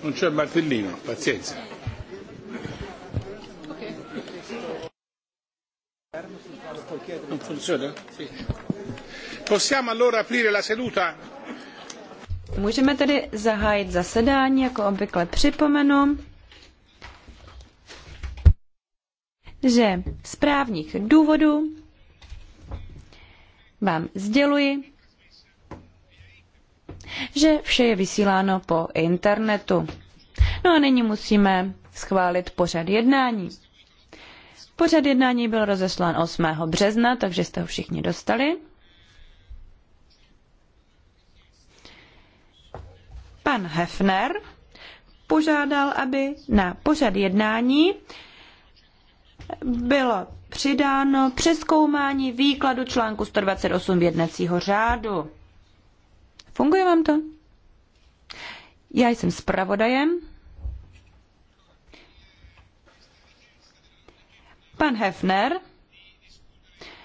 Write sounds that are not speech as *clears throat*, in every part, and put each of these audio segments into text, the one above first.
Non c'è Martellino, pazienza. Non funziona? Sì. Possiamo allora aprire la seduta? Můžeme tedy zahájit zasedání, jako obvykle připomenu, že správních důvodů vám sděluji, že vše je vysíláno po internetu. No a nyní musíme schválit pořad jednání. Pořad jednání byl rozeslán 8. března, takže jste ho všichni dostali. Pan Hefner požádal, aby na pořad jednání bylo přidáno přeskoumání výkladu článku 128 jednacího řádu. Funguje vám to? Já jsem zpravodajem. Pan Hefner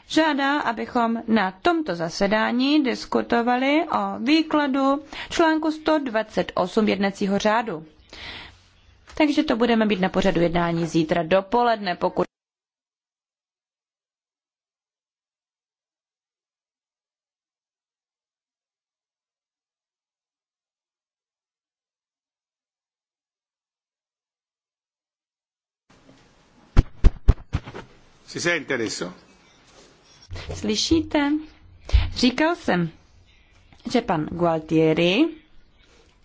žádá, abychom na tomto zasedání diskutovali o výkladu článku 128 jednacího řádu. Takže to budeme být na pořadu jednání zítra dopoledne, pokud Si sente adesso? Slyšíte? Říkal jsem, že pan Gualtieri,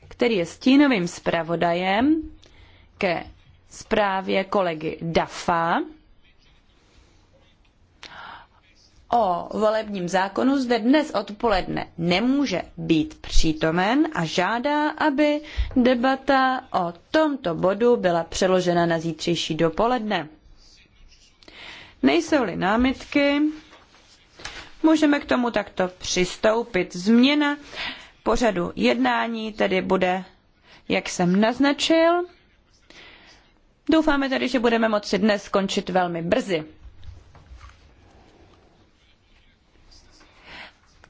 který je stínovým zpravodajem ke zprávě kolegy Dafa o volebním zákonu, zde dnes odpoledne nemůže být přítomen a žádá, aby debata o tomto bodu byla přeložena na zítřejší dopoledne. Nejsou-li námitky, můžeme k tomu takto přistoupit. Změna pořadu jednání tedy bude, jak jsem naznačil. Doufáme tedy, že budeme moci dnes skončit velmi brzy.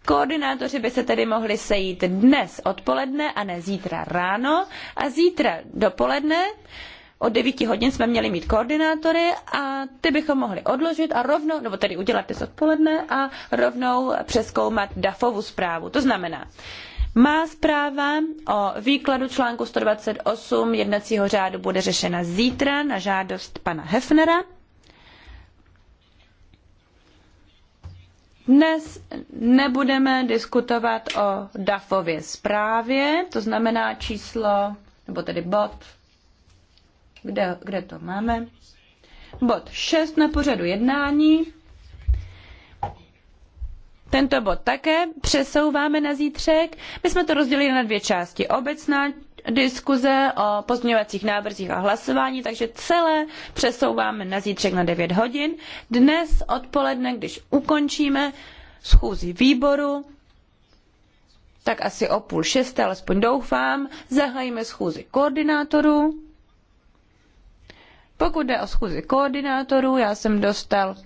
Koordinátoři by se tedy mohli sejít dnes odpoledne a ne zítra ráno a zítra dopoledne od 9 hodin jsme měli mít koordinátory a ty bychom mohli odložit a rovnou, nebo tedy udělat dnes odpoledne a rovnou přeskoumat DAFovu zprávu. To znamená, má zpráva o výkladu článku 128 jednacího řádu bude řešena zítra na žádost pana Hefnera. Dnes nebudeme diskutovat o DAFově zprávě, to znamená číslo, nebo tedy bod kde, kde to máme. Bod 6 na pořadu jednání. Tento bod také přesouváme na zítřek. My jsme to rozdělili na dvě části. Obecná diskuze o pozměňovacích návrzích a hlasování, takže celé přesouváme na zítřek na 9 hodin. Dnes odpoledne, když ukončíme schůzi výboru, tak asi o půl šesté, alespoň doufám, zahájíme schůzi koordinátorů pokud jde o schůzi koordinátorů, já jsem dostal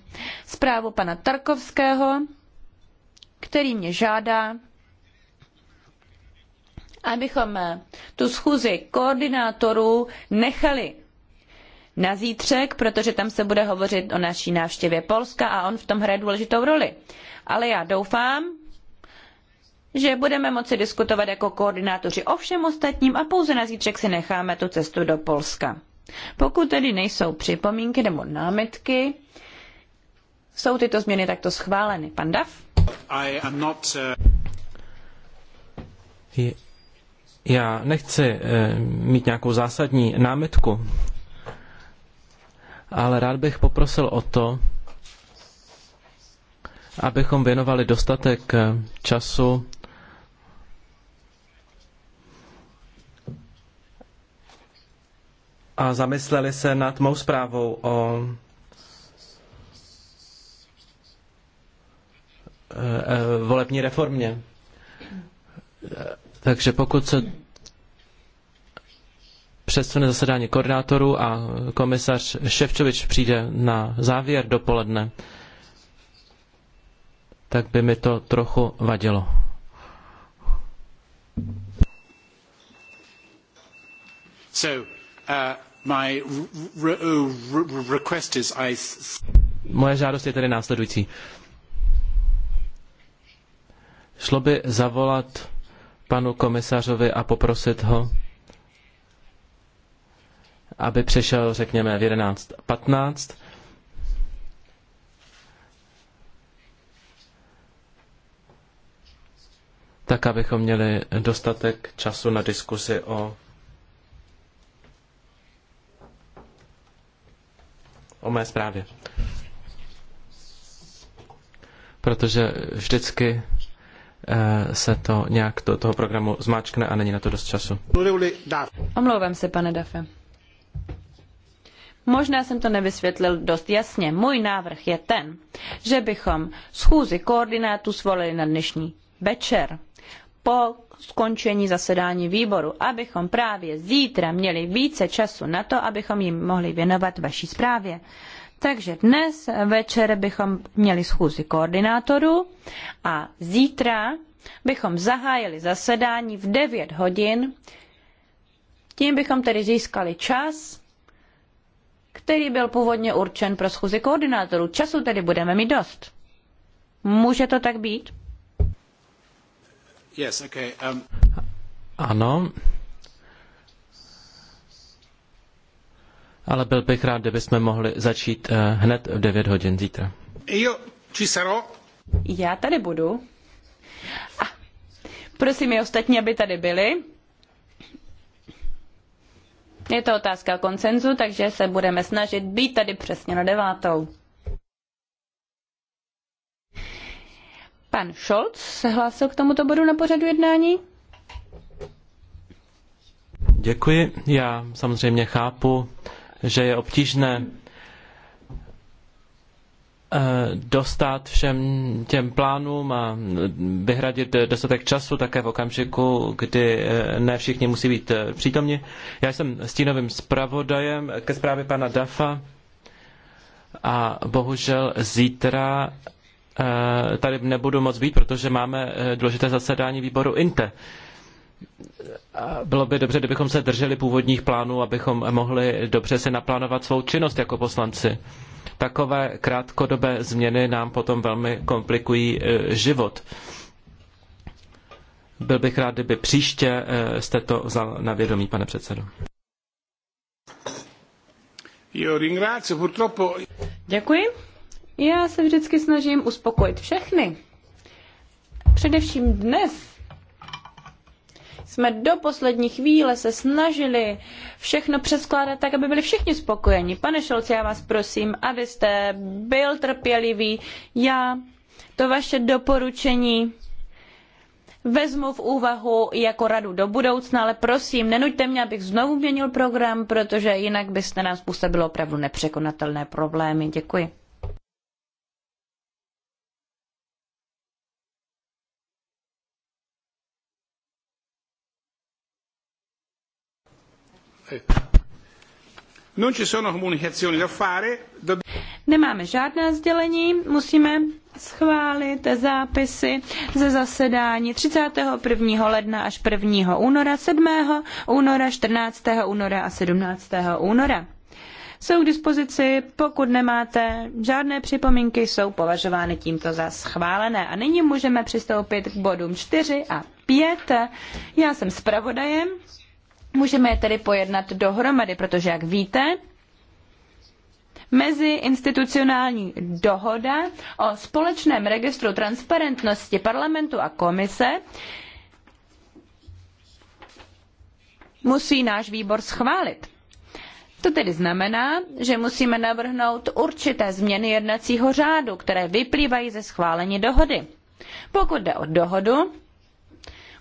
zprávu pana Tarkovského, který mě žádá, abychom tu schůzi koordinátorů nechali na zítřek, protože tam se bude hovořit o naší návštěvě Polska a on v tom hraje důležitou roli. Ale já doufám, že budeme moci diskutovat jako koordinátoři o všem ostatním a pouze na zítřek si necháme tu cestu do Polska. Pokud tedy nejsou připomínky nebo námitky, jsou tyto změny takto schváleny. Pan Dav? Not, uh... Já nechci uh, mít nějakou zásadní námitku, ale rád bych poprosil o to, abychom věnovali dostatek eh, času a zamysleli se nad mou zprávou o e, volební reformě. Takže pokud se přesune zasedání koordinátorů a komisař Ševčovič přijde na závěr dopoledne, tak by mi to trochu vadilo. So, uh... Moje žádost je tedy následující. Šlo by zavolat panu komisařovi a poprosit ho, aby přišel, řekněme, v 11.15. tak abychom měli dostatek času na diskusi o o mé zprávě. Protože vždycky eh, se to nějak do toho programu zmáčkne a není na to dost času. Omlouvám se, pane Dafe. Možná jsem to nevysvětlil dost jasně. Můj návrh je ten, že bychom schůzi koordinátů svolili na dnešní večer po skončení zasedání výboru, abychom právě zítra měli více času na to, abychom jim mohli věnovat vaší zprávě. Takže dnes večer bychom měli schůzi koordinátorů a zítra bychom zahájili zasedání v 9 hodin. Tím bychom tedy získali čas, který byl původně určen pro schůzi koordinátorů. Času tedy budeme mít dost. Může to tak být? Yes, okay, um... Ano. Ale byl bych rád, kdybychom mohli začít eh, hned v 9 hodin zítra. Jo, Cicero. Já tady budu. A prosím je ostatní, aby tady byli. Je to otázka koncenzu, takže se budeme snažit být tady přesně na devátou. Pan Scholz se hlásil k tomuto bodu na pořadu jednání? Děkuji. Já samozřejmě chápu, že je obtížné eh, dostat všem těm plánům a vyhradit dostatek času také v okamžiku, kdy eh, ne všichni musí být eh, přítomni. Já jsem stínovým zpravodajem ke zprávě pana Dafa a bohužel zítra Eh, tady nebudu moc být, protože máme eh, důležité zasedání výboru INTE. Bylo by dobře, kdybychom se drželi původních plánů, abychom mohli dobře si naplánovat svou činnost jako poslanci. Takové krátkodobé změny nám potom velmi komplikují eh, život. Byl bych rád, kdyby příště jste to vzal na vědomí, pane předsedo. Děkuji. Já se vždycky snažím uspokojit všechny. Především dnes jsme do poslední chvíle se snažili všechno přeskládat tak, aby byli všichni spokojeni. Pane Šolci, já vás prosím, abyste byl trpělivý. Já to vaše doporučení vezmu v úvahu jako radu do budoucna, ale prosím, nenuďte mě, abych znovu měnil program, protože jinak byste nám způsobili opravdu nepřekonatelné problémy. Děkuji. Nemáme žádná sdělení, musíme schválit zápisy ze zasedání 31. ledna až 1. února, 7. února, 14. února a 17. února. Jsou k dispozici, pokud nemáte žádné připomínky, jsou považovány tímto za schválené. A nyní můžeme přistoupit k bodům 4 a 5. Já jsem zpravodajem. Můžeme je tedy pojednat dohromady, protože, jak víte, meziinstitucionální dohoda o společném registru transparentnosti parlamentu a komise musí náš výbor schválit. To tedy znamená, že musíme navrhnout určité změny jednacího řádu, které vyplývají ze schválení dohody. Pokud jde o dohodu,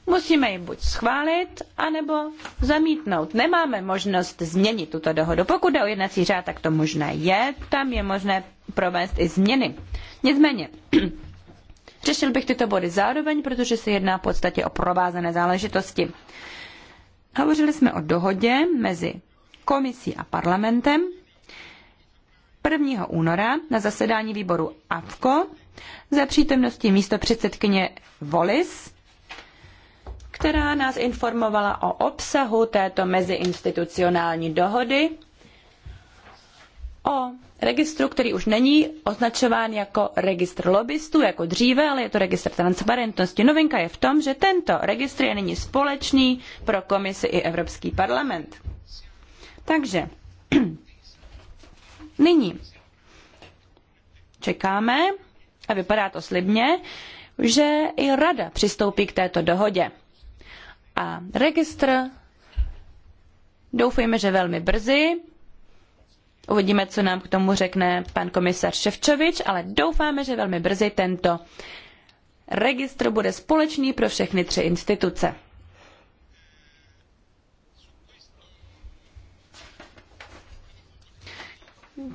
Musíme ji buď schválit, anebo zamítnout. Nemáme možnost změnit tuto dohodu. Pokud jde o jednací řád, tak to možné je. Tam je možné provést i změny. Nicméně, *clears throat* řešil bych tyto body zároveň, protože se jedná v podstatě o provázané záležitosti. Hovořili jsme o dohodě mezi komisí a parlamentem. 1. února na zasedání výboru AVKO za přítomnosti místo předsedkyně Volis která nás informovala o obsahu této meziinstitucionální dohody, o registru, který už není označován jako registr lobbystů, jako dříve, ale je to registr transparentnosti. Novinka je v tom, že tento registr je nyní společný pro komisi i Evropský parlament. Takže *clears throat* nyní čekáme, a vypadá to slibně, že i Rada přistoupí k této dohodě a registr doufejme, že velmi brzy. Uvidíme, co nám k tomu řekne pan komisař Ševčovič, ale doufáme, že velmi brzy tento registr bude společný pro všechny tři instituce.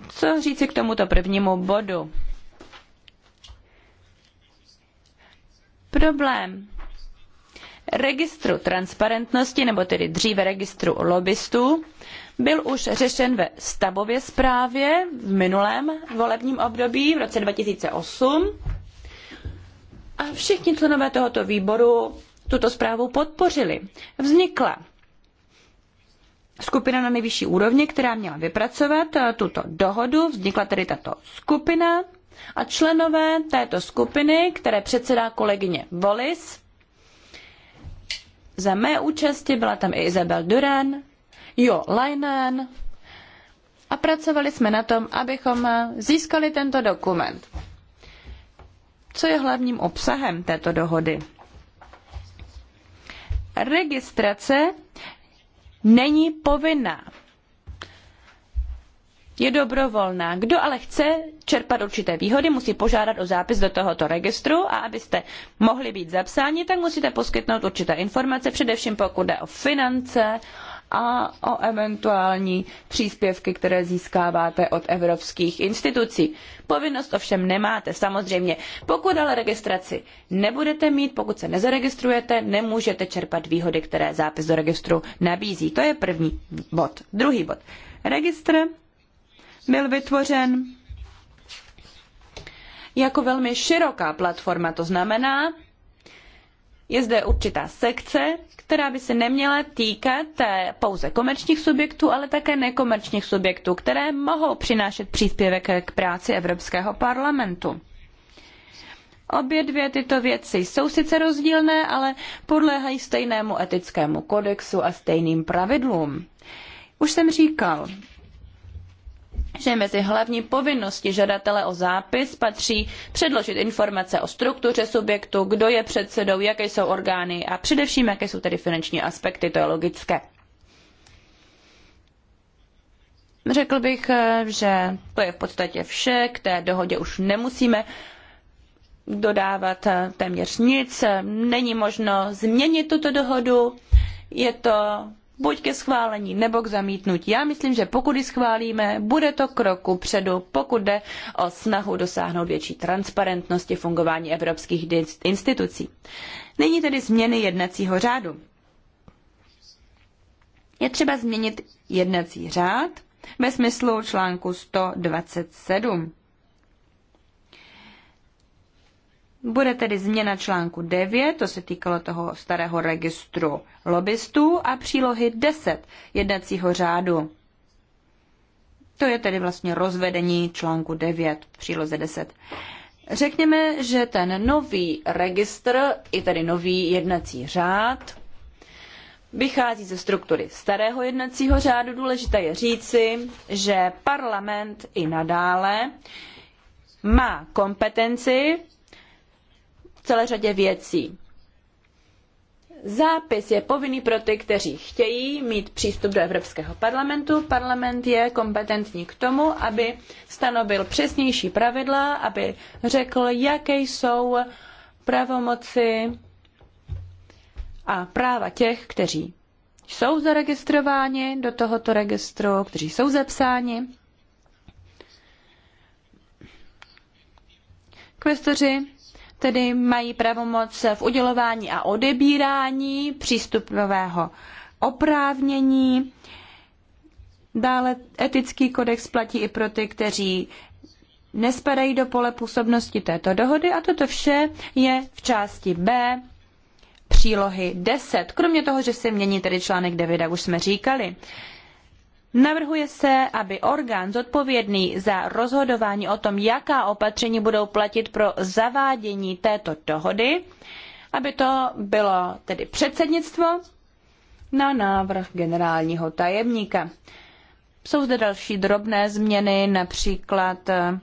Co říci k tomuto prvnímu bodu? Problém registru transparentnosti, nebo tedy dříve registru lobbystů, byl už řešen ve stavově zprávě v minulém volebním období v roce 2008 a všichni členové tohoto výboru tuto zprávu podpořili. Vznikla skupina na nejvyšší úrovni, která měla vypracovat eh, tuto dohodu. Vznikla tedy tato skupina a členové této skupiny, které předsedá kolegyně Volis, za mé účasti, byla tam i Isabel Duran, Jo Leinen a pracovali jsme na tom, abychom eh, získali tento dokument. Co je hlavním obsahem této dohody? Registrace není povinná je dobrovolná. Kdo ale chce čerpat určité výhody, musí požádat o zápis do tohoto registru a abyste mohli být zapsáni, tak musíte poskytnout určité informace, především pokud jde o finance a o eventuální příspěvky, které získáváte od evropských institucí. Povinnost ovšem nemáte, samozřejmě. Pokud ale registraci nebudete mít, pokud se nezaregistrujete, nemůžete čerpat výhody, které zápis do registru nabízí. To je první bod. Druhý bod. Registr byl vytvořen jako velmi široká platforma. To znamená, je zde určitá sekce, která by se neměla týkat pouze komerčních subjektů, ale také nekomerčních subjektů, které mohou přinášet příspěvek k práci Evropského parlamentu. Obě dvě tyto věci jsou sice rozdílné, ale podléhají stejnému etickému kodexu a stejným pravidlům. Už jsem říkal, že mezi hlavní povinnosti žadatele o zápis patří předložit informace o struktuře subjektu, kdo je předsedou, jaké jsou orgány a především, jaké jsou tedy finanční aspekty, to je logické. Řekl bych, eh, že to je v podstatě vše, k té dohodě už nemusíme dodávat eh, téměř nic, není možno změnit tuto dohodu, je to buď ke schválení nebo k zamítnutí. Já myslím, že pokud ji schválíme, bude to kroku předu, pokud jde o snahu dosáhnout větší transparentnosti fungování evropských institucí. Nyní tedy změny jednacího řádu. Je třeba změnit jednací řád ve smyslu článku 127. Bude tedy změna článku 9, to se týkalo toho starého registru lobbystů a přílohy 10 jednacího řádu. To je tedy vlastně rozvedení článku 9 v příloze 10. Řekněme, že ten nový registr, i tedy nový jednací řád, vychází ze struktury starého jednacího řádu. Důležité je říci, že parlament i nadále má kompetenci celé řadě věcí. Zápis je povinný pro ty, kteří chtějí mít přístup do Evropského parlamentu. Parlament je kompetentní k tomu, aby stanovil přesnější pravidla, aby řekl, jaké jsou pravomoci a práva těch, kteří jsou zaregistrováni do tohoto registru, kteří jsou zapsáni. Kvestoři tedy mají pravomoc v udělování a odebírání přístupového oprávnění. Dále etický kodex platí i pro ty, kteří nespadají do pole působnosti této dohody a toto vše je v části B přílohy 10. Kromě toho, že se mění tedy článek 9, jak už jsme říkali. Navrhuje se, aby orgán zodpovědný za rozhodování o tom, jaká opatření budou platit pro zavádění této dohody, aby to bylo tedy předsednictvo na návrh generálního tajemníka. Jsou zde další drobné změny, například eh,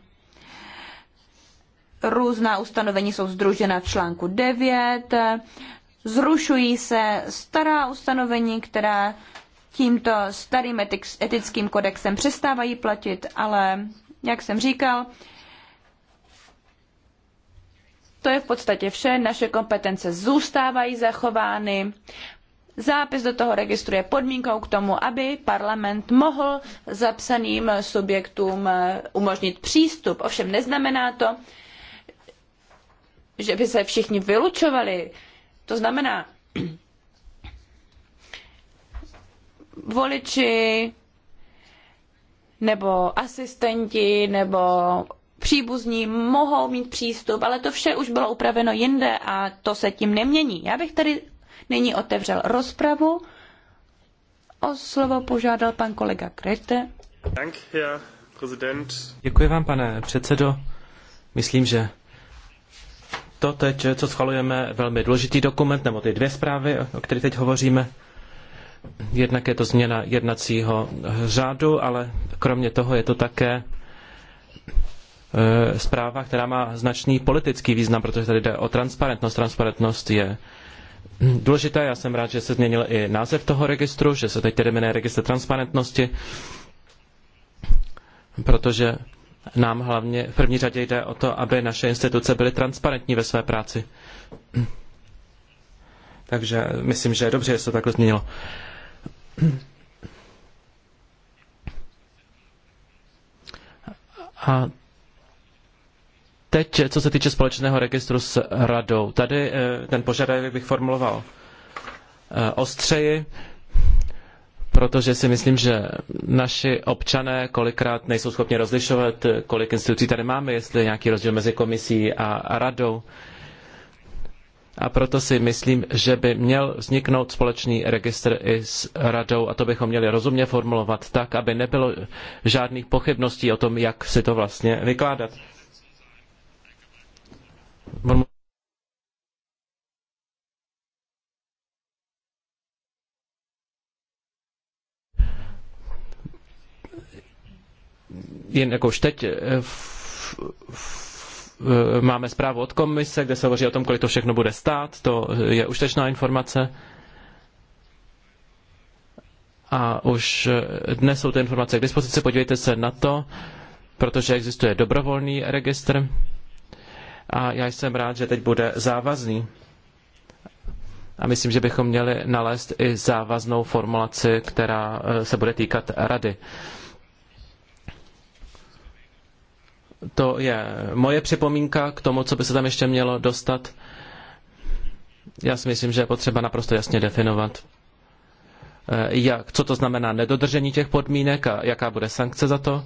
různá ustanovení jsou združena v článku 9, eh, zrušují se stará ustanovení, která tímto starým etickým kodexem přestávají platit, ale jak jsem říkal, to je v podstatě vše. Naše kompetence zůstávají zachovány. Zápis do toho registru je podmínkou k tomu, aby parlament mohl zapsaným subjektům eh, umožnit přístup. Ovšem neznamená to, že by se všichni vylučovali. To znamená, voliči nebo asistenti nebo příbuzní mohou mít přístup, ale to vše už bylo upraveno jinde a to se tím nemění. Já bych tedy nyní otevřel rozpravu. O slovo požádal pan kolega Krete. Děkuji vám, pane předsedo. Myslím, že to teď, co schvalujeme, velmi důležitý dokument, nebo ty dvě zprávy, o kterých teď hovoříme, Jednak je to změna jednacího řádu, ale kromě toho je to také e, zpráva, která má značný politický význam, protože tady jde o transparentnost. Transparentnost je důležitá. Já jsem rád, že se změnil i název toho registru, že se teď tedy jmenuje registr transparentnosti, protože nám hlavně v první řadě jde o to, aby naše instituce byly transparentní ve své práci. Takže myslím, že je dobře, že se to takhle změnilo. A teď, co se týče společného registru s radou, tady eh, ten požadavek bych formuloval eh, ostřeji, protože si myslím, že naši občané kolikrát nejsou schopni rozlišovat, kolik institucí tady máme, jestli je nějaký rozdíl mezi komisí a radou a proto si myslím, že by měl vzniknout společný registr i s radou a to bychom měli rozumně formulovat tak, aby nebylo žádných pochybností o tom, jak si to vlastně vykládat. Jen jako už teď v, eh, v, Eh, máme zprávu od komise, kde se hovoří o tom, kolik to všechno bude stát, to je užtečná informace. A už eh, dnes jsou ty informace k dispozici, podívejte se na to, protože existuje dobrovolný registr a já jsem rád, že teď bude závazný. A myslím, že bychom měli nalézt i závaznou formulaci, která eh, se bude týkat rady. to je moje připomínka k tomu, co by se tam ještě mělo dostat. Já si myslím, že je potřeba naprosto jasně definovat, eh, jak, co to znamená nedodržení těch podmínek a jaká bude sankce za to.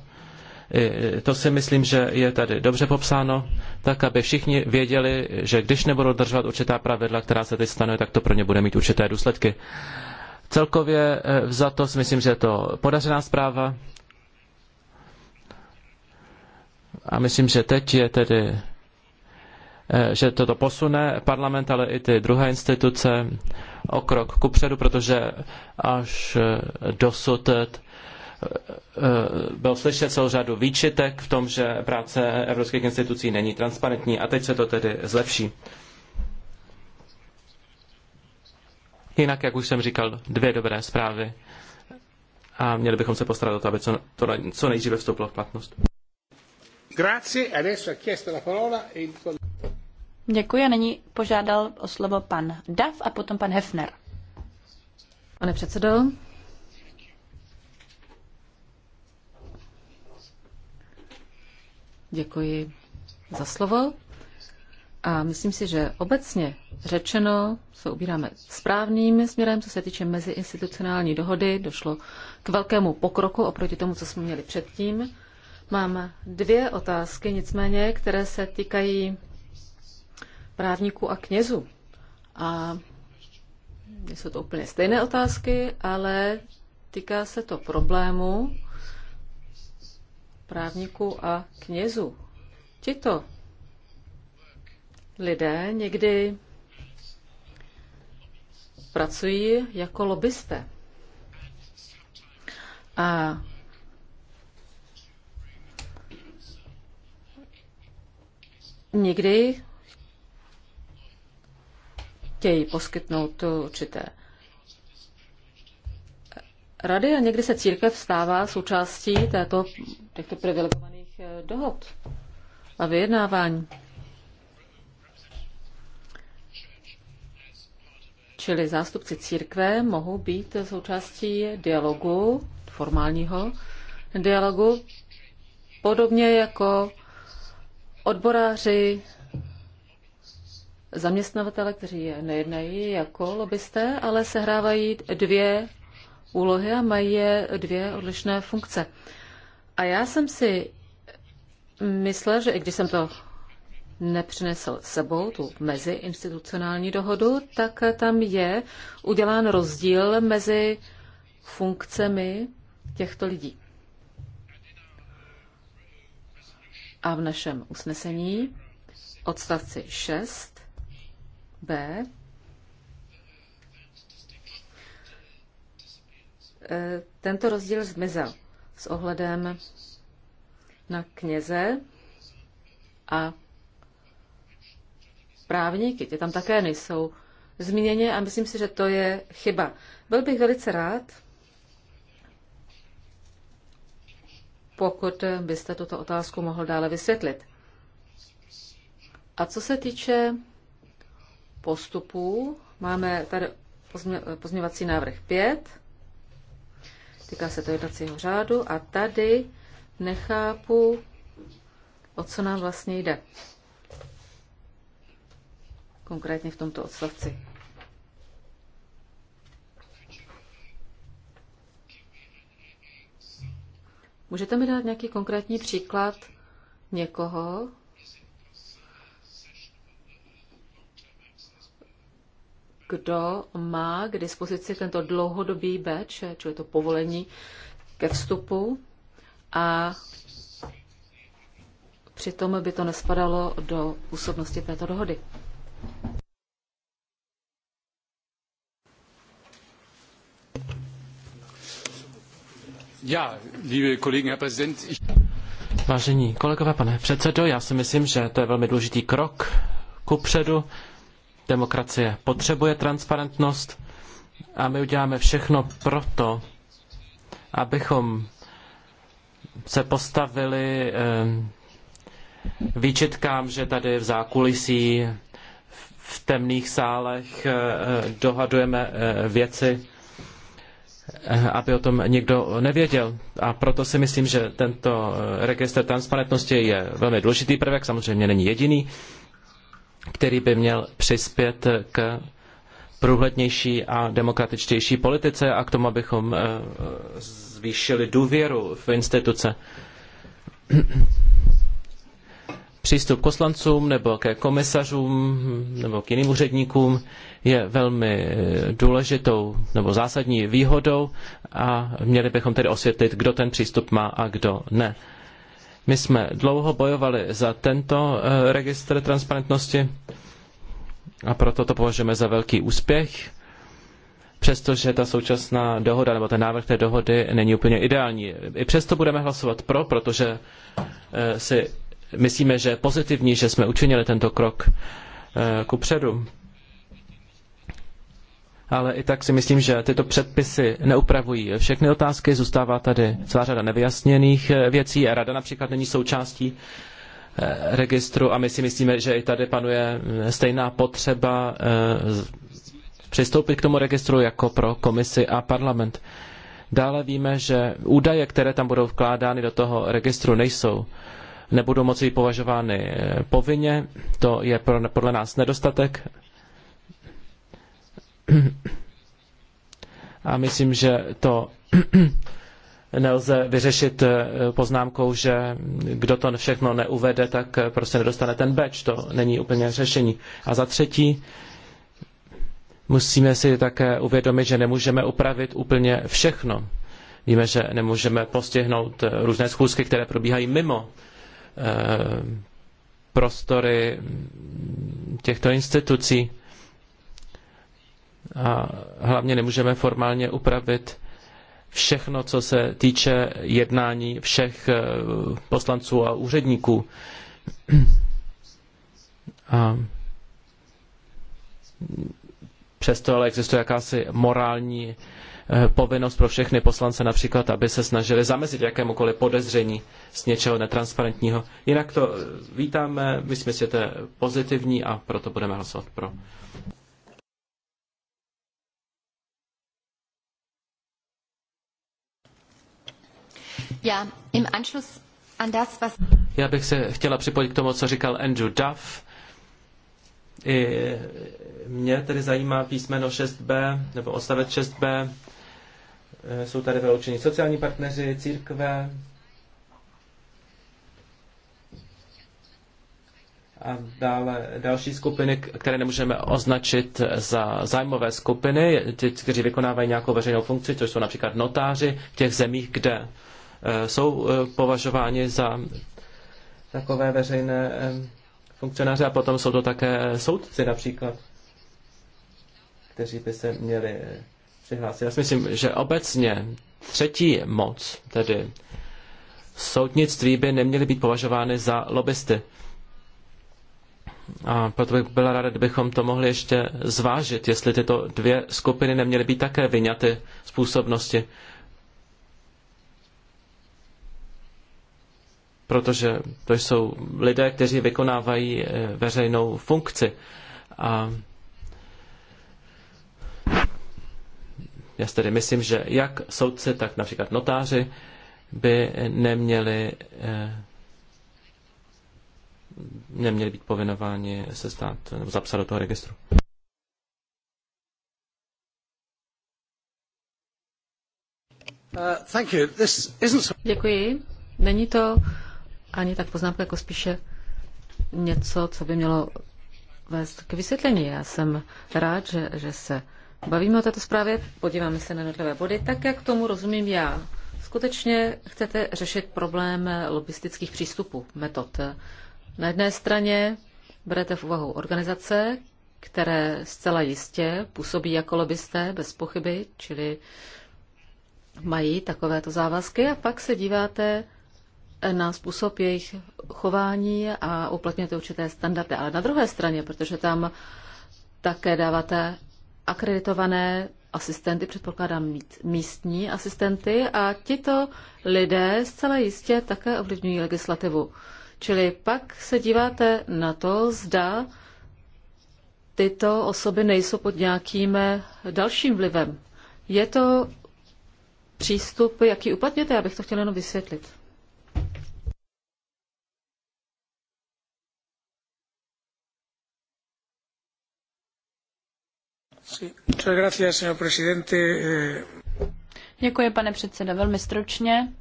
To si myslím, že je tady dobře popsáno, tak aby všichni věděli, že když nebudou držovat určitá pravidla, která se teď stanuje, tak to pro ně bude mít určité důsledky. Celkově eh, za to si myslím, že je to podařená zpráva. a myslím, že teď je tedy eh, že toto posune parlament, ale i ty druhé instituce o krok kupředu, protože až eh, dosud eh, byl slyšet celou řadu výčitek v tom, že práce evropských institucí není transparentní a teď se to tedy zlepší. Jinak, jak už jsem říkal, dvě dobré zprávy a měli bychom se postarat o to, aby co, to co nejdříve vstoupilo v platnost. E děkuji a nyní požádal o slovo pan Dav a potom pan Hefner. Pane předsedo, děkuji za slovo. A myslím si, že obecně řečeno se ubíráme správným směrem, co se týče meziinstitucionální dohody. Došlo k velkému pokroku oproti tomu, co jsme měli předtím. Mám dvě otázky, nicméně, které se týkají právníků a knězů. A jsou to úplně stejné otázky, ale týká se to problému právníků a knězů. Tito lidé někdy pracují jako lobbyste. A někdy chtějí poskytnout určité rady a někdy se církev stává součástí této, těchto privilegovaných eh, dohod a vyjednávání. Čili zástupci církve mohou být součástí dialogu, formálního dialogu, podobně jako odboráři, zaměstnavatele, kteří nejednají jako lobbysté, ale sehrávají dvě úlohy a mají je dvě odlišné funkce. A já jsem si myslel, že i když jsem to nepřinesl sebou, tu meziinstitucionální dohodu, tak tam je udělán rozdíl mezi funkcemi těchto lidí. A v našem usnesení odstavci 6 B e, tento rozdíl zmizel s ohledem na kněze a právníky. Ty tam také nejsou zmíněně a myslím si, že to je chyba. Byl bych velice rád, pokud byste tuto otázku mohl dále vysvětlit. A co se týče postupů, máme tady pozměvací návrh 5, týká se to jednacího řádu a tady nechápu, o co nám vlastně jde. Konkrétně v tomto odstavci. Můžete mi dát nějaký konkrétní příklad někoho, kdo má k dispozici tento dlouhodobý beč, čili to povolení ke vstupu a přitom by to nespadalo do působnosti této dohody. Vážení kolegové, pane předsedo, já si myslím, že to je velmi důležitý krok kupředu. Demokracie potřebuje transparentnost a my uděláme všechno proto, abychom se postavili eh, výčitkám, že tady v zákulisí v temných sálech eh, eh, dohadujeme věci, Eh, aby o tom někdo nevěděl. A proto si myslím, že tento eh, registr transparentnosti je velmi důležitý prvek, samozřejmě není jediný, který by měl přispět k průhlednější a demokratičtější politice a k tomu, abychom eh, zvýšili důvěru v instituce přístup k poslancům nebo ke komisařům nebo k jiným úředníkům je velmi eh, důležitou nebo zásadní výhodou a měli bychom tedy osvětlit, kdo ten přístup má a kdo ne. My jsme dlouho bojovali za tento eh, registr transparentnosti a proto to považujeme za velký úspěch, přestože ta současná dohoda nebo ten návrh té dohody není úplně ideální. I přesto budeme hlasovat pro, protože eh, si myslíme, že je pozitivní, že jsme učinili tento krok eh, předu. Ale i tak si myslím, že tyto předpisy neupravují všechny otázky, zůstává tady celá řada nevyjasněných eh, věcí. Rada například není součástí eh, registru a my si myslíme, že i tady panuje stejná potřeba přistoupit k tomu registru jako pro komisi a parlament. Dále víme, že údaje, které tam budou vkládány do toho registru, nejsou nebudou moci být považovány eh, povinně. To je podle nás nedostatek. *clears throat* A myslím, že to *clears throat* nelze vyřešit eh, poznámkou, že kdo to všechno neuvede, tak eh, prostě nedostane ten badge. To není úplně řešení. A za třetí, musíme si také uvědomit, že nemůžeme upravit úplně všechno. Víme, že nemůžeme postihnout různé schůzky, které probíhají mimo Eh, prostory těchto institucí. A hlavně nemůžeme formálně upravit všechno, co se týče jednání všech eh, poslanců a úředníků. A přesto ale existuje jakási morální Eh, povinnost pro všechny poslance například, aby se snažili zamezit jakémukoliv podezření z něčeho netransparentního. Jinak to eh, vítáme, myslím si, že to je pozitivní a proto budeme hlasovat pro. Já, bych se chtěla připojit k tomu, co říkal Andrew Duff. I mě tedy zajímá písmeno 6b nebo odstavec 6b Eh, jsou tady vyloučení sociální partneři, církve. A dále další skupiny, které nemůžeme označit za zájmové skupiny, ti, kteří vykonávají nějakou veřejnou funkci, což jsou například notáři v těch zemích, kde eh, jsou eh, považováni za takové veřejné funkcionáře a potom jsou to také soudci například, kteří by se měli přihlásit. Já si myslím, že obecně třetí moc, tedy soudnictví, by neměly být považovány za lobbysty. A proto bych byla ráda, kdybychom to mohli ještě zvážit, jestli tyto dvě skupiny neměly být také vyňaty z působnosti. Protože to jsou lidé, kteří vykonávají eh, veřejnou funkci. A Já si tedy myslím, že jak soudci, tak například notáři by neměli, eh, neměli být povinováni se stát nebo zapsat do toho registru. Uh, Děkuji. Není to ani tak poznámka, jako spíše něco, co by mělo vést k vysvětlení. Já jsem rád, že, že se bavíme o této zprávě, podíváme se na jednotlivé body, tak jak tomu rozumím já. Skutečně chcete řešit problém lobistických přístupů, metod. Na jedné straně berete v úvahu organizace, které zcela jistě působí jako lobbysté, bez pochyby, čili mají takovéto závazky a pak se díváte na způsob jejich chování a uplatňujete určité standardy. Ale na druhé straně, protože tam také dáváte akreditované asistenty, předpokládám mít místní asistenty a tito lidé zcela jistě také ovlivňují legislativu. Čili pak se díváte na to, zda tyto osoby nejsou pod nějakým eh, dalším vlivem. Je to přístup, jaký uplatněte, abych to chtěla jenom vysvětlit. Eh, Děkuji, pane předsedo. Velmi stručně.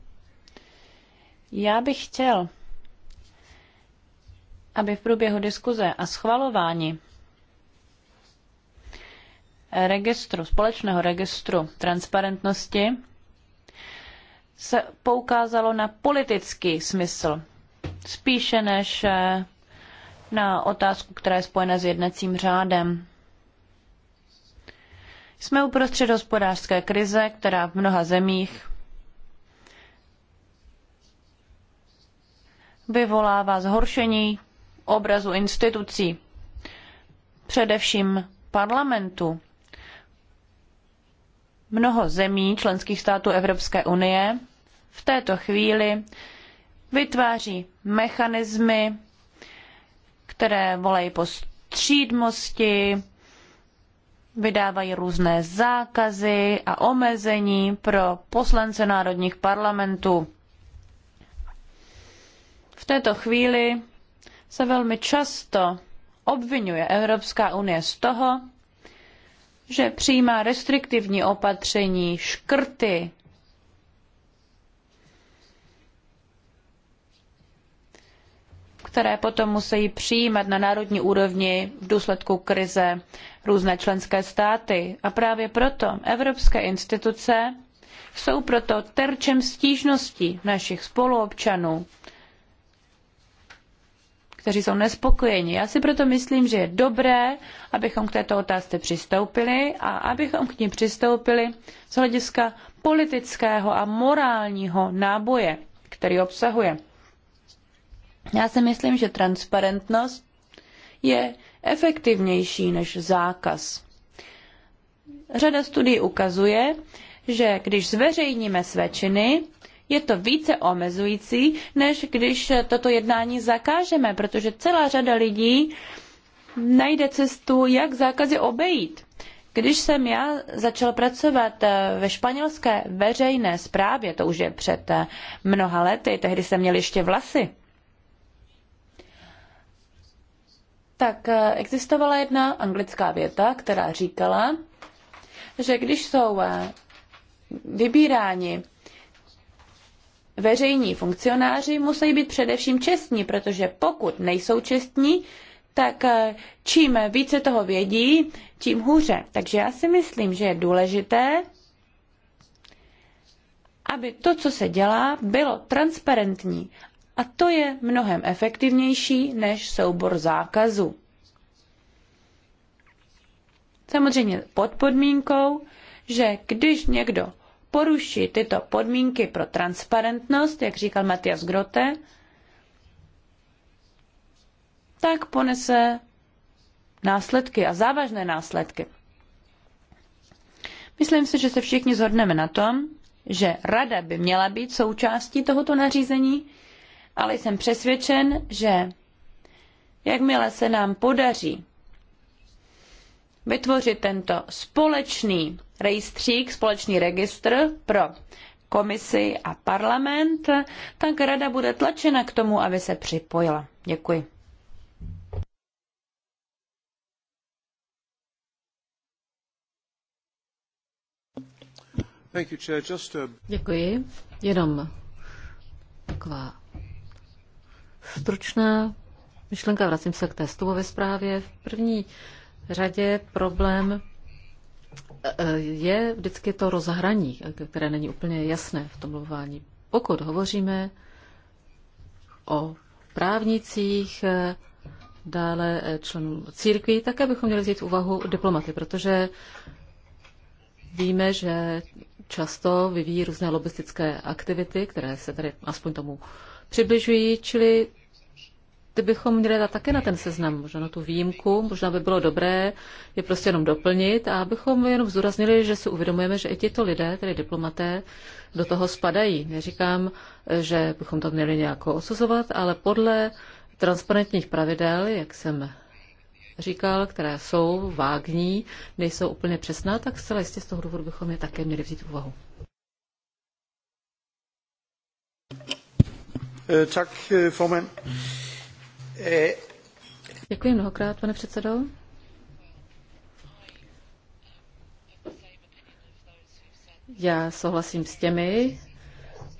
Já bych chtěl, aby v průběhu diskuze a schvalování registru, společného registru transparentnosti se poukázalo na politický smysl, spíše než eh, na otázku, která je spojena s jednacím řádem. Jsme uprostřed hospodářské krize, která v mnoha zemích vyvolává zhoršení obrazu institucí, především parlamentu. Mnoho zemí členských států Evropské unie v této chvíli vytváří mechanismy, které volají po střídmosti, vydávají různé zákazy a omezení pro poslance národních parlamentů. V této chvíli se velmi často obvinuje Evropská unie z toho, že přijímá restriktivní opatření, škrty které potom musí přijímat na národní úrovni v důsledku krize různé členské státy. A právě proto evropské instituce jsou proto terčem stížností našich spoluobčanů, kteří jsou nespokojeni. Já si proto myslím, že je dobré, abychom k této otázce přistoupili a abychom k ní přistoupili z hlediska politického a morálního náboje, který obsahuje. Já si myslím, že transparentnost je efektivnější než zákaz. Řada studií ukazuje, že když zveřejníme své činy, je to více omezující, než když toto jednání zakážeme, protože celá řada lidí najde cestu, jak zákazy obejít. Když jsem já začal pracovat eh, ve španělské veřejné správě, to už je před eh, mnoha lety, tehdy jsem měl ještě vlasy, tak eh, existovala jedna anglická věta, která říkala, že když jsou eh, vybíráni veřejní funkcionáři, musí být především čestní, protože pokud nejsou čestní, tak eh, čím více toho vědí, tím hůře. Takže já si myslím, že je důležité, aby to, co se dělá, bylo transparentní a to je mnohem efektivnější než soubor zákazu. Samozřejmě pod podmínkou, že když někdo poruší tyto podmínky pro transparentnost, jak říkal Matias Grote, tak ponese následky a závažné následky. Myslím si, že se všichni zhodneme na tom, že rada by měla být součástí tohoto nařízení, ale jsem přesvědčen, že jakmile se nám podaří vytvořit tento společný rejstřík, společný registr pro komisi a parlament, tak rada bude tlačena k tomu, aby se připojila. Děkuji. Uh, Děkuji. Jenom taková Stručná myšlenka, vracím se k té stubové zprávě. V první řadě problém e, e, je vždycky to rozhraní, které není úplně jasné v tom mluvání. Pokud hovoříme o právnicích, e, dále členům církví, také bychom měli vzít v úvahu diplomaty, protože víme, že často vyvíjí různé lobistické aktivity, které se tady aspoň tomu přibližují, čili ty bychom měli dát také na ten seznam, možná na tu výjimku, možná by bylo dobré je prostě jenom doplnit a abychom jenom zúraznili, že si uvědomujeme, že i tyto lidé, tedy diplomaté, do toho spadají. Neříkám, že bychom to měli nějak osuzovat, ale podle transparentních pravidel, jak jsem říkal, které jsou vágní, nejsou úplně přesná, tak zcela jistě z toho důvodu bychom je také měli vzít v úvahu. Eh, tak, eh, eh, Děkuji mnohokrát, pane předsedo. Já souhlasím s těmi,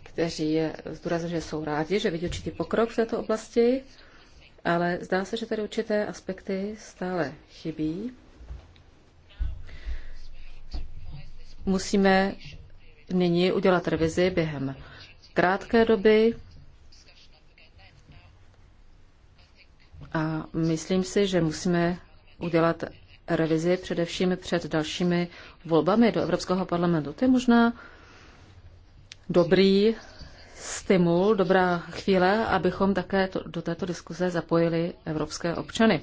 kteří zdůrazňují, že jsou rádi, že vidí určitý pokrok v této oblasti, ale zdá se, že tady určité aspekty stále chybí. Musíme nyní udělat revizi během krátké doby, A myslím si, že musíme udělat revizi především před dalšími volbami do Evropského parlamentu. To je možná dobrý stimul, dobrá chvíle, abychom také to, do této diskuze zapojili evropské občany.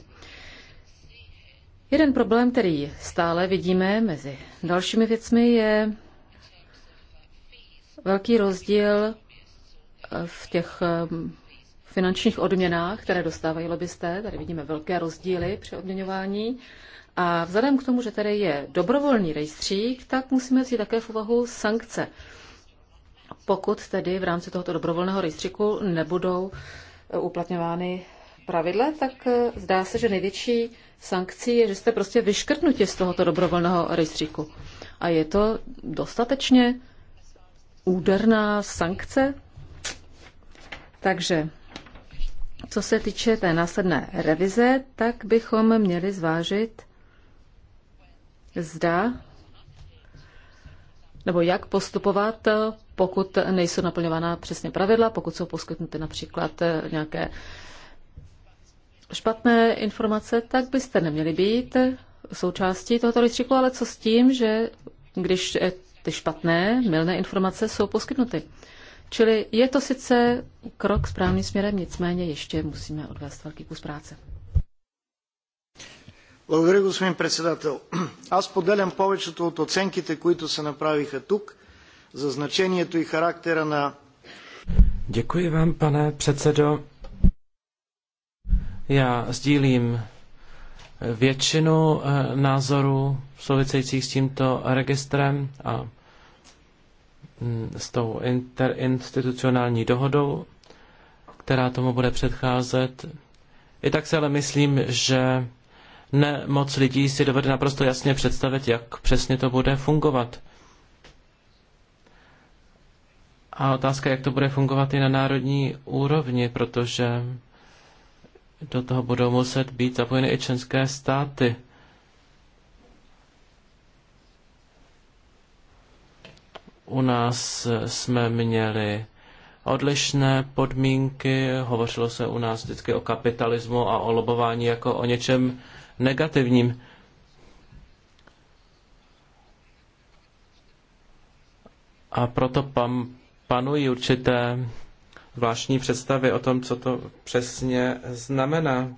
Jeden problém, který stále vidíme mezi dalšími věcmi, je velký rozdíl v těch finančních odměnách, které dostávají lobbysté. Tady vidíme velké rozdíly při odměňování. A vzhledem k tomu, že tady je dobrovolný rejstřík, tak musíme vzít také v úvahu sankce. Pokud tedy v rámci tohoto dobrovolného rejstříku nebudou eh, uplatňovány pravidla, tak eh, zdá se, že největší sankcí je, že jste prostě vyškrtnutí z tohoto dobrovolného rejstříku. A je to dostatečně úderná sankce? Takže co se týče té následné revize, tak bychom měli zvážit, zda nebo jak postupovat, pokud nejsou naplňována přesně pravidla, pokud jsou poskytnuty například eh, nějaké špatné informace, tak byste neměli být součástí tohoto rejstříku, ale co s tím, že když eh, ty špatné, milné informace jsou poskytnuty. Čili je to sice krok správným směrem, nicméně ještě musíme odvést velký kus práce. Благодаря, господин председател. Аз поделям повечето от оценките, които се направиха тук за значението и характера на... Děkuji vám, pane předsedo. Já sdílím většinu eh, názorů souvisejících s tímto registrem a s tou interinstitucionální dohodou, která tomu bude předcházet. I tak se ale myslím, že ne moc lidí si dovede naprosto jasně představit, jak přesně to bude fungovat. A otázka, jak to bude fungovat i na národní úrovni, protože do toho budou muset být zapojeny i členské státy. U nás jsme měli odlišné podmínky, hovořilo se u nás vždycky o kapitalismu a o lobování jako o něčem negativním. A proto pan, panují určité zvláštní představy o tom, co to přesně znamená.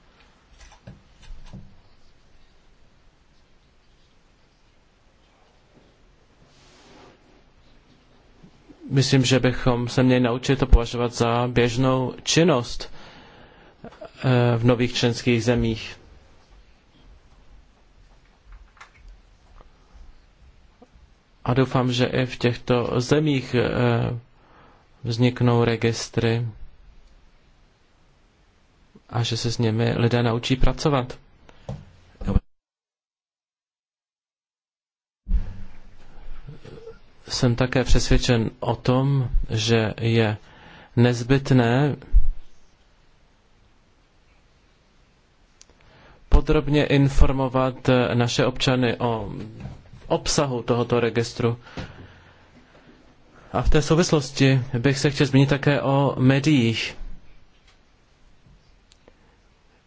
Myslím, že bychom se měli naučit to považovat za běžnou činnost eh, v nových členských zemích. A doufám, že i v těchto zemích eh, vzniknou registry a že se s nimi lidé naučí pracovat. Jsem také přesvědčen o tom, že je nezbytné podrobně informovat naše občany o obsahu tohoto registru. A v té souvislosti bych se chtěl zmínit také o médiích.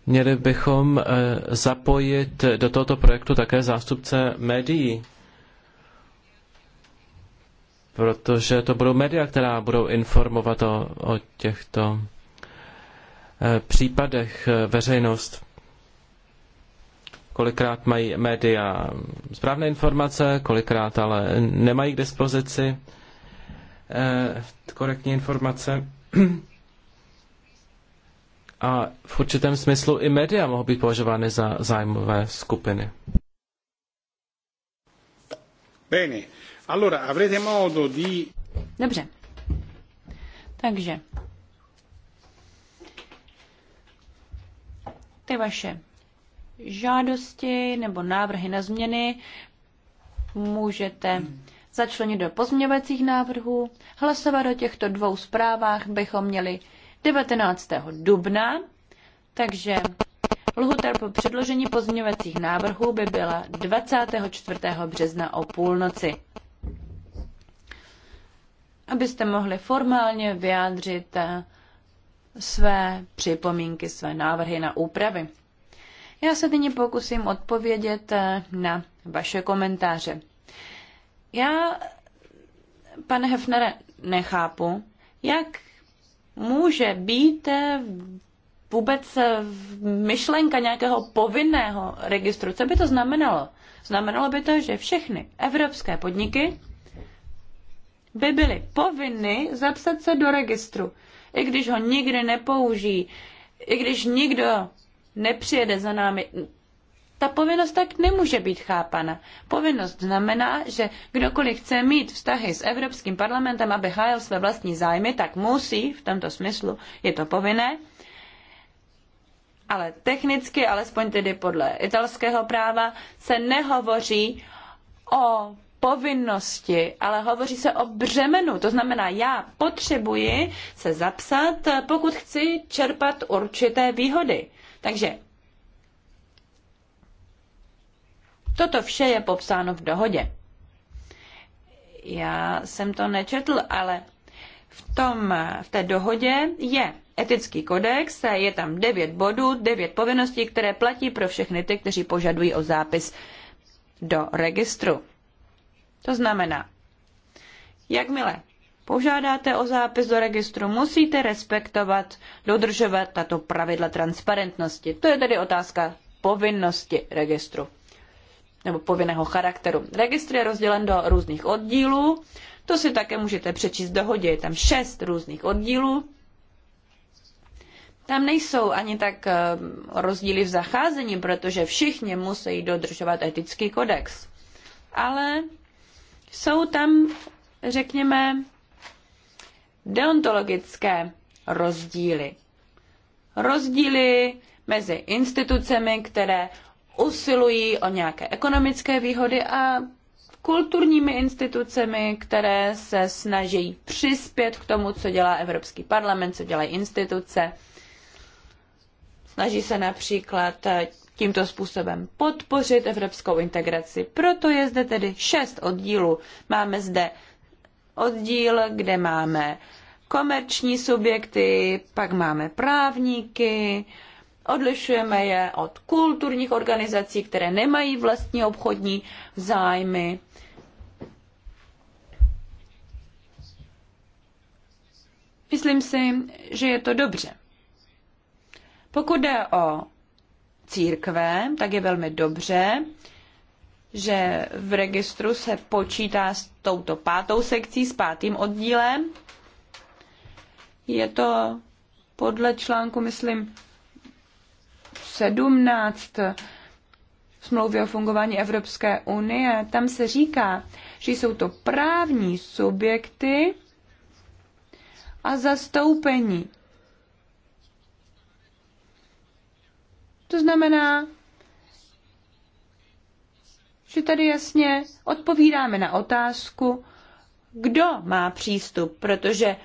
Měli bychom eh, zapojit do tohoto projektu také zástupce médií protože to budou média, která budou informovat o, o těchto eh, případech eh, veřejnost. Kolikrát mají média správné informace, kolikrát ale nemají k dispozici eh, korektní informace. *clears throat* A v určitém smyslu i média mohou být považovány za zájmové skupiny. Bene. Dobře. Takže. Ty vaše žádosti nebo návrhy na změny můžete začlenit do pozměňovacích návrhů. Hlasovat o těchto dvou zprávách bychom měli 19. dubna, takže lhuta po předložení pozměňovacích návrhů by byla 24. března o půlnoci abyste mohli formálně vyjádřit eh, své připomínky, své návrhy na úpravy. Já se nyní pokusím odpovědět eh, na vaše komentáře. Já, pane Hefnere, nechápu, jak může být eh, vůbec myšlenka nějakého povinného registru. Co by to znamenalo? Znamenalo by to, že všechny evropské podniky by byly povinny zapsat se do registru, i když ho nikdy nepoužijí, i když nikdo nepřijede za námi. Ta povinnost tak nemůže být chápana. Povinnost znamená, že kdokoliv chce mít vztahy s Evropským parlamentem, aby hájil své vlastní zájmy, tak musí, v tomto smyslu je to povinné, ale technicky, alespoň tedy podle italského práva, se nehovoří o povinnosti, ale hovoří se o břemenu. To znamená, já potřebuji se zapsat, pokud chci čerpat určité výhody. Takže toto vše je popsáno v dohodě. Já jsem to nečetl, ale v, tom, v té dohodě je etický kodex, je tam devět bodů, devět povinností, které platí pro všechny ty, kteří požadují o zápis do registru. To znamená, jakmile požádáte o zápis do registru, musíte respektovat, dodržovat tato pravidla transparentnosti. To je tedy otázka povinnosti registru nebo povinného charakteru. Registr je rozdělen do různých oddílů, to si také můžete přečíst v dohodě, je tam šest různých oddílů. Tam nejsou ani tak eh, rozdíly v zacházení, protože všichni musí dodržovat etický kodex. Ale jsou tam, řekněme, deontologické rozdíly. Rozdíly mezi institucemi, které usilují o nějaké ekonomické výhody a kulturními institucemi, které se snaží přispět k tomu, co dělá Evropský parlament, co dělají instituce. Snaží se například tímto způsobem podpořit evropskou integraci. Proto je zde tedy šest oddílů. Máme zde oddíl, kde máme komerční subjekty, pak máme právníky, odlišujeme je od kulturních organizací, které nemají vlastní obchodní zájmy. Myslím si, že je to dobře. Pokud jde o církve, tak je velmi dobře, že v registru se počítá s touto pátou sekcí, s pátým oddílem. Je to podle článku, myslím, 17 smlouvy o fungování Evropské unie. Tam se říká, že jsou to právní subjekty a zastoupení To znamená, že tady jasně odpovídáme na otázku, kdo má přístup, protože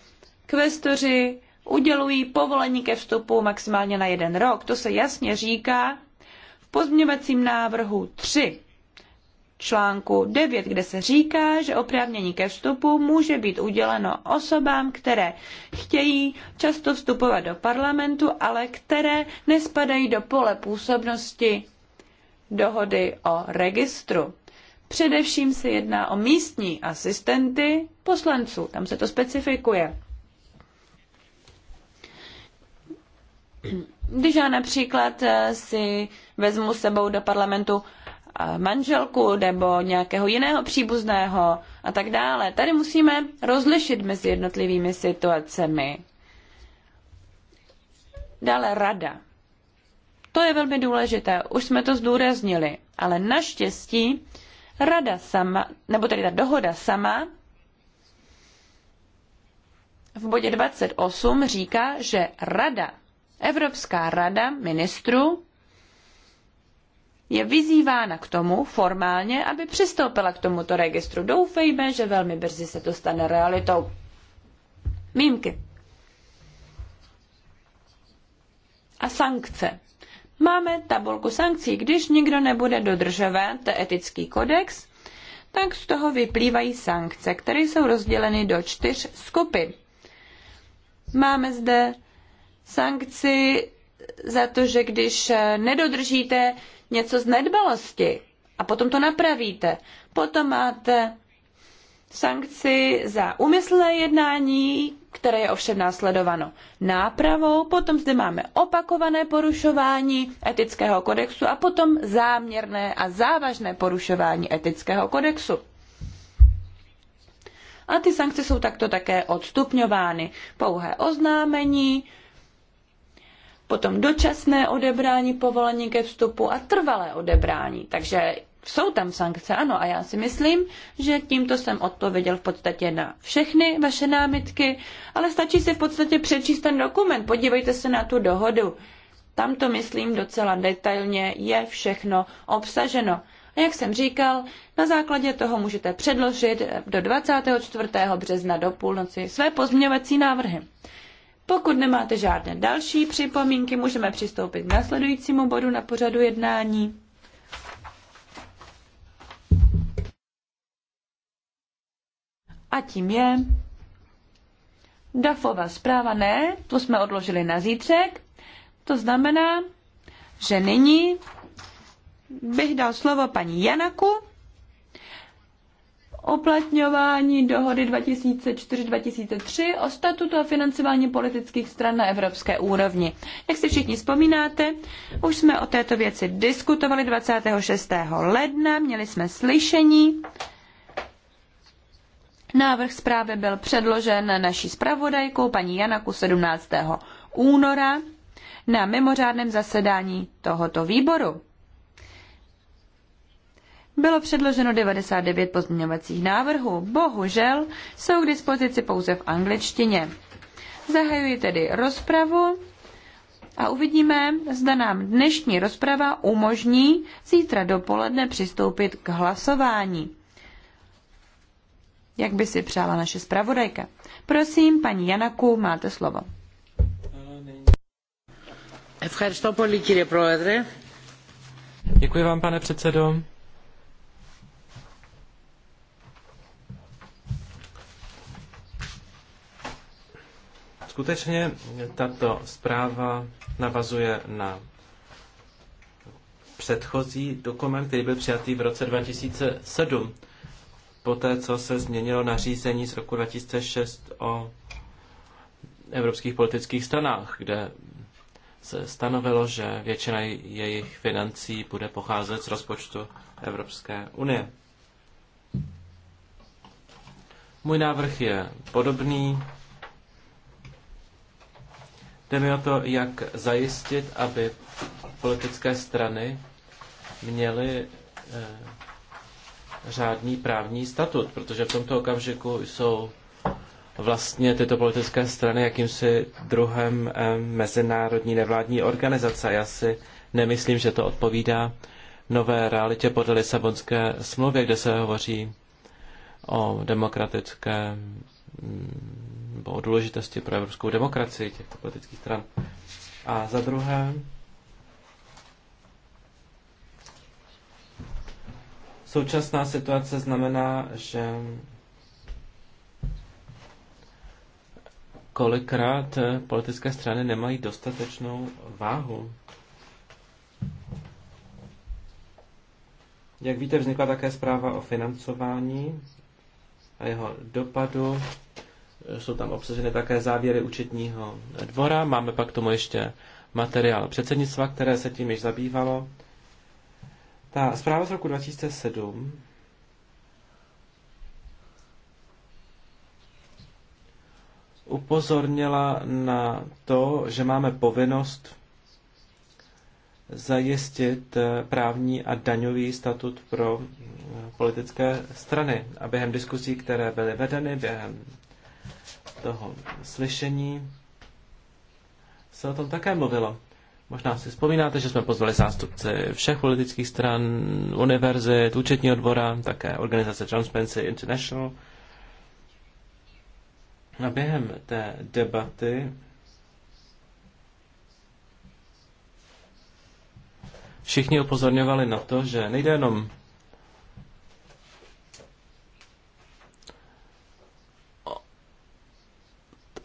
kvestoři udělují povolení ke vstupu maximálně na jeden rok. To se jasně říká v pozměňovacím návrhu 3 článku 9, kde se říká, že oprávnění ke vstupu může být uděleno osobám, které chtějí často vstupovat do parlamentu, ale které nespadají do pole působnosti dohody o registru. Především se jedná o místní asistenty poslanců, tam se to specifikuje. Když já například eh, si vezmu sebou do parlamentu manželku nebo nějakého jiného příbuzného a tak dále. Tady musíme rozlišit mezi jednotlivými situacemi. Dále rada. To je velmi důležité, už jsme to zdůraznili, ale naštěstí rada sama, nebo tedy ta dohoda sama v bodě 28 říká, že rada, Evropská rada ministrů je vyzývána k tomu formálně, aby přistoupila k tomuto registru. Doufejme, že velmi brzy se to stane realitou. Mímky. A sankce. Máme tabulku sankcí. Když nikdo nebude dodržovat etický kodex, tak z toho vyplývají sankce, které jsou rozděleny do čtyř skupin. Máme zde sankci za to, že když nedodržíte něco z nedbalosti a potom to napravíte. Potom máte sankci za úmyslné jednání, které je ovšem následováno nápravou, potom zde máme opakované porušování etického kodexu a potom záměrné a závažné porušování etického kodexu. A ty sankce jsou takto také odstupňovány. Pouhé oznámení, potom dočasné odebrání povolení ke vstupu a trvalé odebrání. Takže jsou tam sankce, ano, a já si myslím, že tímto jsem odpověděl v podstatě na všechny vaše námitky, ale stačí si v podstatě přečíst ten dokument, podívejte se na tu dohodu. Tam to, myslím, docela detailně je všechno obsaženo. A jak jsem říkal, na základě toho můžete předložit do 24. března do půlnoci své pozměňovací návrhy. Pokud nemáte žádné další připomínky, můžeme přistoupit k následujícímu bodu na pořadu jednání. A tím je Dafova zpráva ne, to jsme odložili na zítřek. To znamená, že nyní bych dal slovo paní Janaku, uplatňování dohody 2004-2003 o statutu a financování politických stran na evropské úrovni. Jak si všichni vzpomínáte, už jsme o této věci diskutovali 26. ledna, měli jsme slyšení. Návrh zprávy byl předložen naší zpravodajkou paní Janaku 17. února na mimořádném zasedání tohoto výboru. Bylo předloženo 99 pozměňovacích návrhů, bohužel jsou k dispozici pouze v angličtině. Zahajuji tedy rozpravu a uvidíme, zda nám dnešní rozprava umožní zítra dopoledne přistoupit k hlasování. Jak by si přála naše zpravodajka. Prosím, paní Janaku, máte slovo. Děkuji vám, pane předsedo. Skutečně tato zpráva navazuje na předchozí dokument, který byl přijatý v roce 2007, poté co se změnilo nařízení z roku 2006 o evropských politických stranách, kde se stanovilo, že většina jejich financí bude pocházet z rozpočtu Evropské unie. Můj návrh je podobný Jde mi o to, jak zajistit, aby politické strany měly eh, řádný právní statut, protože v tomto okamžiku jsou vlastně tyto politické strany jakýmsi druhem eh, mezinárodní nevládní organizace. Já si nemyslím, že to odpovídá nové realitě podle Lisabonské smlouvy, kde se hovoří o demokratické mm, nebo o důležitosti pro evropskou demokracii těchto politických stran. A za druhé, současná situace znamená, že kolikrát politické strany nemají dostatečnou váhu. Jak víte, vznikla také zpráva o financování a jeho dopadu jsou tam obsaženy také závěry účetního dvora. Máme pak k tomu ještě materiál předsednictva, které se tím již zabývalo. Ta zpráva z roku 2007 upozornila na to, že máme povinnost zajistit právní a daňový statut pro politické strany. A během diskusí, které byly vedeny během toho slyšení se o tom také mluvilo. Možná si vzpomínáte, že jsme pozvali zástupce všech politických stran, univerzit, účetního dvora, také organizace Transparency International. A během té debaty všichni upozorňovali na to, že nejde jenom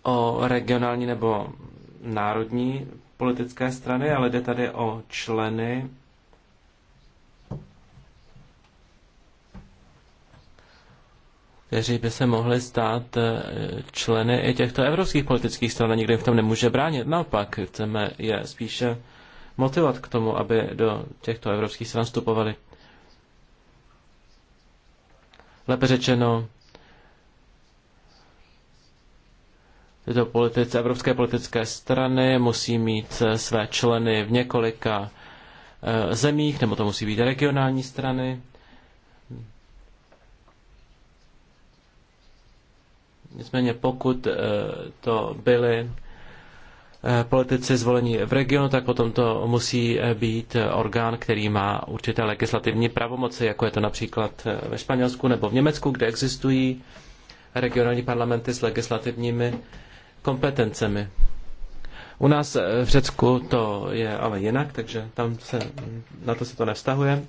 o regionální nebo národní politické strany, ale jde tady o členy kteří by se mohli stát eh, členy i těchto evropských politických stran a nikdo jim v tom nemůže bránit. Naopak, chceme je spíše motivovat k tomu, aby do těchto evropských stran vstupovali. Lépe řečeno, tyto politice, evropské politické strany musí mít eh, své členy v několika eh, zemích, nebo to musí být regionální strany. Nicméně pokud eh, to byly politici zvolení v regionu, tak potom to musí být orgán, který má určité legislativní pravomoci, jako je to například ve Španělsku nebo v Německu, kde existují regionální parlamenty s legislativními kompetencemi. U nás eh, v Řecku to je ale jinak, takže tam se, mm, na to se to nevztahuje.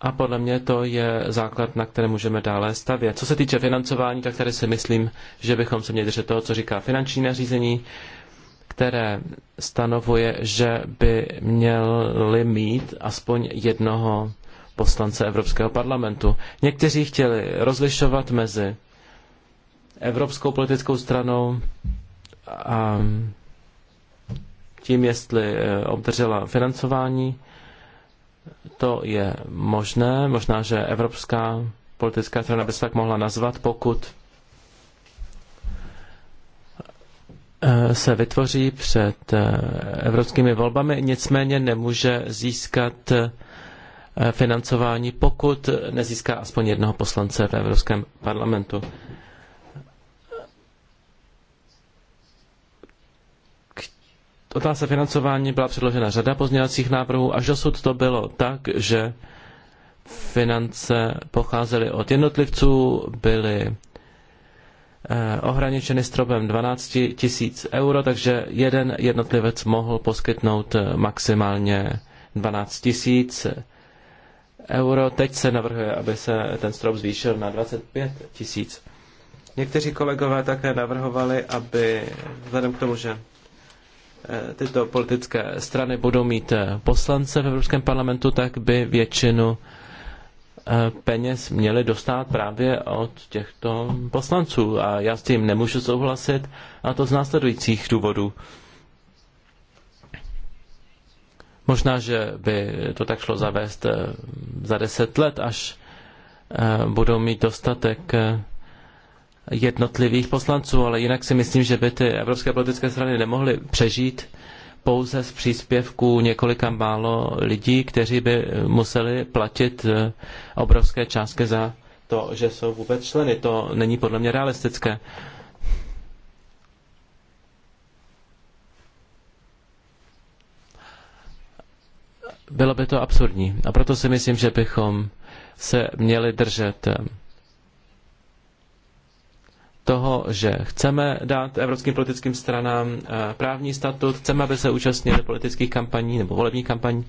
A podle mě to je základ, na které můžeme dále stavět. Co se týče financování, tak tady si myslím, že bychom se měli držet toho, co říká finanční nařízení, které stanovuje, že by měli mít aspoň jednoho poslance Evropského parlamentu. Někteří chtěli rozlišovat mezi evropskou politickou stranou a tím, jestli eh, obdržela financování, to je možné. Možná, že evropská politická strana by se tak mohla nazvat, pokud eh, se vytvoří před eh, evropskými volbami, nicméně nemůže získat financování, pokud nezíská aspoň jednoho poslance v Evropském parlamentu. otázce financování byla předložena řada pozměňovacích návrhů, až dosud to bylo tak, že finance pocházely od jednotlivců, byly eh, ohraničeny stropem 12 tisíc euro, takže jeden jednotlivec mohl poskytnout eh, maximálně 12 tisíc euro. Teď se navrhuje, aby se ten strop zvýšil na 25 tisíc. Někteří kolegové také navrhovali, aby vzhledem k tomu, že Eh, tyto politické strany budou mít eh, poslance v Evropském parlamentu, tak by většinu eh, peněz měly dostat právě od těchto poslanců. A já s tím nemůžu souhlasit, a to z následujících důvodů. Možná, že by to tak šlo zavést za deset let, až budou mít dostatek jednotlivých poslanců, ale jinak si myslím, že by ty evropské politické strany nemohly přežít pouze z příspěvků několika málo lidí, kteří by museli platit eh, obrovské částky za to, že jsou vůbec členy. To není podle mě realistické. Bylo by to absurdní. A proto si myslím, že bychom se měli držet eh, toho, že chceme dát evropským politickým stranám eh, právní statut, chceme, aby se účastnili politických kampaní nebo volebních kampaní,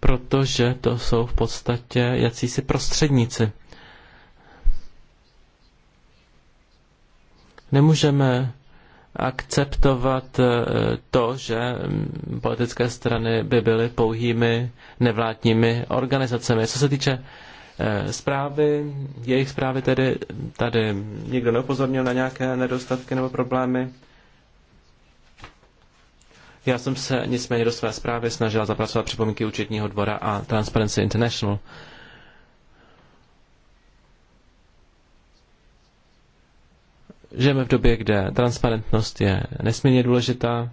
protože to jsou v podstatě jacísi prostředníci. Nemůžeme akceptovat eh, to, že mm, politické strany by byly pouhými nevládními organizacemi. Co se týče Eh, zprávy, jejich zprávy tedy tady nikdo neupozornil na nějaké nedostatky nebo problémy. Já jsem se nicméně do své zprávy snažila zapracovat připomínky účetního dvora a Transparency International. Žijeme v době, kde transparentnost je nesmírně důležitá,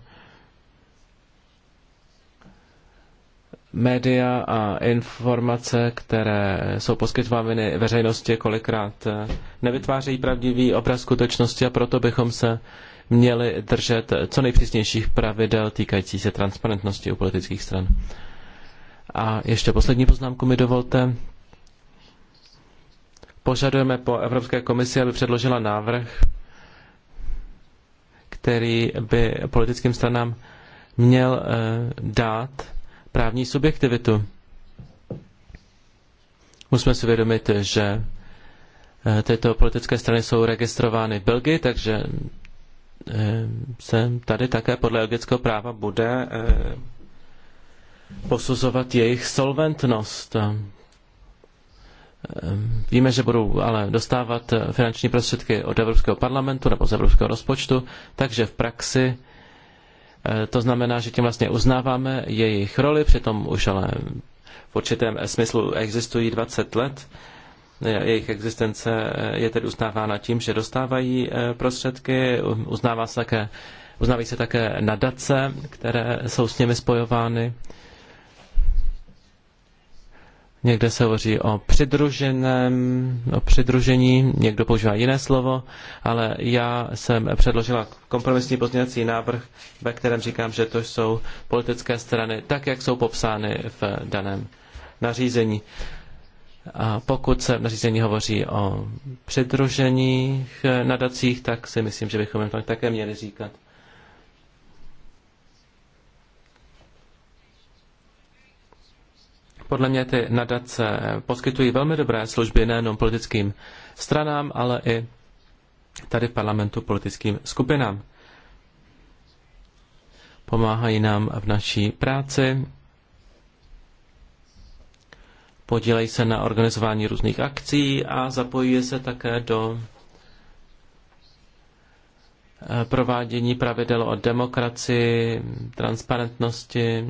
média a informace, které jsou poskytovány veřejnosti, kolikrát eh, nevytvářejí pravdivý obraz skutečnosti a proto bychom se měli držet co nejpřísnějších pravidel týkající se transparentnosti u politických stran. A ještě poslední poznámku mi dovolte. Požadujeme po Evropské komisi, aby předložila návrh, který by politickým stranám měl eh, dát právní subjektivitu. Musíme si vědomit, že eh, tyto politické strany jsou registrovány v Belgii, takže eh, se tady také podle logického práva bude eh, posuzovat jejich solventnost. Víme, že budou ale dostávat finanční prostředky od Evropského parlamentu nebo z Evropského rozpočtu, takže v praxi Eh, to znamená, že tím vlastně uznáváme jejich roli, přitom už ale v určitém smyslu existují 20 let. Eh, jejich existence eh, je tedy uznávána tím, že dostávají prostředky, uznává se také, uznávají se také nadace, které jsou s nimi spojovány. Někde se hovoří o přidruženém, o přidružení, někdo používá jiné slovo, ale já jsem předložila kompromisní pozměňovací návrh, ve kterém říkám, že to jsou politické strany, tak jak jsou popsány v daném nařízení. A pokud se v nařízení hovoří o přidruženích nadacích, tak si myslím, že bychom jim také měli říkat. Podle mě ty nadace poskytují velmi dobré služby nejenom politickým stranám, ale i tady v parlamentu politickým skupinám. Pomáhají nám v naší práci, podílejí se na organizování různých akcí a zapojuje se také do eh, provádění pravidel o demokracii, transparentnosti,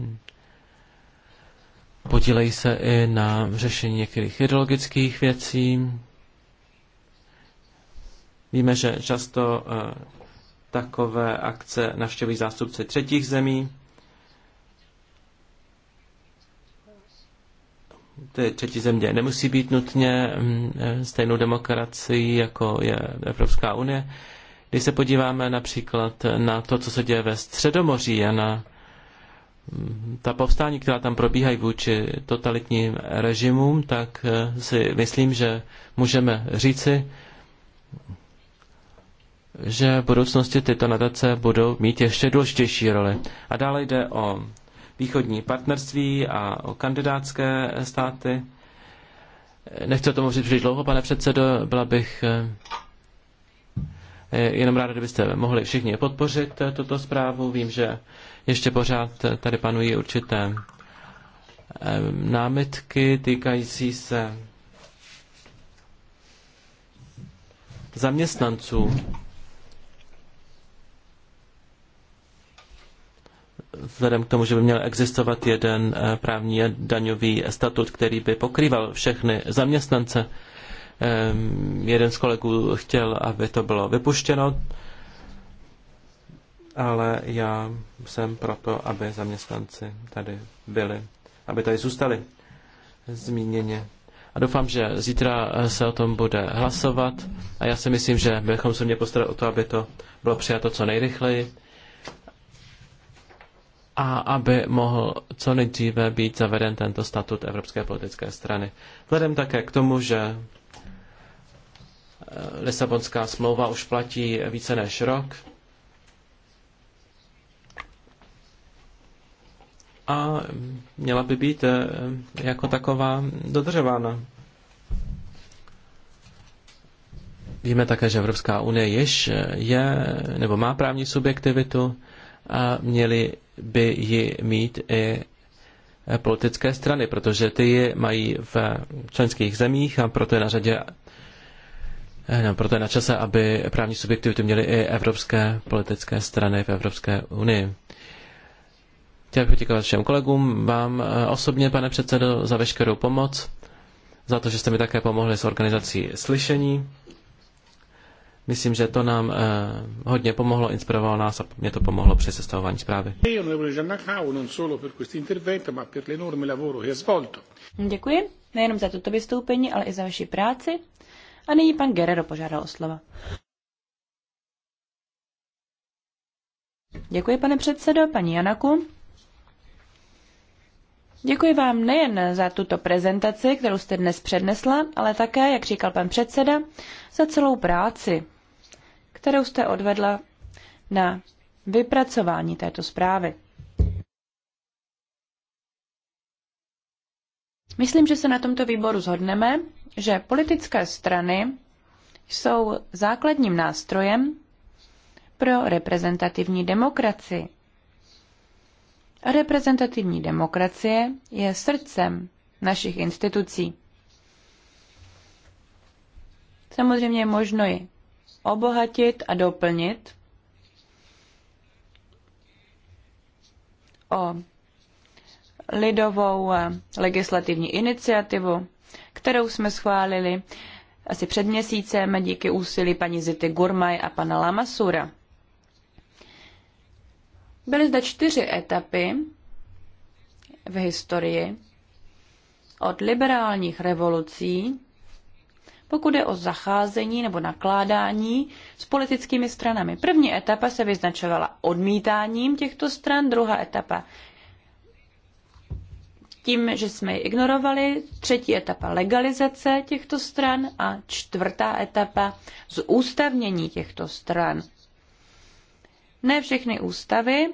podílejí se i na řešení některých ideologických věcí. Víme, že často eh, takové akce navštěvují zástupci třetích zemí. Ty třetí země nemusí být nutně mm, eh, stejnou demokracií, jako je Evropská unie. Když se podíváme například na to, co se děje ve Středomoří a na ta povstání, která tam probíhají vůči totalitním režimům, tak eh, si myslím, že můžeme říci, že v budoucnosti tyto nadace budou mít ještě důležitější roli. A dále jde o východní partnerství a o kandidátské státy. Nechci o tom mluvit příliš dlouho, pane předsedo, byla bych eh, jenom ráda, kdybyste mohli všichni podpořit eh, tuto zprávu. Vím, že ještě pořád tady panují určité eh, námitky týkající se zaměstnanců. Vzhledem k tomu, že by měl existovat jeden eh, právní a daňový statut, který by pokrýval všechny zaměstnance, eh, jeden z kolegů chtěl, aby to bylo vypuštěno ale já jsem proto, aby zaměstnanci tady byli, aby tady zůstali zmíněně. A doufám, že zítra se o tom bude hlasovat a já si myslím, že bychom se měli postarat o to, aby to bylo přijato co nejrychleji a aby mohl co nejdříve být zaveden tento statut Evropské politické strany. Vzhledem také k tomu, že eh, Lisabonská smlouva už platí více než rok, a měla by být eh, jako taková dodržována. Víme také, že Evropská unie již eh, je nebo má právní subjektivitu a měly by ji mít i eh, politické strany, protože ty ji mají v členských zemích a proto je na řadě No, proto je na čase, aby právní subjektivitu měly i evropské politické strany v Evropské unii. Chtěl bych poděkovat všem kolegům, vám eh, osobně, pane předsedo, za veškerou pomoc, za to, že jste mi také pomohli s organizací slyšení. Myslím, že to nám eh, hodně pomohlo, inspirovalo nás a mě to pomohlo při sestavování zprávy. Děkuji nejenom za toto vystoupení, ale i za vaši práci. A nyní pan Guerrero požádal o slova. Děkuji, pane předsedo, paní Janaku. Děkuji vám nejen za tuto prezentaci, kterou jste dnes přednesla, ale také, jak říkal pan předseda, za celou práci, kterou jste odvedla na vypracování této zprávy. Myslím, že se na tomto výboru zhodneme, že politické strany jsou základním nástrojem pro reprezentativní demokracii. Reprezentativní demokracie je srdcem našich institucí. Samozřejmě je možno ji obohatit a doplnit o lidovou eh, legislativní iniciativu, kterou jsme schválili asi před měsícem díky úsilí paní Zity Gurmaj a pana Lamasura. Byly zde čtyři etapy v historii od liberálních revolucí, pokud je o zacházení nebo nakládání s politickými stranami. První etapa se vyznačovala odmítáním těchto stran, druhá etapa tím, že jsme ji ignorovali, třetí etapa legalizace těchto stran a čtvrtá etapa zústavnění těchto stran. Ne všechny ústavy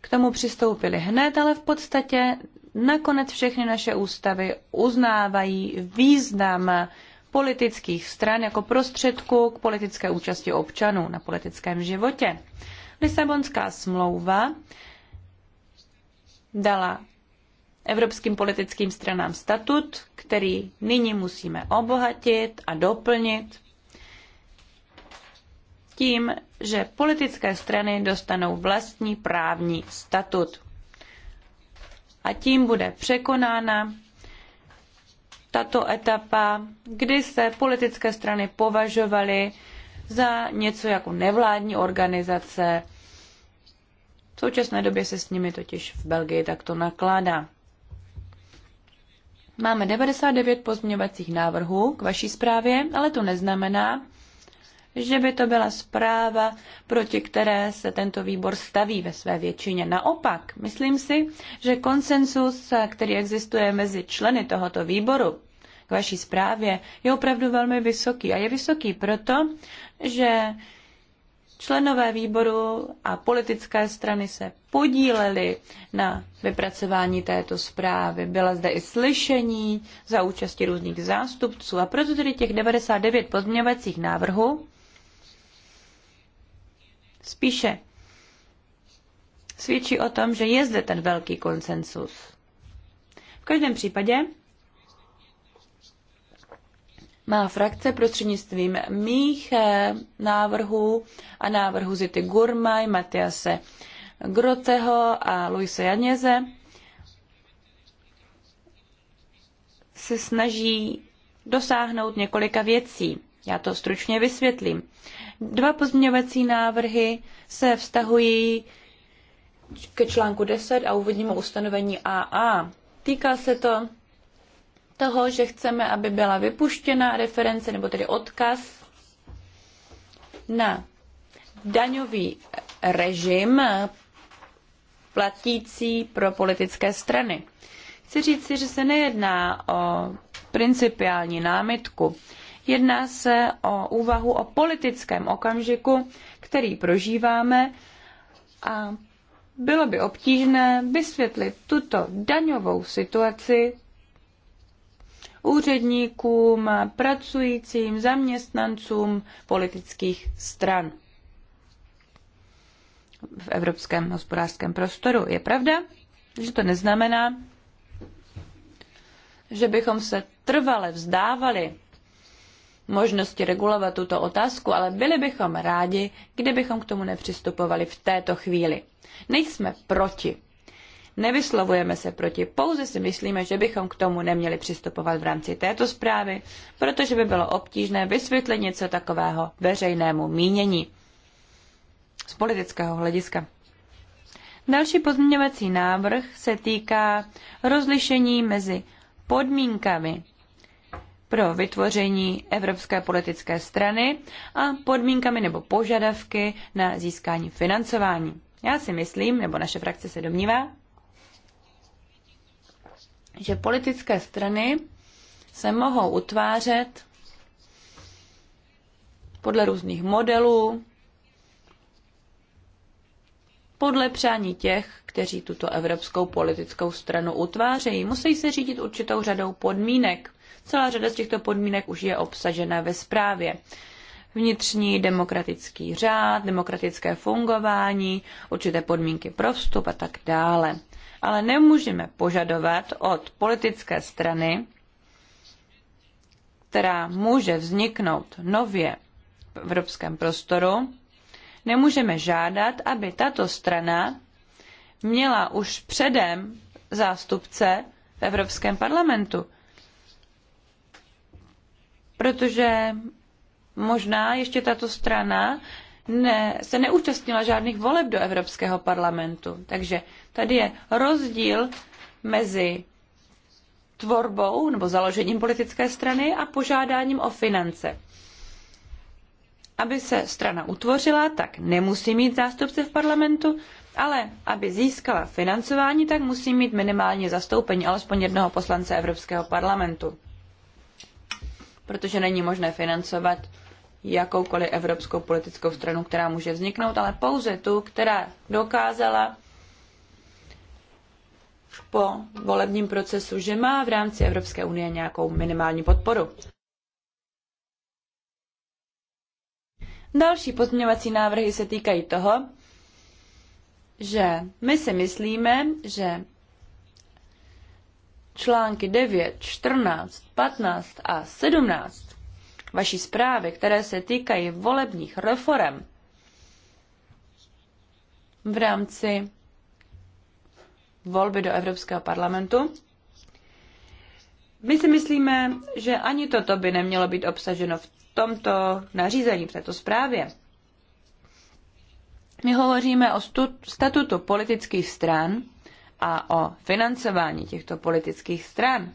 k tomu přistoupily hned, ale v podstatě nakonec všechny naše ústavy uznávají význam politických stran jako prostředku k politické účasti občanů na politickém životě. Lisabonská smlouva dala evropským politickým stranám statut, který nyní musíme obohatit a doplnit tím, že politické strany dostanou vlastní právní statut. A tím bude překonána tato etapa, kdy se politické strany považovaly za něco jako nevládní organizace. V současné době se s nimi totiž v Belgii takto nakládá. Máme 99 pozměňovacích návrhů k vaší zprávě, ale to neznamená, že by to byla zpráva, proti které se tento výbor staví ve své většině. Naopak, myslím si, že konsensus, který existuje mezi členy tohoto výboru k vaší zprávě, je opravdu velmi vysoký. A je vysoký proto, že členové výboru a politické strany se podíleli na vypracování této zprávy. Byla zde i slyšení za účasti různých zástupců a proto tedy těch 99 pozměňovacích návrhů spíše svědčí o tom, že je zde ten velký konsensus. V každém případě má frakce prostřednictvím mých eh, návrhů a návrhů Zity Gurmaj, Matiase Groteho a Luise Janěze se snaží dosáhnout několika věcí. Já to stručně vysvětlím. Dva pozměňovací návrhy se vztahují ke článku 10 a úvodnímu ustanovení AA. Týká se to toho, že chceme, aby byla vypuštěna reference nebo tedy odkaz na daňový režim platící pro politické strany. Chci říci, že se nejedná o principiální námitku. Jedná se o úvahu o politickém okamžiku, který prožíváme a bylo by obtížné vysvětlit tuto daňovou situaci úředníkům, pracujícím, zaměstnancům politických stran v evropském hospodářském prostoru. Je pravda, že to neznamená, že bychom se trvale vzdávali možnosti regulovat tuto otázku, ale byli bychom rádi, kdybychom k tomu nepřistupovali v této chvíli. Nejsme proti. Nevyslovujeme se proti, pouze si myslíme, že bychom k tomu neměli přistupovat v rámci této zprávy, protože by bylo obtížné vysvětlit něco takového veřejnému mínění z politického hlediska. Další pozměňovací návrh se týká rozlišení mezi podmínkami pro vytvoření Evropské politické strany a podmínkami nebo požadavky na získání financování. Já si myslím, nebo naše frakce se domnívá, že politické strany se mohou utvářet podle různých modelů, podle přání těch, kteří tuto evropskou politickou stranu utvářejí. Musí se řídit určitou řadou podmínek. Celá řada z těchto podmínek už je obsažena ve zprávě. Vnitřní demokratický řád, demokratické fungování, určité podmínky pro vstup a tak dále. Ale nemůžeme požadovat od politické strany, která může vzniknout nově v evropském prostoru, nemůžeme žádat, aby tato strana měla už předem zástupce v Evropském parlamentu protože možná ještě tato strana ne, se neúčastnila žádných voleb do Evropského parlamentu. Takže tady je rozdíl mezi tvorbou nebo založením politické strany a požádáním o finance. Aby se strana utvořila, tak nemusí mít zástupce v parlamentu, ale aby získala financování, tak musí mít minimálně zastoupení alespoň jednoho poslance Evropského parlamentu protože není možné financovat jakoukoliv evropskou politickou stranu, která může vzniknout, ale pouze tu, která dokázala po volebním procesu, že má v rámci Evropské unie nějakou minimální podporu. Další pozměňovací návrhy se týkají toho, že my si myslíme, že články 9, 14, 15 a 17 vaší zprávy, které se týkají volebních reform v rámci volby do Evropského parlamentu, my si myslíme, že ani toto by nemělo být obsaženo v tomto nařízení, v této zprávě. My hovoříme o statutu politických stran a o financování těchto politických stran.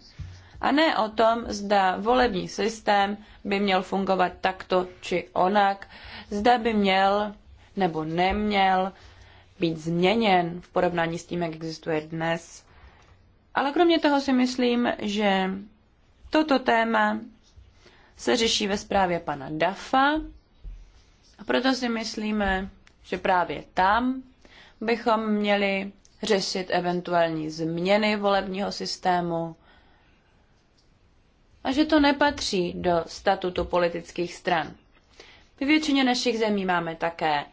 A ne o tom, zda volební systém by měl fungovat takto či onak, zda by měl nebo neměl být změněn v porovnání s tím, jak existuje dnes. Ale kromě toho si myslím, že toto téma se řeší ve zprávě pana Dafa a proto si myslíme, že právě tam bychom měli řešit eventuální změny volebního systému a že to nepatří do statutu politických stran. V většině našich zemí máme také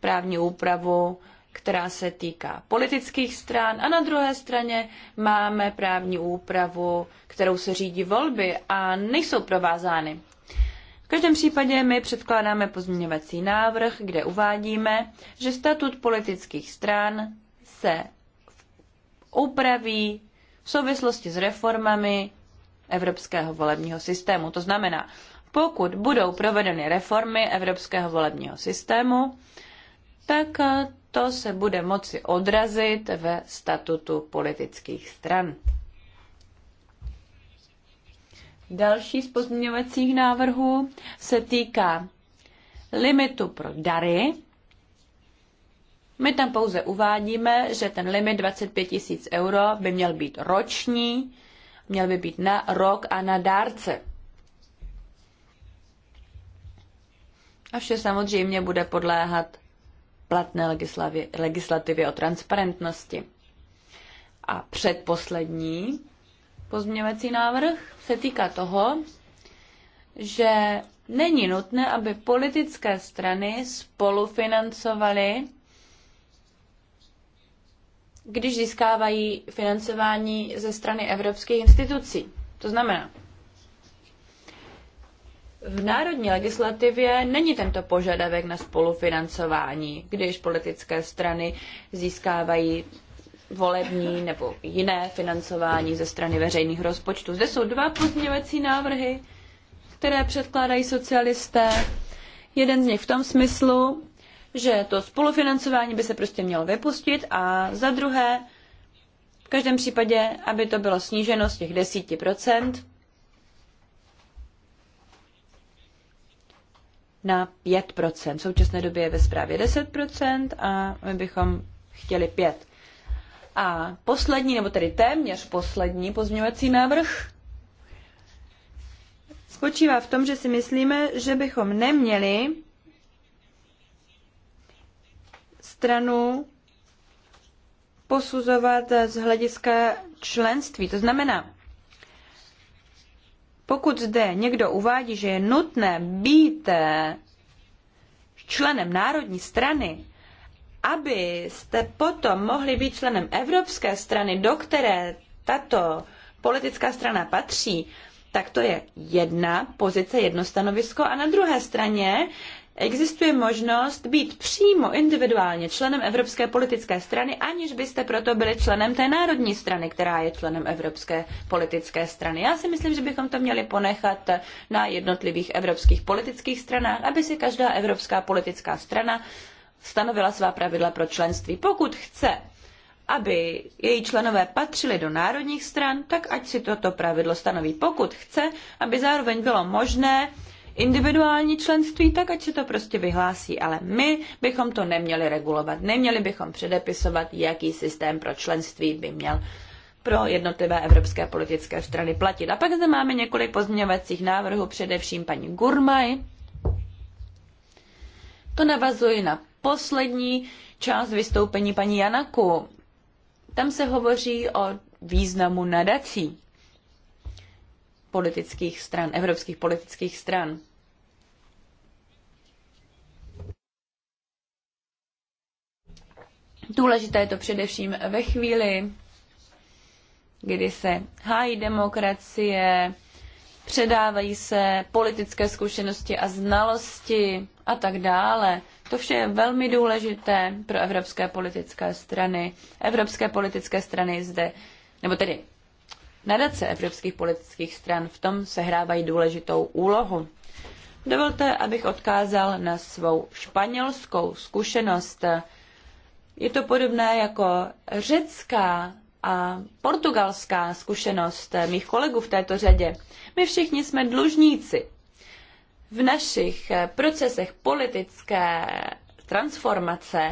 právní úpravu, která se týká politických stran a na druhé straně máme právní úpravu, kterou se řídí volby a nejsou provázány. V každém případě my předkládáme pozměňovací návrh, kde uvádíme, že statut politických stran se upraví v souvislosti s reformami evropského volebního systému. To znamená, pokud budou provedeny reformy evropského volebního systému, tak to se bude moci odrazit ve statutu politických stran. Další z pozměňovacích návrhů se týká limitu pro dary my tam pouze uvádíme, že ten limit 25 tisíc euro by měl být roční, měl by být na rok a na dárce. A vše samozřejmě bude podléhat platné legislativě o transparentnosti. A předposlední pozměňovací návrh se týká toho, že není nutné, aby politické strany spolufinancovaly když získávají financování ze strany evropských institucí. To znamená, v národní legislativě není tento požadavek na spolufinancování, když politické strany získávají volební nebo jiné financování ze strany veřejných rozpočtů. Zde jsou dva pozměňovací návrhy, které předkládají socialisté. Jeden z nich v tom smyslu, že to spolufinancování by se prostě mělo vypustit a za druhé, v každém případě, aby to bylo sníženo z těch 10% na 5%. V současné době je ve zprávě 10% a my bychom chtěli 5. A poslední, nebo tedy téměř poslední pozměňovací návrh spočívá v tom, že si myslíme, že bychom neměli stranu posuzovat z hlediska členství. To znamená, pokud zde někdo uvádí, že je nutné být eh, členem národní strany, abyste potom mohli být členem evropské strany, do které tato politická strana patří, tak to je jedna pozice, jedno stanovisko. A na druhé straně existuje možnost být přímo individuálně členem Evropské politické strany, aniž byste proto byli členem té národní strany, která je členem Evropské politické strany. Já si myslím, že bychom to měli ponechat na jednotlivých evropských politických stranách, aby si každá evropská politická strana stanovila svá pravidla pro členství. Pokud chce aby její členové patřili do národních stran, tak ať si toto pravidlo stanoví. Pokud chce, aby zároveň bylo možné individuální členství, tak ať se to prostě vyhlásí. Ale my bychom to neměli regulovat. Neměli bychom předepisovat, jaký systém pro členství by měl pro jednotlivé evropské politické strany platit. A pak zde máme několik pozměňovacích návrhů, především paní Gurmaj. To navazuje na poslední část vystoupení paní Janaku. Tam se hovoří o významu nadací politických stran, evropských politických stran. Důležité je to především ve chvíli, kdy se hájí demokracie, předávají se politické zkušenosti a znalosti a tak dále. To vše je velmi důležité pro evropské politické strany. Evropské politické strany zde, nebo tedy nadace evropských politických stran v tom sehrávají důležitou úlohu. Dovolte, abych odkázal na svou španělskou zkušenost. Je to podobné jako řecká a portugalská zkušenost mých kolegů v této řadě. My všichni jsme dlužníci. V našich procesech politické transformace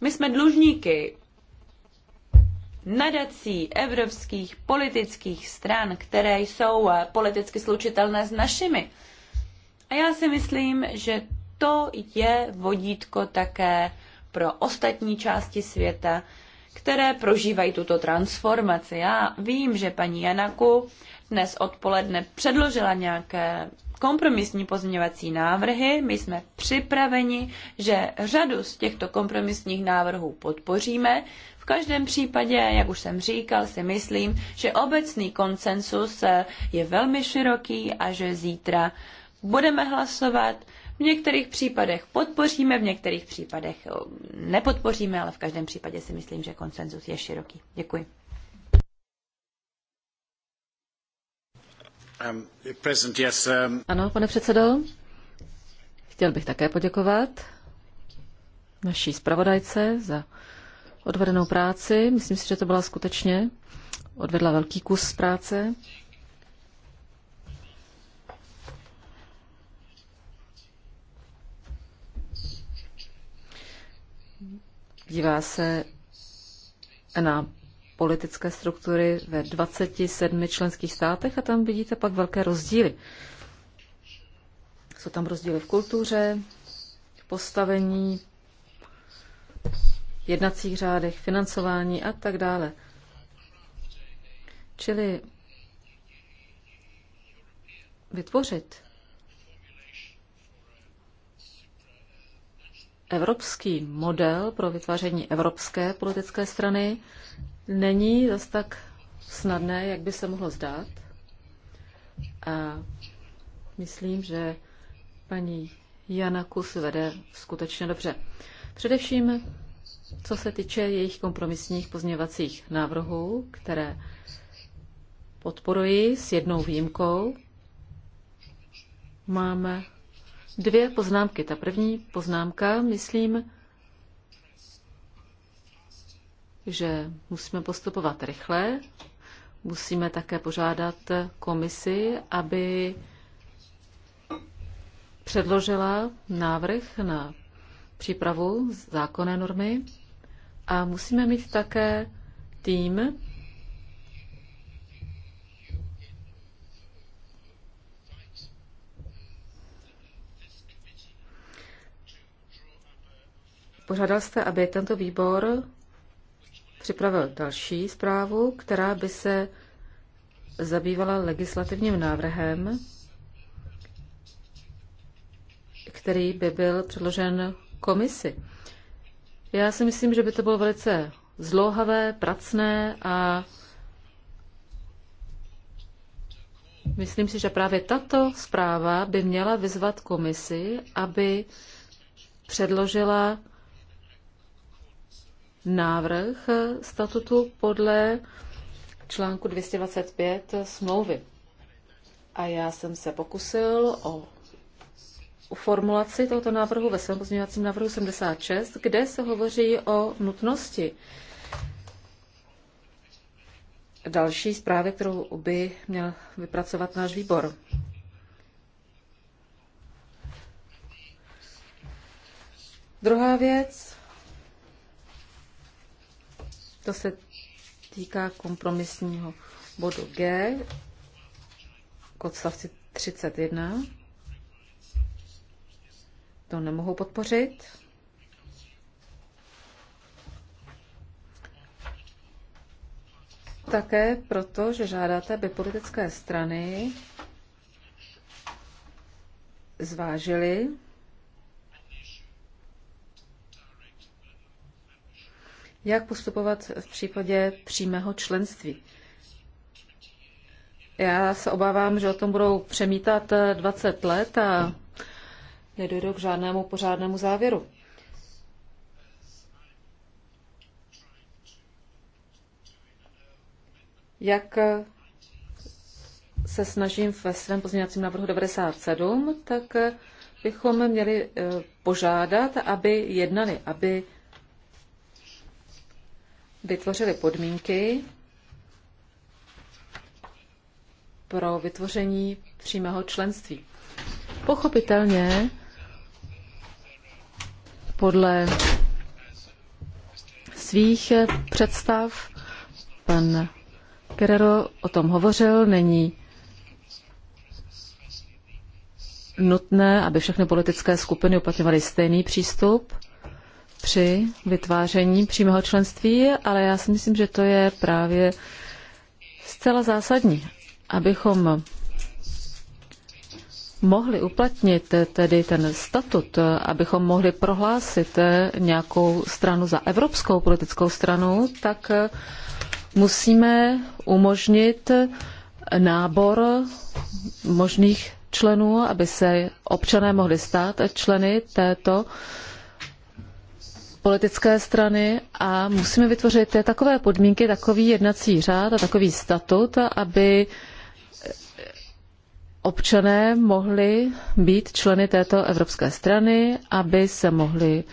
my jsme dlužníky nadací evropských politických stran, které jsou eh, politicky slučitelné s našimi. A já si myslím, že to je vodítko také pro ostatní části světa, které prožívají tuto transformaci. Já vím, že paní Janaku dnes odpoledne předložila nějaké kompromisní pozměňovací návrhy. My jsme připraveni, že řadu z těchto kompromisních návrhů podpoříme. V každém případě, jak už jsem říkal, si myslím, že obecný konsensus eh, je velmi široký a že zítra budeme hlasovat. V některých případech podpoříme, v některých případech eh, nepodpoříme, ale v každém případě si myslím, že konsenzus je široký. Děkuji. Um, um, ano, pane předsedo, chtěl bych také poděkovat naší zpravodajce za odvedenou práci. Myslím si, že to byla skutečně odvedla velký kus práce. Dívá se na politické struktury ve 27 členských státech a tam vidíte pak velké rozdíly. Jsou tam rozdíly v kultuře, v postavení, jednacích řádech, financování a tak dále. Čili vytvořit evropský model pro vytváření evropské politické strany není zas tak snadné, jak by se mohlo zdát. A myslím, že paní Jana Kus vede skutečně dobře. Především co se týče jejich kompromisních pozměňovacích návrhů, které podporuji s jednou výjimkou, máme dvě poznámky. Ta první poznámka, myslím, že musíme postupovat rychle. Musíme také požádat komisi, aby předložila návrh na přípravu zákonné normy. A musíme mít také tým, Požádal jste, aby tento výbor připravil další zprávu, která by se zabývala legislativním návrhem, který by byl předložen komisi. Já si myslím, že by to bylo velice zlouhavé, pracné a myslím si, že právě tato zpráva by měla vyzvat komisi, aby předložila návrh statutu podle článku 225 smlouvy. A já jsem se pokusil o formulaci tohoto návrhu ve svém pozměňovacím návrhu 76, kde se hovoří o nutnosti další zprávy, kterou by měl vypracovat náš výbor. Druhá věc, to se týká kompromisního bodu G k odstavci 31 to nemohu podpořit. Také proto, že žádáte, aby politické strany zvážily, jak postupovat v případě přímého členství. Já se obávám, že o tom budou přemítat 20 let a nedojdou k žádnému pořádnému závěru. Jak se snažím ve svém pozměňovacím návrhu 97, tak bychom měli eh, požádat, aby jednali, aby vytvořili podmínky pro vytvoření přímého členství. Pochopitelně podle svých představ. Pan Kerero o tom hovořil, není nutné, aby všechny politické skupiny uplatňovaly stejný přístup při vytváření přímého členství, ale já si myslím, že to je právě zcela zásadní, abychom mohli uplatnit tedy ten statut, abychom mohli prohlásit nějakou stranu za evropskou politickou stranu, tak musíme umožnit nábor možných členů, aby se občané mohli stát členy této politické strany a musíme vytvořit takové podmínky, takový jednací řád a takový statut, aby občané mohli být členy této evropské strany, aby se mohli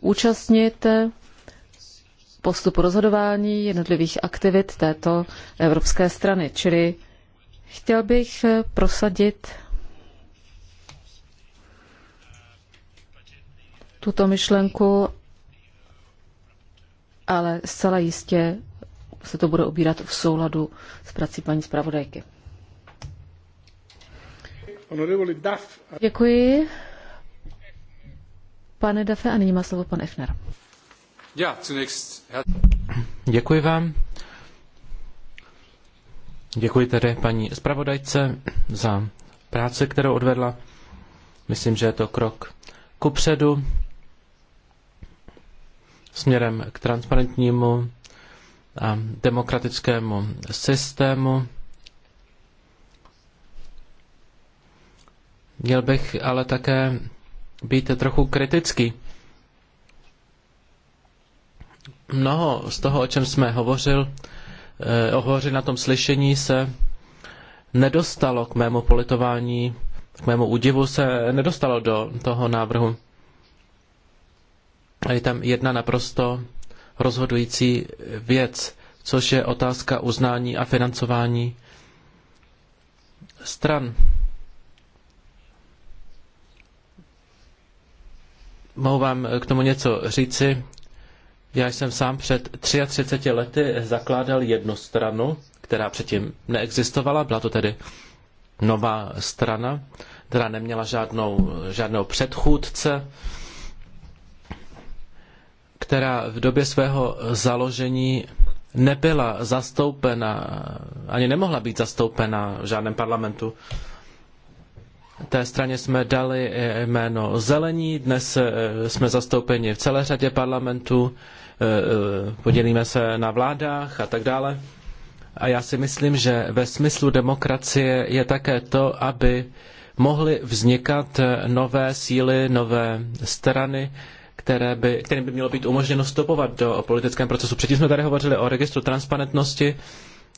účastnit postupu rozhodování jednotlivých aktivit této evropské strany. Čili chtěl bych prosadit tuto myšlenku, ale zcela jistě se to bude obírat v souladu s prací paní zpravodajky. Děkuji. Pane Dafe, a nyní má slovo pan Efner. Děkuji vám. Děkuji tedy paní zpravodajce za práci, kterou odvedla. Myslím, že je to krok kupředu směrem k transparentnímu a demokratickému systému Měl bych ale také být trochu kritický. Mnoho z toho, o čem jsme hovořil, eh, hovořil na tom slyšení, se nedostalo k mému politování, k mému údivu se nedostalo do toho návrhu. A je tam jedna naprosto rozhodující věc, což je otázka uznání a financování stran. Mohu vám k tomu něco říci? Já jsem sám před 33 lety zakládal jednu stranu, která předtím neexistovala, byla to tedy nová strana, která neměla žádnou, žádného předchůdce, která v době svého založení nebyla zastoupena, ani nemohla být zastoupena v žádném parlamentu té straně jsme dali jméno Zelení, dnes eh, jsme zastoupeni v celé řadě parlamentů, eh, eh, podělíme se na vládách a tak dále. A já si myslím, že ve smyslu demokracie je také to, aby mohly vznikat nové síly, nové strany, které by, kterým by mělo být umožněno stopovat do politického procesu. Předtím jsme tady hovořili o registru transparentnosti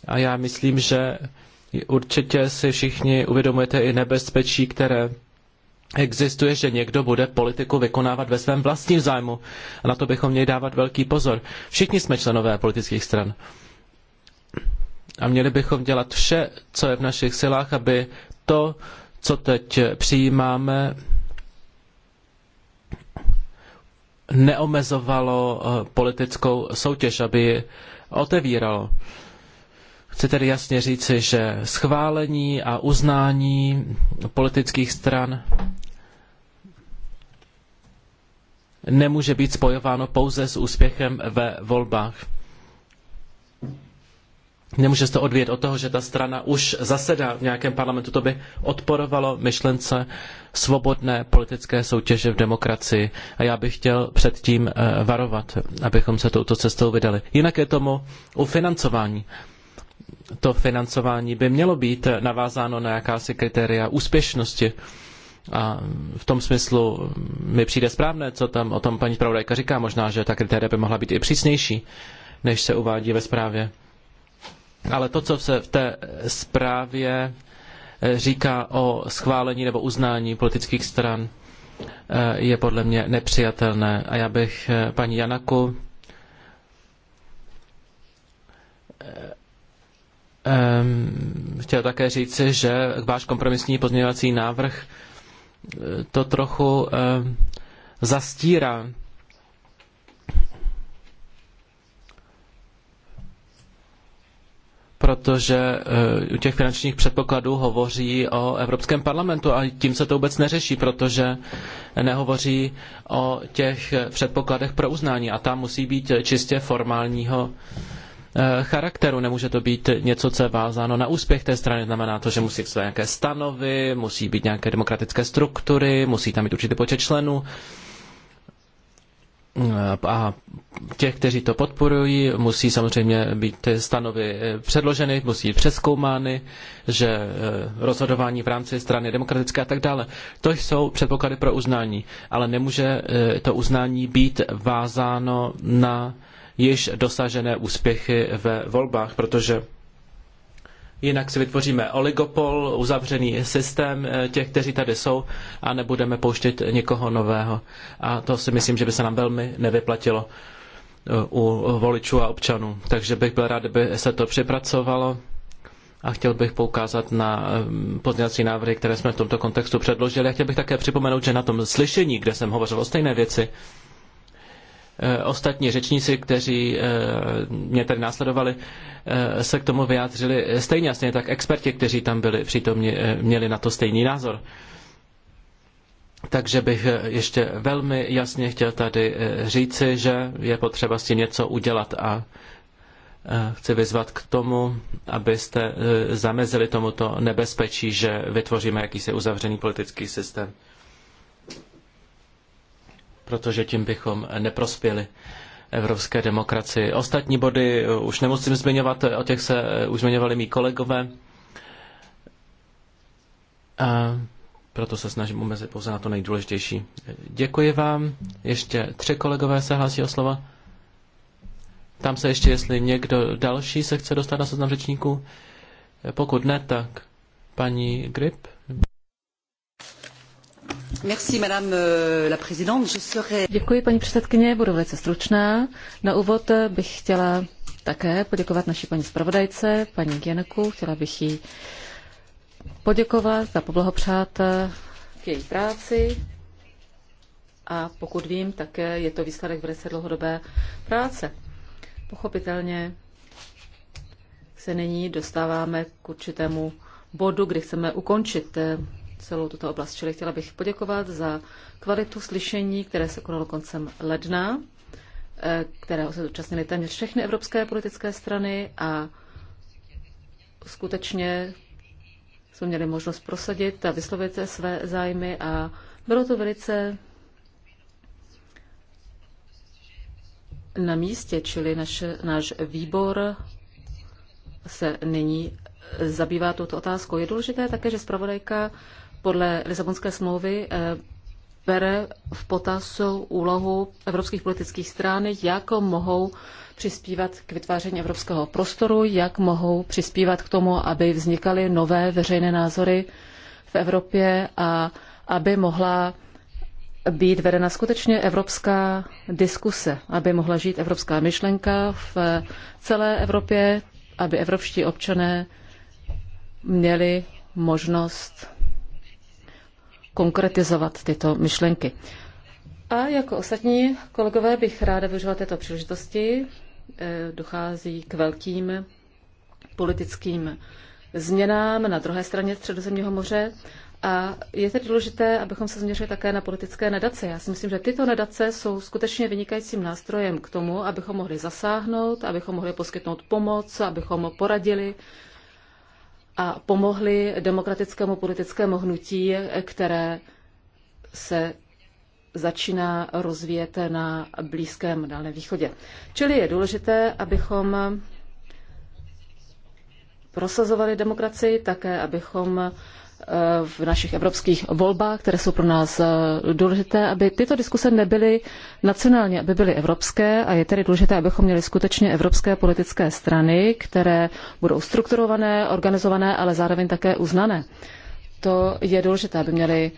a já myslím, že Určitě si všichni uvědomujete i nebezpečí, které existuje, že někdo bude politiku vykonávat ve svém vlastním zájmu. A na to bychom měli dávat velký pozor. Všichni jsme členové politických stran. A měli bychom dělat vše, co je v našich silách, aby to, co teď přijímáme, neomezovalo eh, politickou soutěž, aby ji otevíralo. Chci tedy jasně říci, že schválení a uznání politických stran nemůže být spojováno pouze s úspěchem ve volbách. Nemůže se to odvíjet od toho, že ta strana už zasedá v nějakém parlamentu. To by odporovalo myšlence svobodné politické soutěže v demokracii. A já bych chtěl předtím eh, varovat, abychom se touto cestou vydali. Jinak je tomu u financování to financování by mělo být navázáno na jakási kritéria úspěšnosti. A v tom smyslu mi přijde správné, co tam o tom paní zpravodajka říká. Možná, že ta kritéria by mohla být i přísnější, než se uvádí ve zprávě. Ale to, co se v té zprávě eh, říká o schválení nebo uznání politických stran, eh, je podle mě nepřijatelné. A já bych eh, paní Janaku Ehm, chtěl také říci, že váš kompromisní pozměňovací návrh eh, to trochu ehm, zastírá. protože eh, u těch finančních předpokladů hovoří o Evropském parlamentu a tím se to vůbec neřeší, protože nehovoří o těch předpokladech pro uznání a tam musí být čistě formálního Eh, charakteru. Nemůže to být něco, co je vázáno na úspěch té strany. Znamená to, že musí existovat nějaké stanovy, musí být nějaké demokratické struktury, musí tam být určitý počet členů. Eh, a těch, kteří to podporují, musí samozřejmě být ty stanovy eh, předloženy, musí být přeskoumány, že rozhodování v rámci strany je demokratické a tak dále. To jsou předpoklady pro uznání, ale nemůže to uznání být vázáno na již dosažené úspěchy ve volbách, protože jinak si vytvoříme oligopol, uzavřený systém eh, těch, kteří tady jsou a nebudeme pouštět někoho nového. A to si myslím, že by se nám velmi nevyplatilo eh, u voličů a občanů. Takže bych byl rád, kdyby se to přepracovalo a chtěl bych poukázat na eh, pozměňovací návrhy, které jsme v tomto kontextu předložili. A chtěl bych také připomenout, že na tom slyšení, kde jsem hovořil o stejné věci, Eh, ostatní řečníci, kteří eh, mě tady následovali, eh, se k tomu vyjádřili stejně stejně tak experti, kteří tam byli přítomni, měli na to stejný názor. Takže bych ještě velmi jasně chtěl tady říci, že je potřeba s tím něco udělat a chci vyzvat k tomu, abyste zamezili tomuto nebezpečí, že vytvoříme jakýsi uzavřený politický systém protože tím bychom neprospěli evropské demokracii. Ostatní body už nemusím zmiňovat, o těch se eh, už zmiňovali mý kolegové. A proto se snažím omezit pouze na to nejdůležitější. Děkuji vám. Ještě tři kolegové se hlásí o slova. Tam se ještě, jestli někdo další se chce dostat na seznam řečníků. Eh, pokud ne, tak paní Grip. Euh, Děkuji, paní předsedkyně, budu velice stručná. Na úvod bych chtěla také poděkovat naší paní zpravodajce, paní Geneku. Chtěla bych jí poděkovat a poblahopřát eh, k její práci. A pokud vím, také je to výsledek velice dlouhodobé práce. Pochopitelně se nyní dostáváme k určitému bodu, kdy chceme ukončit eh, celou tuto oblast. Čili chtěla bych poděkovat za kvalitu slyšení, které se konalo koncem ledna, eh, kterého se zúčastnily téměř všechny evropské politické strany a skutečně jsme měli možnost prosadit a vyslovit své zájmy a bylo to velice na místě, čili naš, náš výbor se nyní zabývá touto otázkou. Je důležité také, že zpravodajka podle Lisabonské smlouvy eh, bere v potaz úlohu evropských politických stran, jak mohou přispívat k vytváření evropského prostoru, jak mohou přispívat k tomu, aby vznikaly nové veřejné názory v Evropě a aby mohla být vedena skutečně evropská diskuse, aby mohla žít evropská myšlenka v celé Evropě, aby evropští občané měli možnost konkretizovat tyto myšlenky. A jako ostatní kolegové bych ráda využila této příležitosti. Eh, dochází k velkým politickým změnám na druhé straně Středozemního moře a je tedy důležité, abychom se změřili také na politické nadace. Já si myslím, že tyto nadace jsou skutečně vynikajícím nástrojem k tomu, abychom mohli zasáhnout, abychom mohli poskytnout pomoc, abychom poradili a pomohli demokratickému politickému hnutí, které se začíná rozvíjet na Blízkém Dálném východě. Čili je důležité, abychom prosazovali demokracii, také abychom Eh, v našich evropských volbách, které jsou pro nás eh, důležité, aby tyto diskuse nebyly nacionální, aby byly evropské a je tedy důležité, abychom měli skutečně evropské politické strany, které budou strukturované, organizované, ale zároveň také uznané. To je důležité, aby měly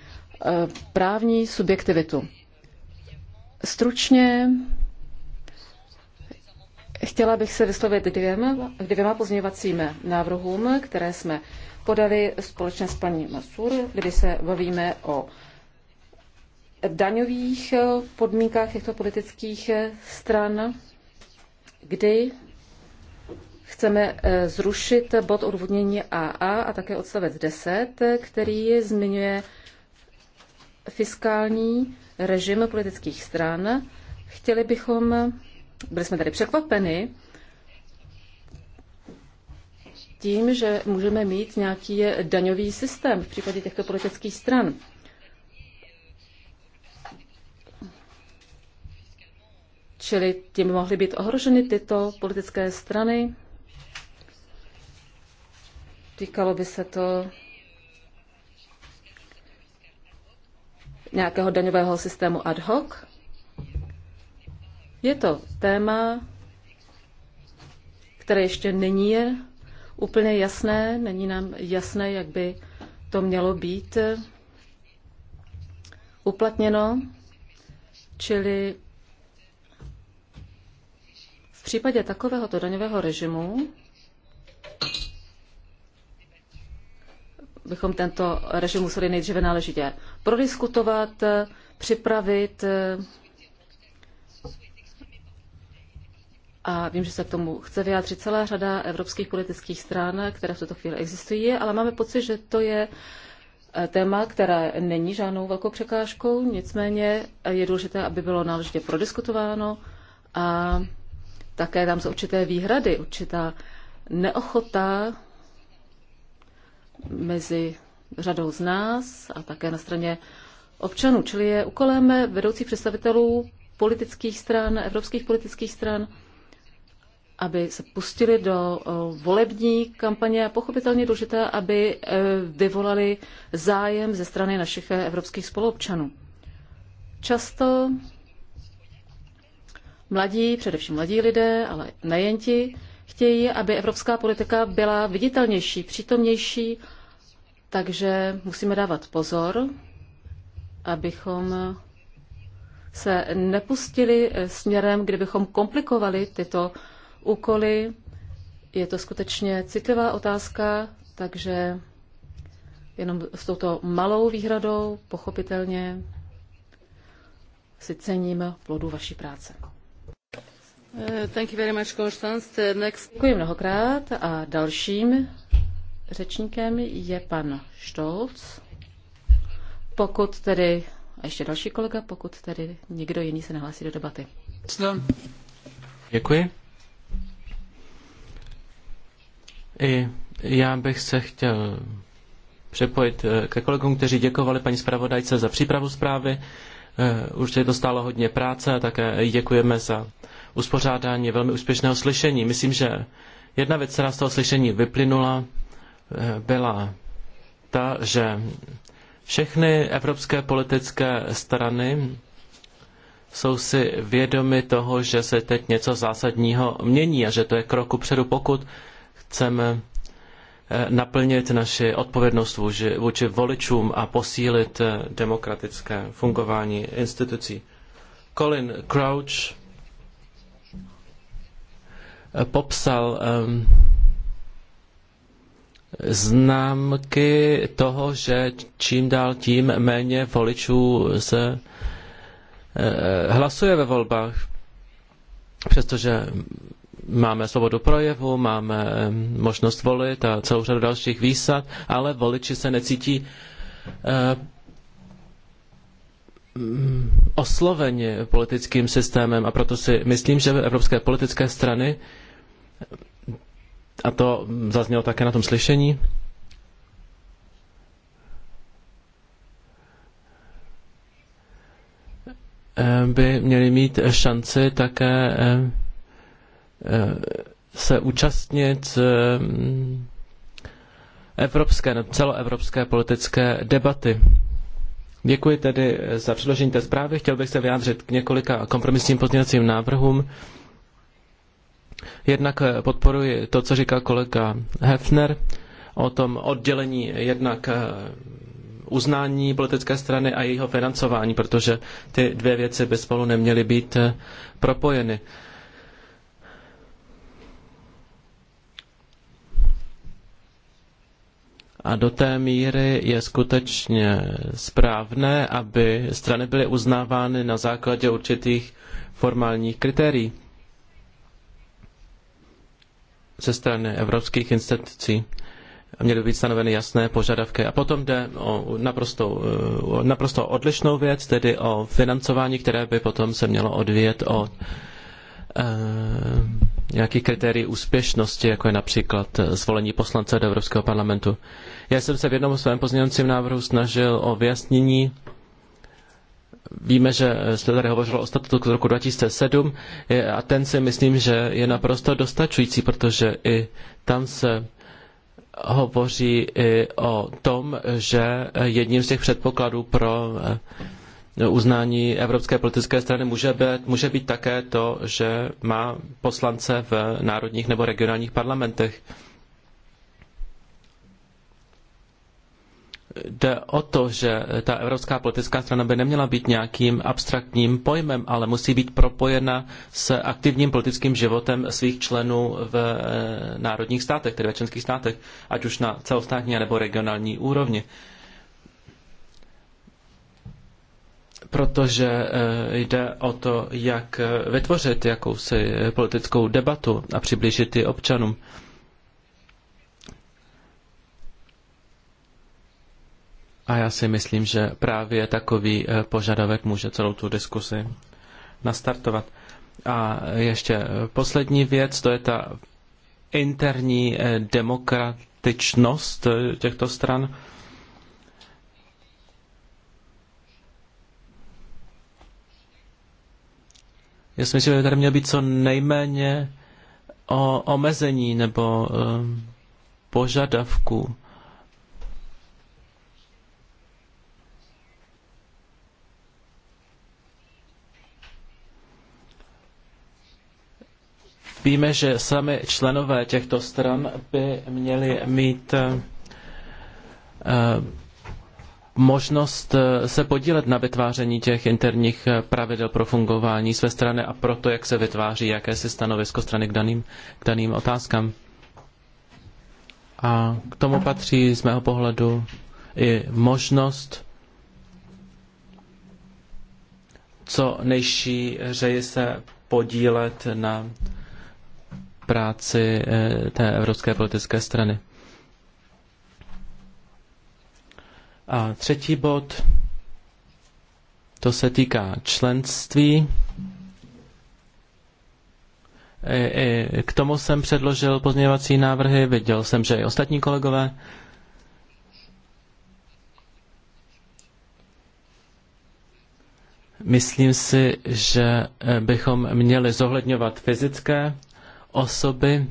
eh, právní subjektivitu. Stručně chtěla bych se vyslovit dvěma, dvěma pozměňovacím návrhům, které jsme podali společně s paní Masur, kdy se bavíme o daňových podmínkách těchto politických stran, kdy chceme eh, zrušit bod odvodnění AA a také odstavec 10, který zmiňuje fiskální režim politických stran. Chtěli bychom, byli jsme tady překvapeni, tím, že můžeme mít nějaký daňový systém v případě těchto politických stran. Čili tím mohly být ohroženy tyto politické strany. Týkalo by se to nějakého daňového systému ad hoc. Je to téma, které ještě není úplně jasné, není nám jasné, jak by to mělo být uplatněno, čili v případě takovéhoto daňového režimu bychom tento režim museli nejdříve náležitě prodiskutovat, připravit, a vím, že se k tomu chce vyjádřit celá řada evropských politických stran, které v tuto chvíli existují, ale máme pocit, že to je eh, téma, které není žádnou velkou překážkou, nicméně eh, je důležité, aby bylo náležitě prodiskutováno a také tam jsou určité výhrady, určitá neochota mezi řadou z nás a také na straně občanů, čili je úkolem vedoucích představitelů politických stran, evropských politických stran, aby se pustili do volební kampaně a pochopitelně důležité, aby e, vyvolali zájem ze strany našich e, evropských spoluobčanů. Často mladí, především mladí lidé, ale nejen ti, chtějí, aby evropská politika byla viditelnější, přítomnější, takže musíme dávat pozor, abychom se nepustili e, směrem, kde bychom komplikovali tyto úkoly. Je to skutečně citlivá otázka, takže jenom s touto malou výhradou pochopitelně si cením plodu vaší práce. Eh, thank you very much, Constance. Eh, next. Děkuji mnohokrát a dalším řečníkem je pan Štolc. Pokud tedy, a ještě další kolega, pokud tedy někdo jiný se nahlásí do debaty. Děkuji. I já bych se chtěl přepojit eh, ke kolegům, kteří děkovali paní zpravodajce za přípravu zprávy. Eh, Určitě to stálo hodně práce a také děkujeme za uspořádání velmi úspěšného slyšení. Myslím, že jedna věc, která z toho slyšení vyplynula, eh, byla ta, že všechny evropské politické strany jsou si vědomi toho, že se teď něco zásadního mění a že to je kroku předu, pokud chceme eh, naplnit naši odpovědnost vůči voličům a posílit eh, demokratické fungování institucí. Colin Crouch eh, popsal ehm, známky toho, že čím dál tím méně voličů se hlasuje ve volbách, přestože máme svobodu projevu, máme možnost volit a celou řadu dalších výsad, ale voliči se necítí eh, mm, osloveni politickým systémem a proto si myslím, že evropské politické strany, a to zaznělo také na tom slyšení, by měly mít šanci také se účastnit eh, evropské, celoevropské politické debaty. Děkuji tedy eh, za předložení té zprávy. Chtěl bych se vyjádřit k několika kompromisním pozměňovacím návrhům. Jednak eh, podporuji to, co říkal kolega Hefner o tom oddělení jednak uznání politické strany a jejího financování, protože ty dvě věci by spolu neměly být propojeny. A do té míry je skutečně správné, aby strany byly uznávány na základě určitých formálních kritérií ze strany evropských institucí. Měly být stanoveny jasné požadavky. A potom jde o naprosto, naprosto odlišnou věc, tedy o financování, které by potom se mělo odvíjet od Eh, nějaký kritérií úspěšnosti, jako je například eh, zvolení poslance do Evropského parlamentu. Já jsem se v jednom svém pozměňovacím návrhu snažil o vyjasnění. Víme, že jste eh, tady hovořil o statutu z roku 2007 a ten si myslím, že je naprosto dostačující, protože i tam se hovoří i o tom, že jedním z těch předpokladů pro uznání Evropské politické strany může být, může být také to, že má poslance v národních nebo regionálních parlamentech. Jde o to, že ta evropská politická strana by neměla být nějakým abstraktním pojmem, ale musí být propojena s aktivním politickým životem svých členů v eh, národních státech, tedy ve členských státech, ať už na celostátní nebo regionální úrovni. protože eh, jde o to, jak vytvořit jakousi politickou debatu a přiblížit ji občanům. A já si myslím, že právě takový eh, požadavek může celou tu diskusi nastartovat. A ještě eh, poslední věc, to je ta interní demokratičnost těchto stran. Já si myslím, že by tady měl být co nejméně o omezení nebo um, požadavku. Víme, že sami členové těchto stran by měli mít uh, možnost eh, se podílet na vytváření těch interních eh, pravidel pro fungování své strany a pro to, jak se vytváří jaké stanovisko strany k daným, k daným otázkám. A k tomu patří z mého pohledu i možnost co nejšířeji se podílet na práci eh, té Evropské politické strany. A třetí bod, to se týká členství. k tomu jsem předložil pozměňovací návrhy, viděl jsem, že i ostatní kolegové. Myslím si, že bychom měli zohledňovat fyzické osoby,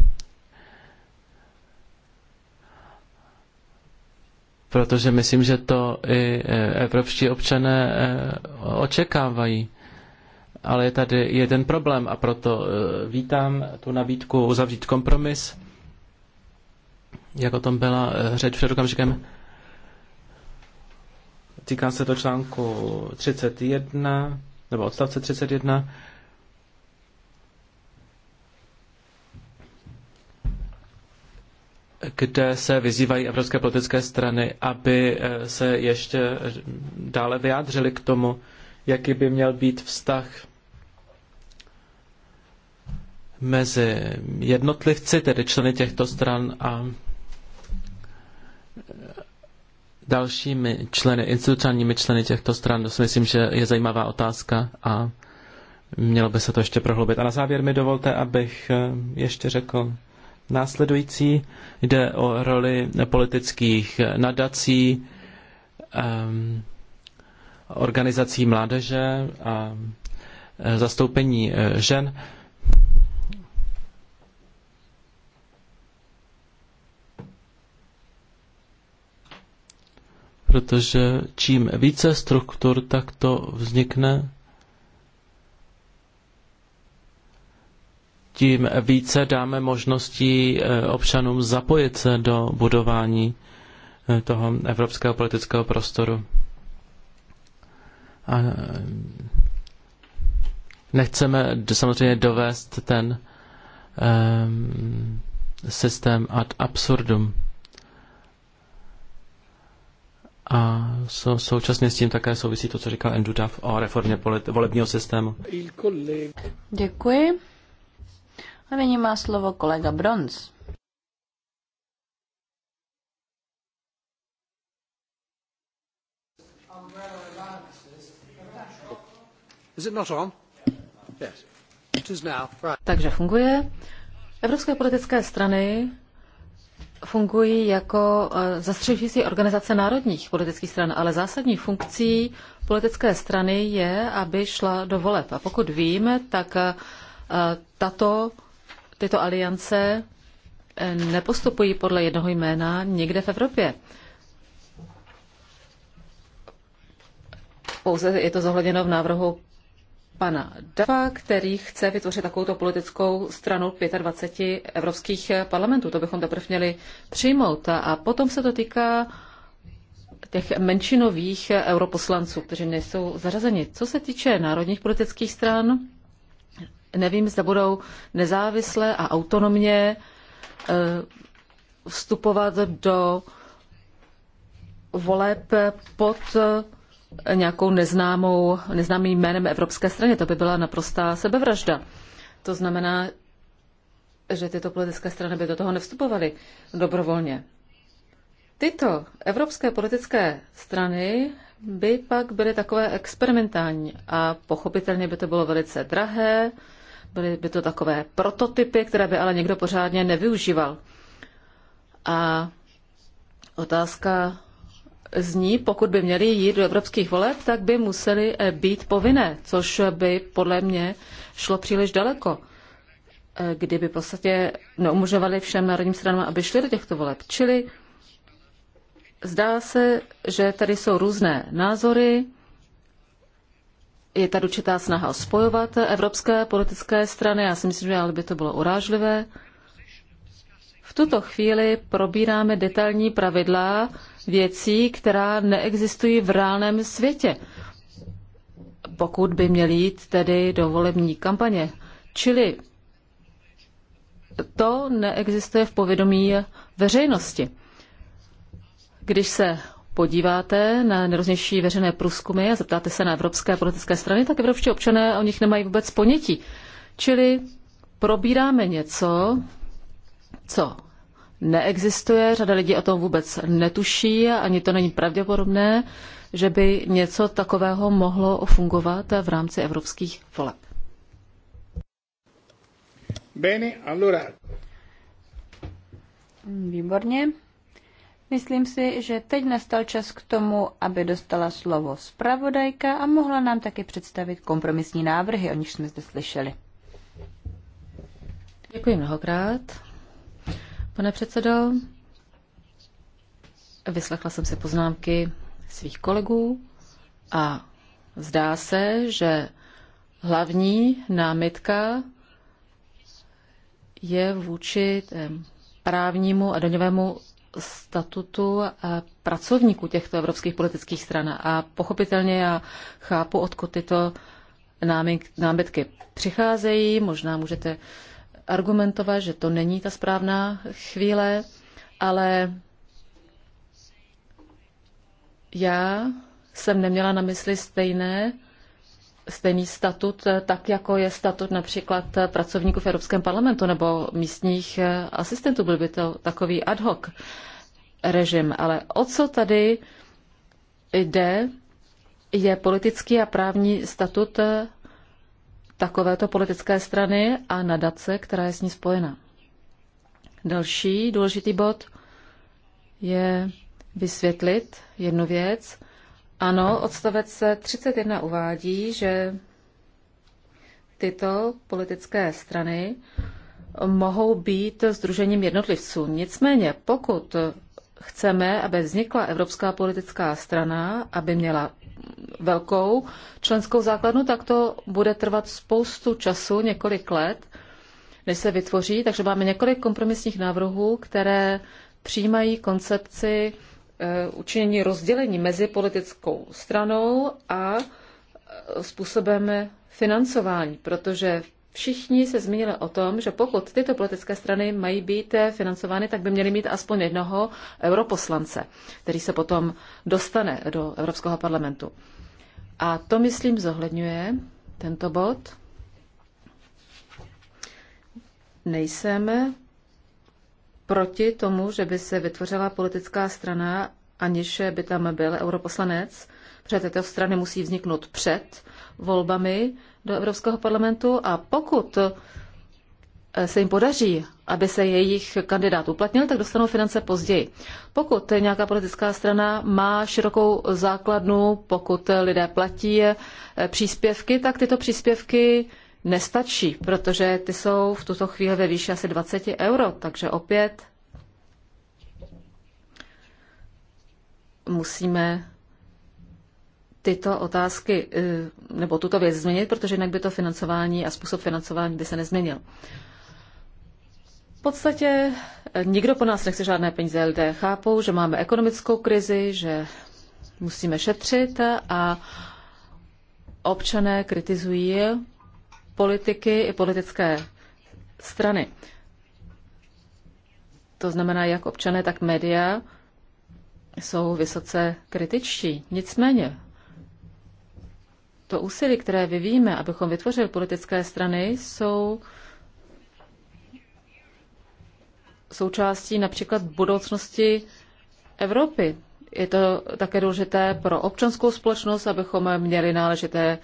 protože myslím, že to i e, evropští občané e, očekávají. Ale je tady jeden problém a proto e, vítám tu nabídku uzavřít kompromis, jak o tom byla řeč před okamžikem. Týká se to článku 31, nebo odstavce 31, kde se vyzývají evropské politické strany, aby eh, se ještě dále vyjádřili k tomu, jaký by měl být vztah mezi jednotlivci, tedy členy těchto stran a eh, dalšími členy, institucionálními členy těchto stran. To si myslím, že je zajímavá otázka a mělo by se to ještě prohloubit. A na závěr mi dovolte, abych eh, ještě řekl, následující. Jde o roli politických nadací, organizací mládeže a e, zastoupení e, žen. Protože čím více struktur, tak to vznikne, tím více dáme možností eh, občanům zapojit se do budování eh, toho evropského politického prostoru. A eh, nechceme samozřejmě dovést ten um, systém ad absurdum. A sou, současně s tím také souvisí to, co říkal Endudav o reformě volebního systému. Děkuji. A nyní má slovo kolega Bronz. Is it not on? Yes. It is now. Right. Takže funguje. Evropské politické strany fungují jako eh, zastřešující organizace národních politických stran, ale zásadní funkcí politické strany je, aby šla do voleb. A pokud víme, tak eh, tato tyto aliance eh, nepostupují podle jednoho jména někde v Evropě. Pouze je to zohledněno v návrhu pana Dava, který chce vytvořit takovouto politickou stranu 25 evropských parlamentů. To bychom teprve měli přijmout. A potom se to týká těch menšinových europoslanců, kteří nejsou zařazeni. Co se týče národních politických stran, nevím, zda budou nezávisle a autonomně eh, vstupovat do voleb pod eh, nějakou neznámou, neznámým jménem Evropské strany. To by byla naprostá sebevražda. To znamená, že tyto politické strany by do toho nevstupovaly dobrovolně. Tyto evropské politické strany by pak byly takové experimentální a pochopitelně by to bylo velice drahé, Byly by to takové prototypy, které by ale někdo pořádně nevyužíval. A otázka zní, pokud by měli jít do evropských voleb, tak by museli eh, být povinné, což by podle mě šlo příliš daleko, eh, kdyby v podstatě neumožňovali všem národním stranám, aby šli do těchto voleb. Čili zdá se, že tady jsou různé názory, je tady určitá snaha spojovat evropské politické strany. Já si myslím, že ale by to bylo urážlivé. V tuto chvíli probíráme detailní pravidla věcí, která neexistují v reálném světě, pokud by měl jít tedy do volební kampaně. Čili to neexistuje v povědomí veřejnosti. Když se podíváte na nejrůznější veřejné průzkumy a zeptáte se na evropské politické strany, tak evropští občané o nich nemají vůbec ponětí. Čili probíráme něco, co neexistuje, řada lidí o tom vůbec netuší a ani to není pravděpodobné, že by něco takového mohlo fungovat v rámci evropských voleb. Bene, allora. Výborně. Myslím si, že teď nastal čas k tomu, aby dostala slovo zpravodajka a mohla nám taky představit kompromisní návrhy, o nich jsme zde slyšeli. Děkuji mnohokrát. Pane předsedo, vyslechla jsem si poznámky svých kolegů a zdá se, že hlavní námitka je vůči eh, právnímu a daňovému statutu eh, pracovníků těchto evropských politických stran. A pochopitelně já chápu, odkud tyto námitky přicházejí. Možná můžete argumentovat, že to není ta správná chvíle, ale já jsem neměla na mysli stejné stejný statut, eh, tak jako je statut například eh, pracovníků v Evropském parlamentu nebo místních eh, asistentů. Byl by to takový ad hoc režim. Ale o co tady jde, je politický a právní statut takovéto politické strany a nadace, která je s ní spojena. Další důležitý bod je vysvětlit jednu věc, ano, odstavec 31 uvádí, že tyto politické strany mohou být združením jednotlivců. Nicméně, pokud chceme, aby vznikla Evropská politická strana, aby měla velkou členskou základnu, tak to bude trvat spoustu času, několik let, než se vytvoří. Takže máme několik kompromisních návrhů, které přijímají koncepci Eh, učinění rozdělení mezi politickou stranou a eh, způsobem financování, protože všichni se zmínili o tom, že pokud tyto politické strany mají být eh, financovány, tak by měly mít aspoň jednoho europoslance, který se potom dostane do Evropského parlamentu. A to, myslím, zohledňuje tento bod. Nejsem proti tomu, že by se vytvořila politická strana, aniž by tam byl europoslanec, protože této strany musí vzniknout před volbami do Evropského parlamentu a pokud eh, se jim podaří, aby se jejich kandidát uplatnil, tak dostanou finance později. Pokud nějaká politická strana má širokou základnu, pokud lidé platí eh, příspěvky, tak tyto příspěvky nestačí, protože ty jsou v tuto chvíli ve výši asi 20 euro, takže opět musíme tyto otázky eh, nebo tuto věc změnit, protože jinak by to financování a způsob financování by se nezměnil. V podstatě eh, nikdo po nás nechce žádné peníze lidé. Chápou, že máme ekonomickou krizi, že musíme šetřit a občané kritizují politiky i politické strany. To znamená, jak občané, tak média jsou vysoce kritičtí. Nicméně to úsilí, které vyvíjíme, abychom vytvořili politické strany, jsou součástí například budoucnosti Evropy. Je to také důležité pro občanskou společnost, abychom měli náležité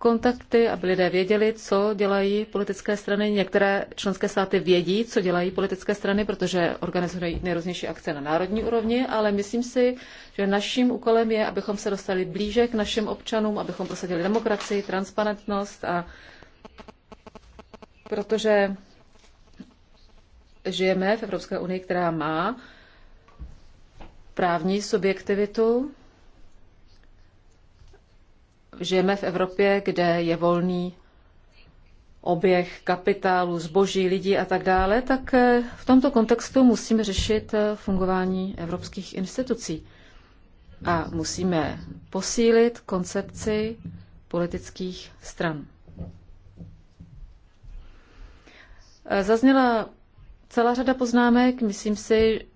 kontakty, aby lidé věděli, co dělají politické strany. Některé členské státy vědí, co dělají politické strany, protože organizují nejrůznější akce na národní úrovni, ale myslím si, že naším úkolem je, abychom se dostali blíže k našim občanům, abychom prosadili demokracii, transparentnost a protože žijeme v Evropské unii, která má právní subjektivitu, Žijeme v Evropě, kde je volný oběh kapitálu, zboží, lidí a tak dále, tak eh, v tomto kontextu musíme řešit eh, fungování evropských institucí. A musíme posílit koncepci politických stran. Eh, zazněla celá řada poznámek. Myslím si,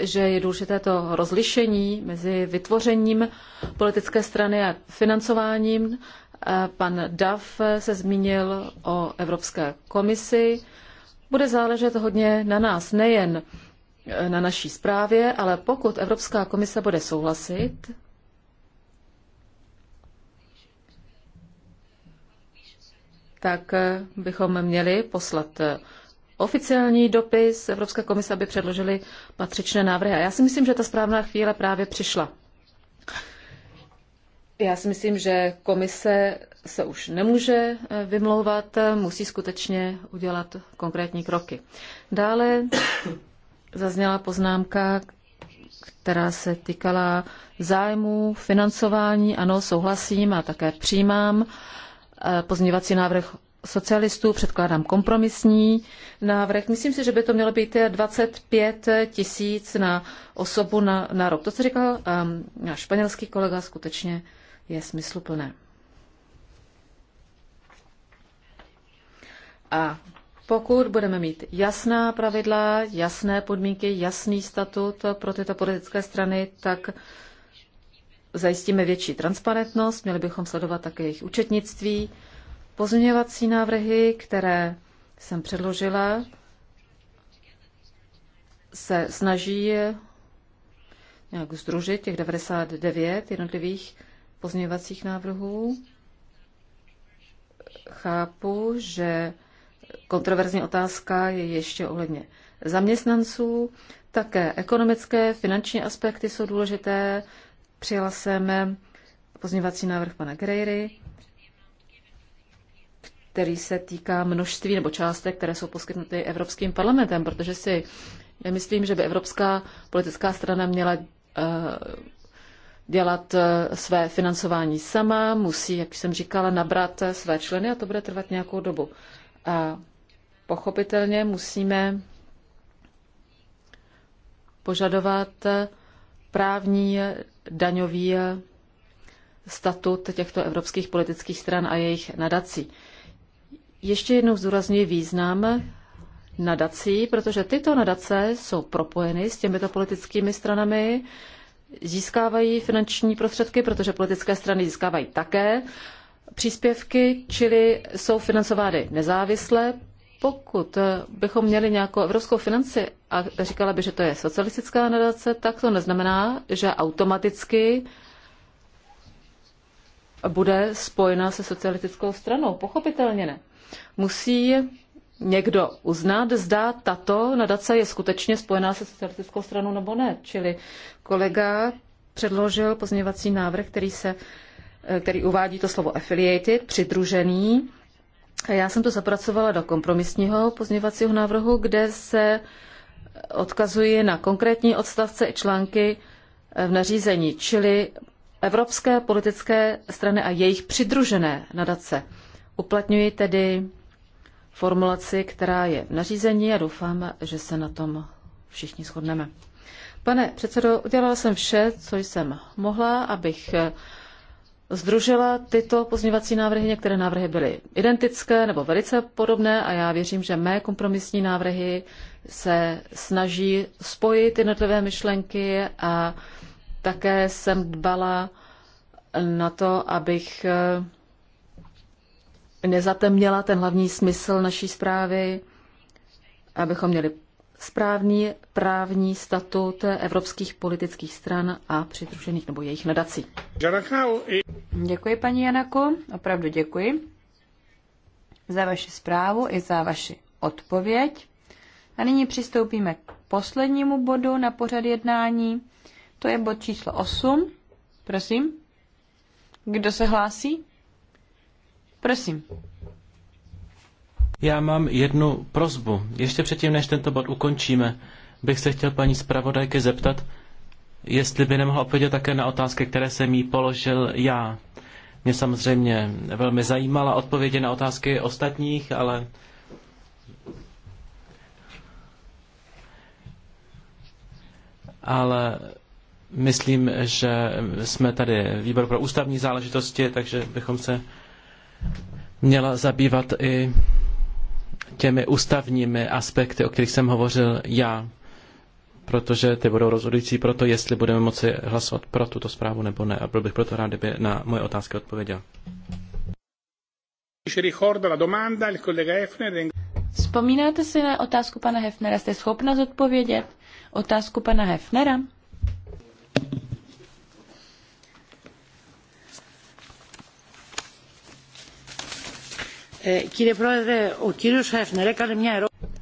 že je důležité to rozlišení mezi vytvořením politické strany a financováním. Pan Duff se zmínil o Evropské komisi. Bude záležet hodně na nás, nejen e, na naší zprávě, ale pokud Evropská komise bude souhlasit, tak e, bychom měli poslat e, oficiální dopis Evropské komise, aby předložili patřičné návrhy. A já si myslím, že ta správná chvíle právě přišla. Já si myslím, že komise se už nemůže eh, vymlouvat, musí skutečně udělat konkrétní kroky. Dále *coughs* zazněla poznámka, která se týkala zájmu, financování. Ano, souhlasím a také přijímám eh, pozměňovací návrh socialistů předkládám kompromisní návrh. Myslím si, že by to mělo být 25 tisíc na osobu na, na rok. To, co říkal um, náš španělský kolega, skutečně je smysluplné. A pokud budeme mít jasná pravidla, jasné podmínky, jasný statut pro tyto politické strany, tak zajistíme větší transparentnost, měli bychom sledovat také jejich účetnictví, pozměňovací návrhy, které jsem předložila, se snaží nějak združit těch 99 jednotlivých pozměňovacích návrhů. Chápu, že kontroverzní otázka je ještě ohledně zaměstnanců. Také ekonomické, finanční aspekty jsou důležité. Přijala jsem pozměňovací návrh pana Greyry který se týká množství nebo částek, které jsou poskytnuty Evropským parlamentem, protože si myslím, že by Evropská politická strana měla eh, dělat eh, své financování sama, musí, jak jsem říkala, nabrat eh, své členy a to bude trvat nějakou dobu. A pochopitelně musíme požadovat právní daňový statut těchto evropských politických stran a jejich nadací. Ještě jednou zdůrazňuji význam nadací, protože tyto nadace jsou propojeny s těmito politickými stranami, získávají finanční prostředky, protože politické strany získávají také příspěvky, čili jsou financovány nezávisle. Pokud bychom měli nějakou evropskou financi a říkala by, že to je socialistická nadace, tak to neznamená, že automaticky bude spojena se socialistickou stranou. Pochopitelně ne musí někdo uznat, zda tato nadace je skutečně spojená se socialistickou stranou nebo ne. Čili kolega předložil pozměňovací návrh, který, se, eh, který uvádí to slovo affiliated, přidružený. Já jsem to zapracovala do kompromisního pozměňovacího návrhu, kde se odkazuje na konkrétní odstavce i články eh, v nařízení, čili evropské politické strany a jejich přidružené nadace. Uplatňuji tedy formulaci, která je v nařízení a doufám, že se na tom všichni shodneme. Pane předsedo, udělala jsem vše, co jsem mohla, abych eh, združila tyto pozměňovací návrhy. Některé návrhy byly identické nebo velice podobné a já věřím, že mé kompromisní návrhy se snaží spojit jednotlivé myšlenky a také jsem dbala na to, abych eh, nezatemněla ten hlavní smysl naší zprávy, abychom měli správný právní statut evropských politických stran a přidružených nebo jejich nadací. Děkuji, paní Janako, opravdu děkuji za vaši zprávu i za vaši odpověď. A nyní přistoupíme k poslednímu bodu na pořad jednání. To je bod číslo 8. Prosím. Kdo se hlásí? Prosím. Já mám jednu prozbu. Ještě předtím, než tento bod ukončíme, bych se chtěl paní zpravodajky zeptat, jestli by nemohla odpovědět také na otázky, které jsem jí položil já. Mě samozřejmě velmi zajímala odpovědi na otázky ostatních, ale ale myslím, že jsme tady výbor pro ústavní záležitosti, takže bychom se měla zabývat i těmi ústavními aspekty, o kterých jsem hovořil já, protože ty budou rozhodující pro to, jestli budeme moci hlasovat pro tuto zprávu nebo ne. A byl bych proto rád, kdyby na moje otázky odpověděl. Vzpomínáte si na otázku pana Hefnera? Jste schopna zodpovědět otázku pana Hefnera? Eh,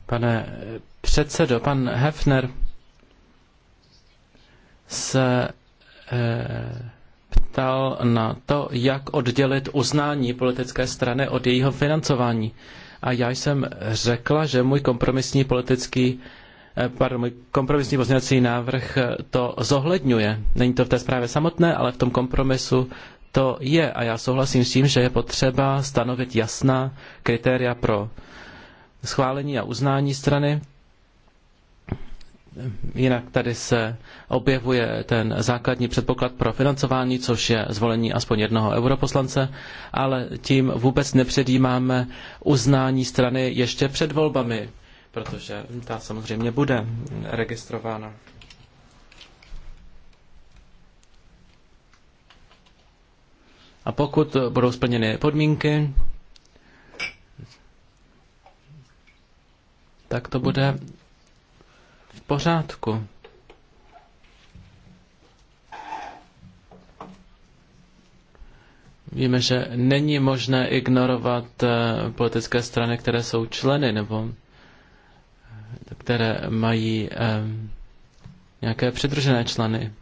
Pane eh, předsedo, pan Hefner se eh, ptal na to, jak oddělit uznání politické strany od jejího financování. A já jsem řekla, že můj kompromisní politický pardon, můj kompromisní pozměňovací návrh to zohledňuje. Není to v té zprávě samotné, ale v tom kompromisu to je, a já souhlasím s tím, že je potřeba stanovit jasná kritéria pro schválení a uznání strany. Jinak tady se objevuje ten základní předpoklad pro financování, což je zvolení aspoň jednoho europoslance, ale tím vůbec nepředjímáme uznání strany ještě před volbami, protože ta samozřejmě bude registrována. A pokud budou splněny podmínky, tak to bude v pořádku. Víme, že není možné ignorovat eh, politické strany, které jsou členy nebo eh, které mají eh, nějaké přidružené členy.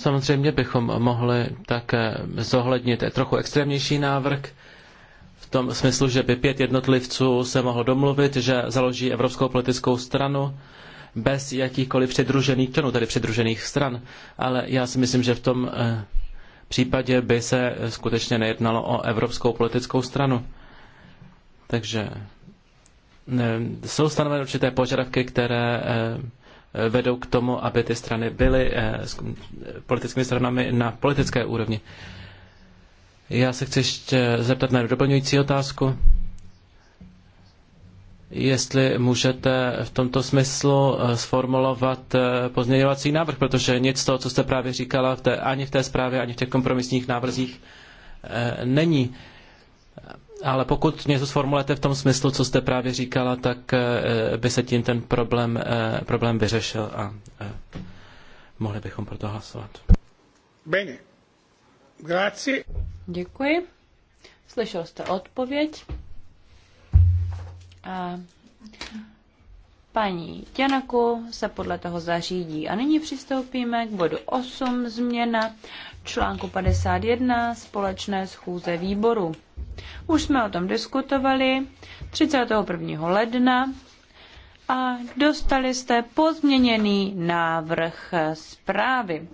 Samozřejmě bychom mohli také zohlednit trochu extrémnější návrh v tom smyslu, že by pět jednotlivců se mohlo domluvit, že založí Evropskou politickou stranu bez jakýchkoliv přidružených členů, tedy přidružených stran. Ale já si myslím, že v tom eh, případě by se skutečně nejednalo o Evropskou politickou stranu. Takže eh, jsou stanoveny určité požadavky, které eh, Eh, vedou k tomu, aby ty strany byly eh, politickými stranami na politické úrovni. Já se chci ještě zeptat na doplňující otázku. Jestli můžete v tomto smyslu eh, sformulovat pozměňovací návrh, protože nic z toho, co jste právě říkala, v té, ani v té zprávě, ani v těch kompromisních návrzích není ale pokud něco sformulujete v tom smyslu, co jste právě říkala, tak eh, by se tím ten problém, eh, problém vyřešil a eh, mohli bychom proto hlasovat. Bene. Grazie. Děkuji. Slyšel jste odpověď. A paní Těnaku se podle toho zařídí. A nyní přistoupíme k bodu 8 změna článku 51 společné schůze výboru. Už jsme o tom diskutovali 31. ledna a dostali jste pozměněný návrh zprávy.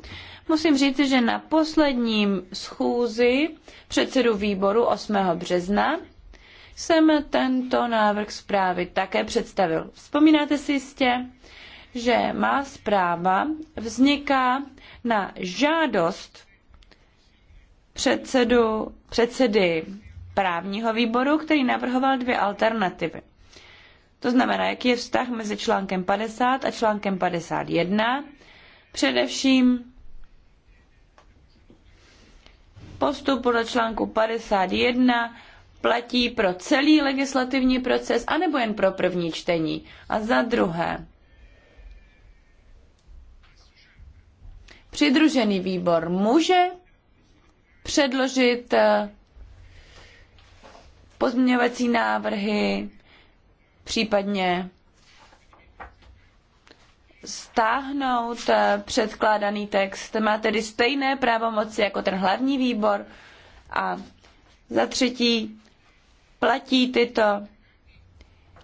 Musím říct, že na posledním schůzi předsedu výboru 8. března jsem tento návrh zprávy také představil. Vzpomínáte si jistě, že má zpráva vzniká na žádost předsedu, předsedy právního výboru, který navrhoval dvě alternativy. To znamená, jaký je vztah mezi článkem 50 a článkem 51. Především postup podle článku 51 platí pro celý legislativní proces anebo jen pro první čtení. A za druhé, přidružený výbor může předložit eh, pozměňovací návrhy, případně stáhnout eh, předkládaný text. Má tedy stejné právomoci jako ten hlavní výbor. A za třetí, platí tyto,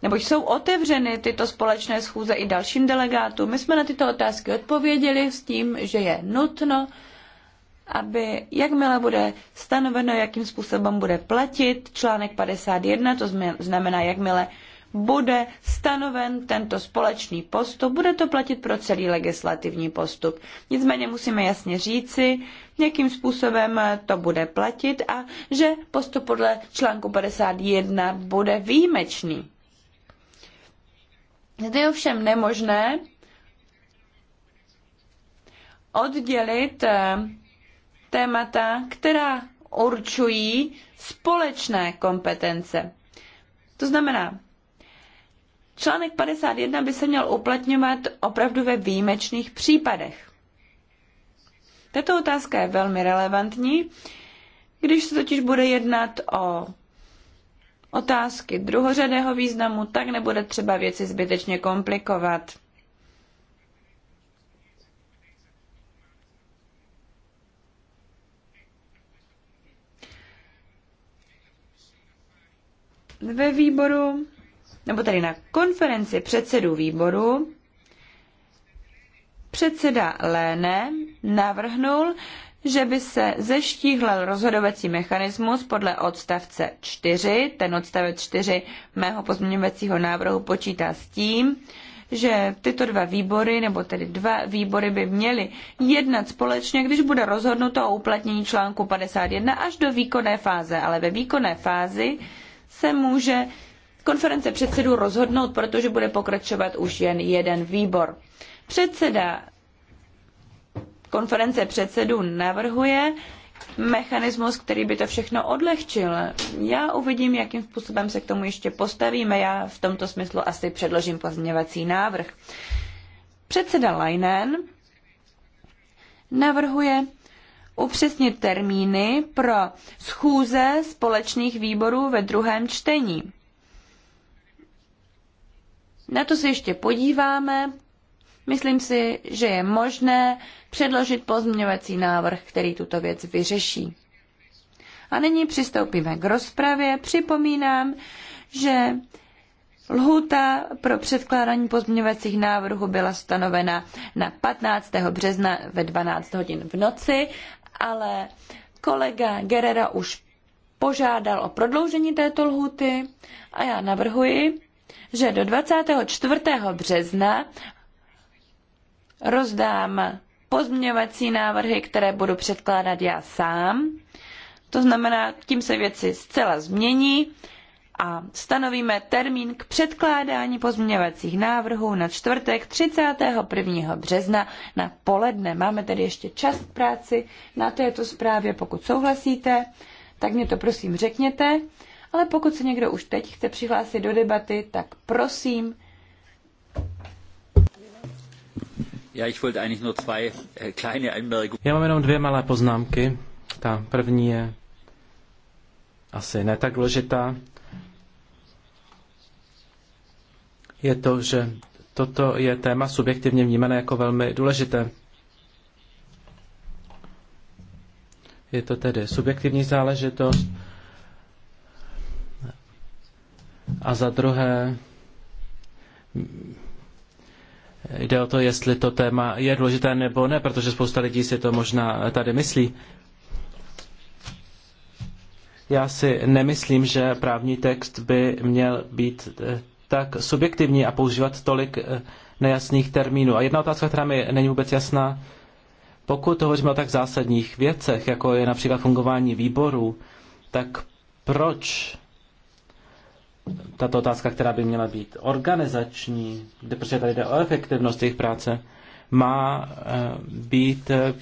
nebo jsou otevřeny tyto společné schůze i dalším delegátům. My jsme na tyto otázky odpověděli s tím, že je nutno aby jakmile bude stanoveno, jakým způsobem bude platit článek 51, to znamená, jakmile bude stanoven tento společný postup, bude to platit pro celý legislativní postup. Nicméně musíme jasně říci, jakým způsobem to bude platit a že postup podle článku 51 bude výjimečný. Zde je ovšem nemožné oddělit eh, témata, která určují společné kompetence. To znamená, článek 51 by se měl uplatňovat opravdu ve výjimečných případech. Tato otázka je velmi relevantní, když se totiž bude jednat o otázky druhořadého významu, tak nebude třeba věci zbytečně komplikovat. ve výboru, nebo tedy na konferenci předsedů výboru, předseda Léne navrhnul, že by se zeštíhlel rozhodovací mechanismus podle odstavce 4. Ten odstavec 4 mého pozměňovacího návrhu počítá s tím, že tyto dva výbory, nebo tedy dva výbory by měly jednat společně, když bude rozhodnuto o uplatnění článku 51 až do výkonné fáze. Ale ve výkonné fázi se může konference předsedů rozhodnout, protože bude pokračovat už jen jeden výbor. Předseda konference předsedů navrhuje mechanismus, který by to všechno odlehčil. Já uvidím, jakým způsobem se k tomu ještě postavíme. Já v tomto smyslu asi předložím pozměňovací návrh. Předseda Leinen navrhuje upřesnit termíny pro schůze společných výborů ve druhém čtení. Na to se ještě podíváme. Myslím si, že je možné předložit pozměňovací návrh, který tuto věc vyřeší. A nyní přistoupíme k rozpravě. Připomínám, že Lhůta pro předkládání pozměňovacích návrhů byla stanovena na 15. března ve 12 hodin v noci ale kolega Gerera už požádal o prodloužení této lhuty a já navrhuji, že do 24. března rozdám pozměňovací návrhy, které budu předkládat já sám. To znamená, tím se věci zcela změní a stanovíme termín k předkládání pozměňovacích návrhů na čtvrtek 31. března na poledne. Máme tedy ještě čas k práci na této zprávě, pokud souhlasíte, tak mě to prosím řekněte. Ale pokud se někdo už teď chce přihlásit do debaty, tak prosím. Äh, Já mám jenom dvě malé poznámky. Ta první je asi ne tak důležitá. je to, že toto je téma subjektivně vnímané jako velmi důležité. Je to tedy subjektivní záležitost. A za druhé, jde o to, jestli to téma je důležité nebo ne, protože spousta lidí si to možná tady myslí. Já si nemyslím, že právní text by měl být eh, tak subjektivní a používat tolik eh, nejasných termínů. A jedna otázka, která mi není vůbec jasná, pokud hovoříme o tak zásadních věcech, jako je například fungování výborů, tak proč tato otázka, která by měla být organizační, kde protože tady jde o efektivnost jejich práce, má eh, být eh,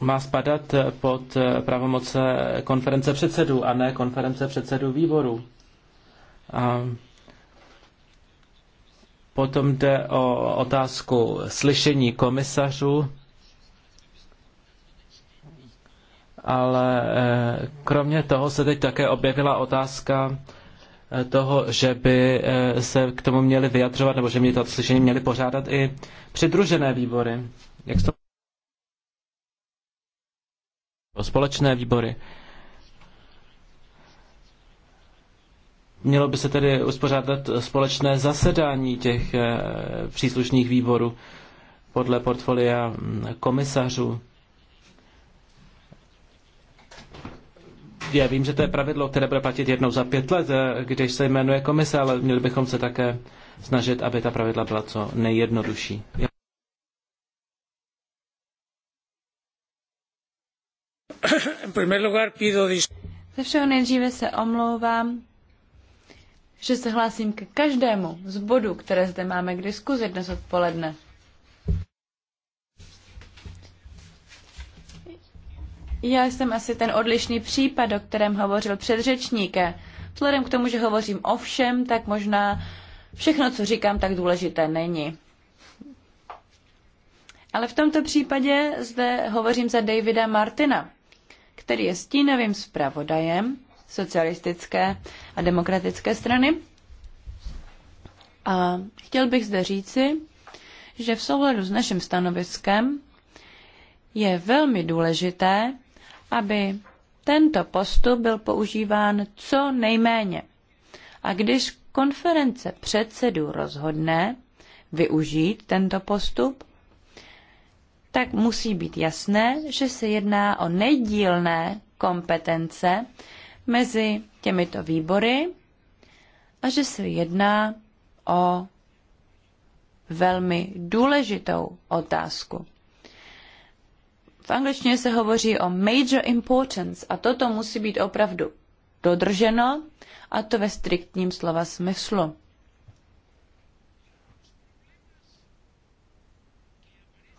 má spadat pod pravomoce konference předsedů a ne konference předsedů výboru. A potom jde o otázku slyšení komisařů, ale eh, kromě toho se teď také objevila otázka eh, toho, že by eh, se k tomu měli vyjadřovat, nebo že by to slyšení měli pořádat i přidružené výbory. Jak to? Společné výbory. Mělo by se tedy uspořádat společné zasedání těch eh, příslušných výborů podle portfolia mm, komisařů. Já vím, že to je pravidlo, které bude platit jednou za pět let, eh, když se jmenuje komise, ale měli bychom se také snažit, aby ta pravidla byla co nejjednodušší. Ze všeho nejdříve se omlouvám že se hlásím ke každému z bodů, které zde máme k diskuzi dnes odpoledne. Já jsem asi ten odlišný případ, o kterém hovořil předřečník. Vzhledem k tomu, že hovořím o všem, tak možná všechno, co říkám, tak důležité není. Ale v tomto případě zde hovořím za Davida Martina, který je stínovým zpravodajem socialistické a demokratické strany. A chtěl bych zde říci, že v souladu s naším stanoviskem je velmi důležité, aby tento postup byl používán co nejméně. A když konference předsedů rozhodne využít tento postup, tak musí být jasné, že se jedná o nejdílné kompetence, mezi těmito výbory a že se jedná o velmi důležitou otázku. V angličtině se hovoří o major importance a toto musí být opravdu dodrženo a to ve striktním slova smyslu.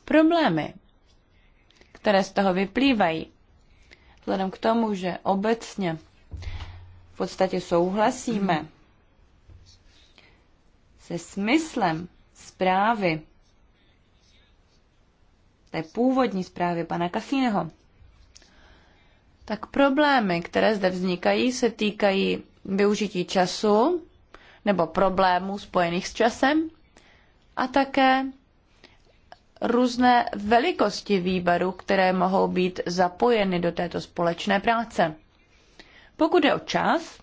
Problémy, které z toho vyplývají, vzhledem k tomu, že obecně podstatě souhlasíme hmm. se smyslem zprávy, té původní zprávy pana Kasíneho, tak problémy, které zde vznikají, se týkají využití času nebo problémů spojených s časem a také různé velikosti výbaru, které mohou být zapojeny do této společné práce. Pokud je o čas,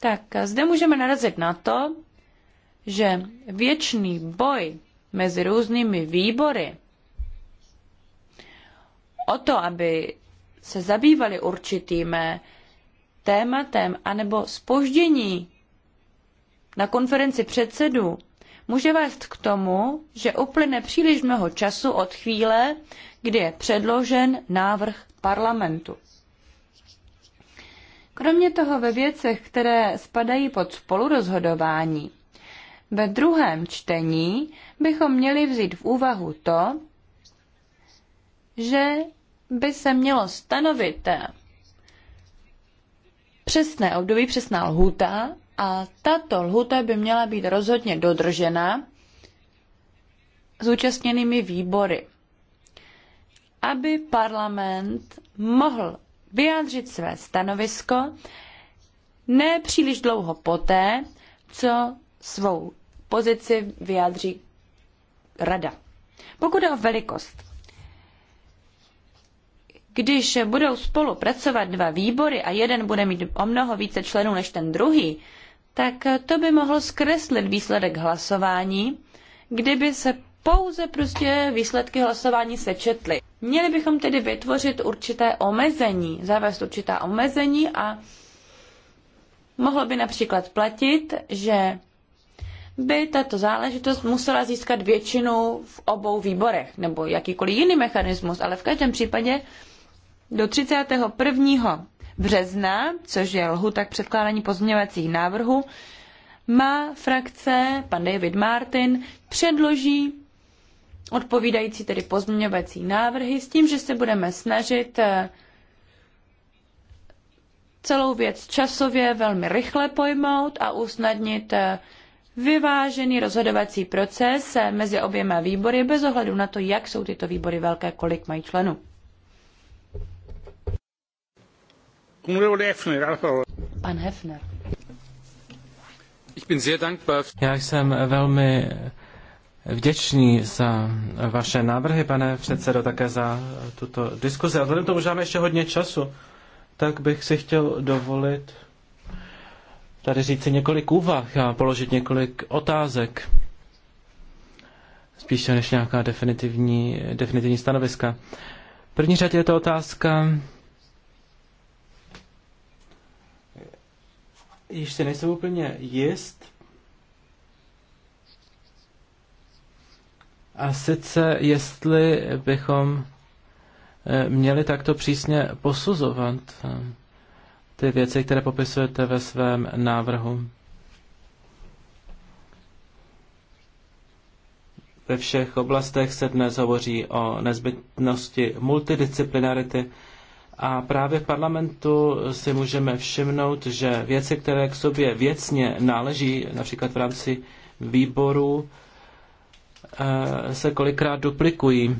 tak zde můžeme narazit na to, že věčný boj mezi různými výbory o to, aby se zabývali určitým eh, tématem anebo spoždění na konferenci předsedů, může vést k tomu, že uplyne příliš mnoho času od chvíle, kdy je předložen návrh parlamentu. Kromě toho ve věcech, které spadají pod spolurozhodování, ve druhém čtení bychom měli vzít v úvahu to, že by se mělo stanovit eh, přesné období, přesná lhuta a tato lhuta by měla být rozhodně dodržena zúčastněnými výbory, aby parlament mohl vyjádřit své stanovisko ne příliš dlouho poté, co svou pozici vyjádří rada. Pokud je o velikost, když budou spolupracovat dva výbory a jeden bude mít o mnoho více členů než ten druhý, tak to by mohlo zkreslit výsledek hlasování, kdyby se pouze prostě výsledky hlasování sečetly. Měli bychom tedy vytvořit určité omezení, zavést určitá omezení a mohlo by například platit, že by tato záležitost musela získat většinu v obou výborech, nebo jakýkoliv jiný mechanismus, ale v každém případě do 31. března, což je lhůta k předkládání pozměňovacích návrhů, má frakce, pan David Martin, předloží odpovídající tedy pozměňovací návrhy s tím, že se budeme snažit eh, celou věc časově velmi rychle pojmout a usnadnit eh, vyvážený rozhodovací proces eh, mezi oběma výbory bez ohledu na to, jak jsou tyto výbory velké, kolik mají členů. Pan Hefner. Já jsem velmi vděční za vaše návrhy, pane předsedo, také za tuto diskuzi. A vzhledem tomu, že máme ještě hodně času, tak bych si chtěl dovolit tady si několik úvah a položit několik otázek. Spíše než nějaká definitivní, definitivní stanoviska. V první řadě je to otázka Již si nejsem úplně jist, A sice, jestli bychom eh, měli takto přísně posuzovat eh, ty věci, které popisujete ve svém návrhu. Ve všech oblastech se dnes hovoří o nezbytnosti multidisciplinarity a právě v parlamentu si můžeme všimnout, že věci, které k sobě věcně náleží, například v rámci výboru, Eh, se kolikrát duplikují.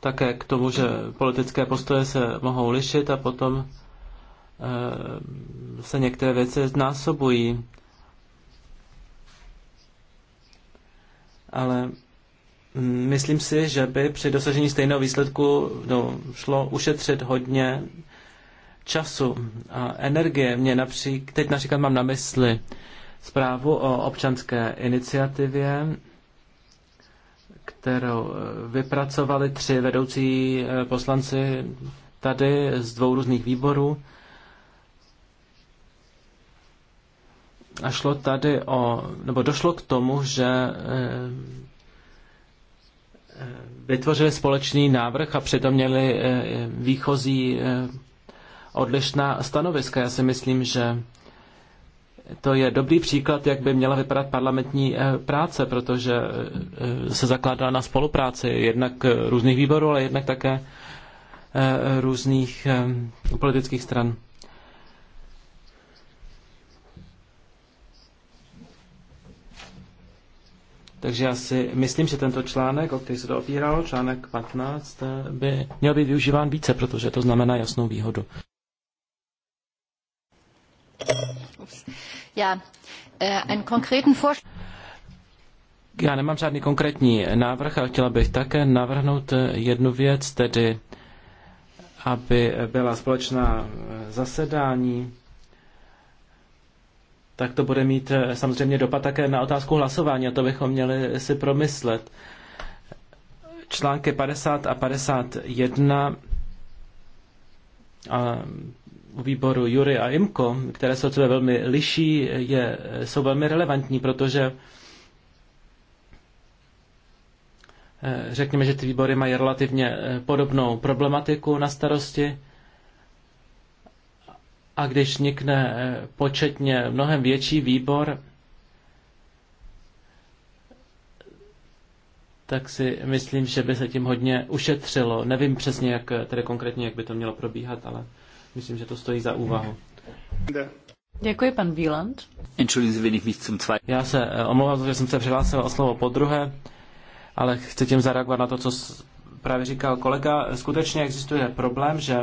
Také k tomu, že politické postoje se mohou lišit a potom eh, se některé věci znásobují. Ale myslím si, že by při dosažení stejného výsledku no, šlo ušetřit hodně času a energie. Mě napřík, teď například mám na mysli zprávu o občanské iniciativě, kterou eh, vypracovali tři vedoucí eh, poslanci tady z dvou různých výborů. A šlo tady o, nebo došlo k tomu, že eh, vytvořili společný návrh a přitom měli výchozí odlišná stanoviska. Já si myslím, že to je dobrý příklad, jak by měla vypadat parlamentní eh, práce, protože eh, se zakládá na spolupráci jednak různých výborů, ale jednak také eh, různých politických stran. Takže já si myslím, že tento článek, o který se to opíralo, článek 15, by měl být využíván více, protože to znamená jasnou výhodu. Já, eh, Já nemám žádný konkrétní návrh, ale chtěla bych také navrhnout jednu věc, tedy aby byla společná eh, zasedání, tak to bude mít eh, samozřejmě dopad také na otázku hlasování a to bychom měli si promyslet. Články 50 a 51 a výboru Jury a Imko, které se od sebe velmi liší, je, jsou velmi relevantní, protože eh, řekněme, že ty výbory mají relativně eh, podobnou problematiku na starosti a když vznikne eh, početně mnohem větší výbor, tak si myslím, že by se tím hodně ušetřilo. Nevím přesně, jak tedy konkrétně, jak by to mělo probíhat, ale Myslím, že to stojí za úvahu. Děkuji, pan Wieland. Já se eh, omlouvám, že jsem se přihlásil o slovo po druhé, ale chci tím zareagovat na to, co právě říkal kolega. Skutečně existuje problém, že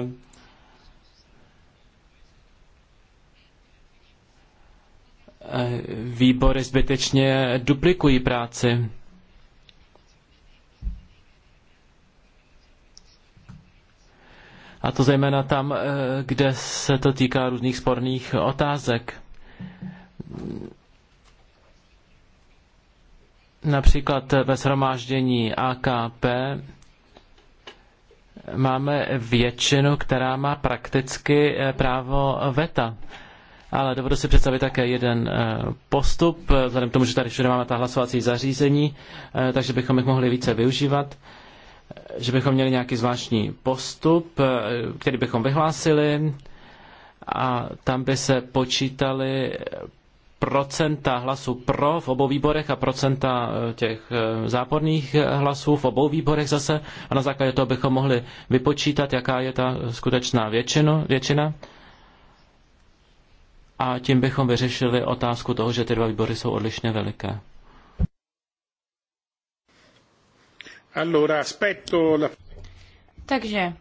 eh, výbory zbytečně duplikují práci. A to zejména tam, eh, kde se to týká různých sporných otázek. Například ve shromáždění AKP máme většinu, která má prakticky eh, právo veta. Ale dovedu si představit také jeden eh, postup, vzhledem k tomu, že tady všude máme ta hlasovací zařízení, takže bychom jich mohli více využívat že bychom měli nějaký zvláštní postup, eh, který bychom vyhlásili a tam by se počítali procenta hlasů pro v obou výborech a procenta eh, těch eh, záporných hlasů v obou výborech zase. A na základě toho bychom mohli vypočítat, jaká je ta skutečná většinu, většina. A tím bychom vyřešili otázku toho, že ty dva výbory jsou odlišně veliké. Takže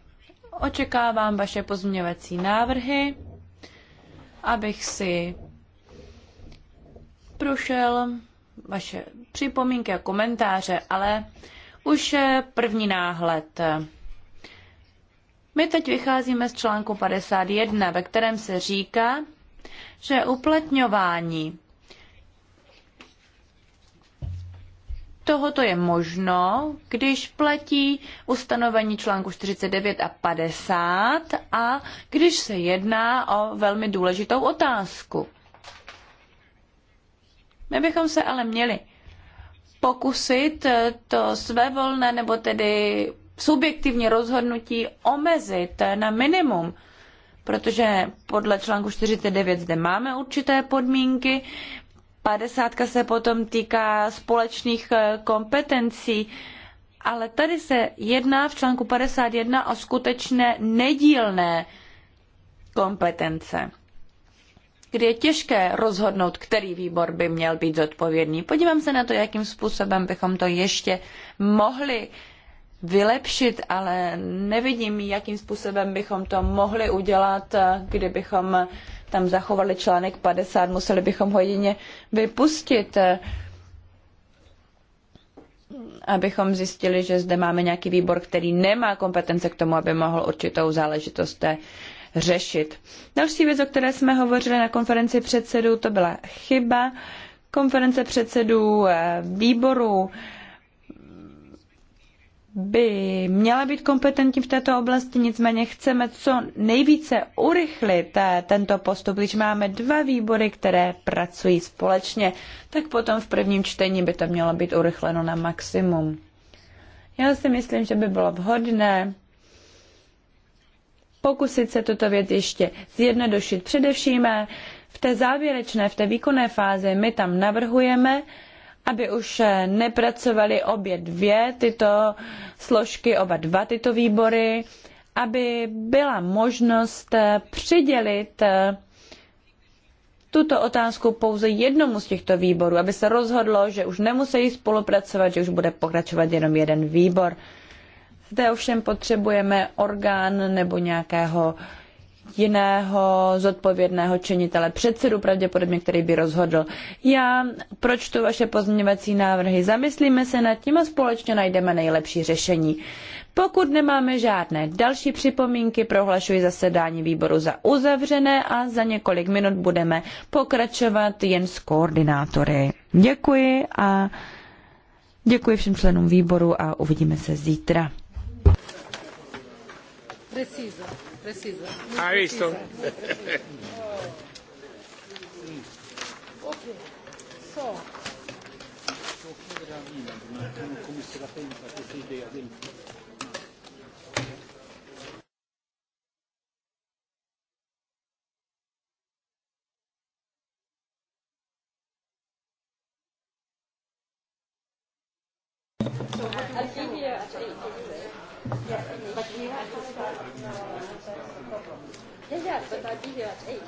očekávám vaše pozměňovací návrhy, abych si prošel vaše připomínky a komentáře, ale už první náhled. My teď vycházíme z článku 51, ve kterém se říká, že uplatňování tohoto je možno, když platí ustanovení článku 49 a 50 a když se jedná o velmi důležitou otázku. My bychom se ale měli pokusit to volné nebo tedy subjektivní rozhodnutí omezit na minimum, protože podle článku 49 zde máme určité podmínky, padesátka se potom týká společných eh, kompetencí, ale tady se jedná v článku 51 o skutečné nedílné kompetence kdy je těžké rozhodnout, který výbor by měl být zodpovědný. Podívám se na to, jakým způsobem bychom to ještě mohli vylepšit, ale nevidím, jakým způsobem bychom to mohli udělat, eh, kdybychom tam zachovali článek 50, museli bychom ho jedině vypustit, eh, abychom zjistili, že zde máme nějaký výbor, který nemá kompetence k tomu, aby mohl určitou záležitost eh, řešit. Další věc, o které jsme hovořili na konferenci předsedů, to byla chyba. Konference předsedů eh, výboru by měla být kompetentní v této oblasti, nicméně chceme co nejvíce urychlit tento postup. Když máme dva výbory, které pracují společně, tak potom v prvním čtení by to mělo být urychleno na maximum. Já si myslím, že by bylo vhodné pokusit se tuto věc ještě zjednodušit. Především v té závěrečné, v té výkonné fázi my tam navrhujeme, aby už eh, nepracovaly obě dvě tyto složky, oba dva tyto výbory, aby byla možnost eh, přidělit eh, tuto otázku pouze jednomu z těchto výborů, aby se rozhodlo, že už nemusí spolupracovat, že už bude pokračovat jenom jeden výbor. Zde ovšem potřebujeme orgán nebo nějakého jiného zodpovědného činitele, předsedu pravděpodobně, který by rozhodl. Já proč tu vaše pozměňovací návrhy, zamyslíme se nad tím a společně najdeme nejlepší řešení. Pokud nemáme žádné další připomínky, prohlašuji zasedání výboru za uzavřené a za několik minut budeme pokračovat jen s koordinátory. Děkuji a děkuji všem členům výboru a uvidíme se zítra. Preciso preciso. Ha visto? ok, so. Chiedere a Milan come se la pensa questa idea del Al here at 8.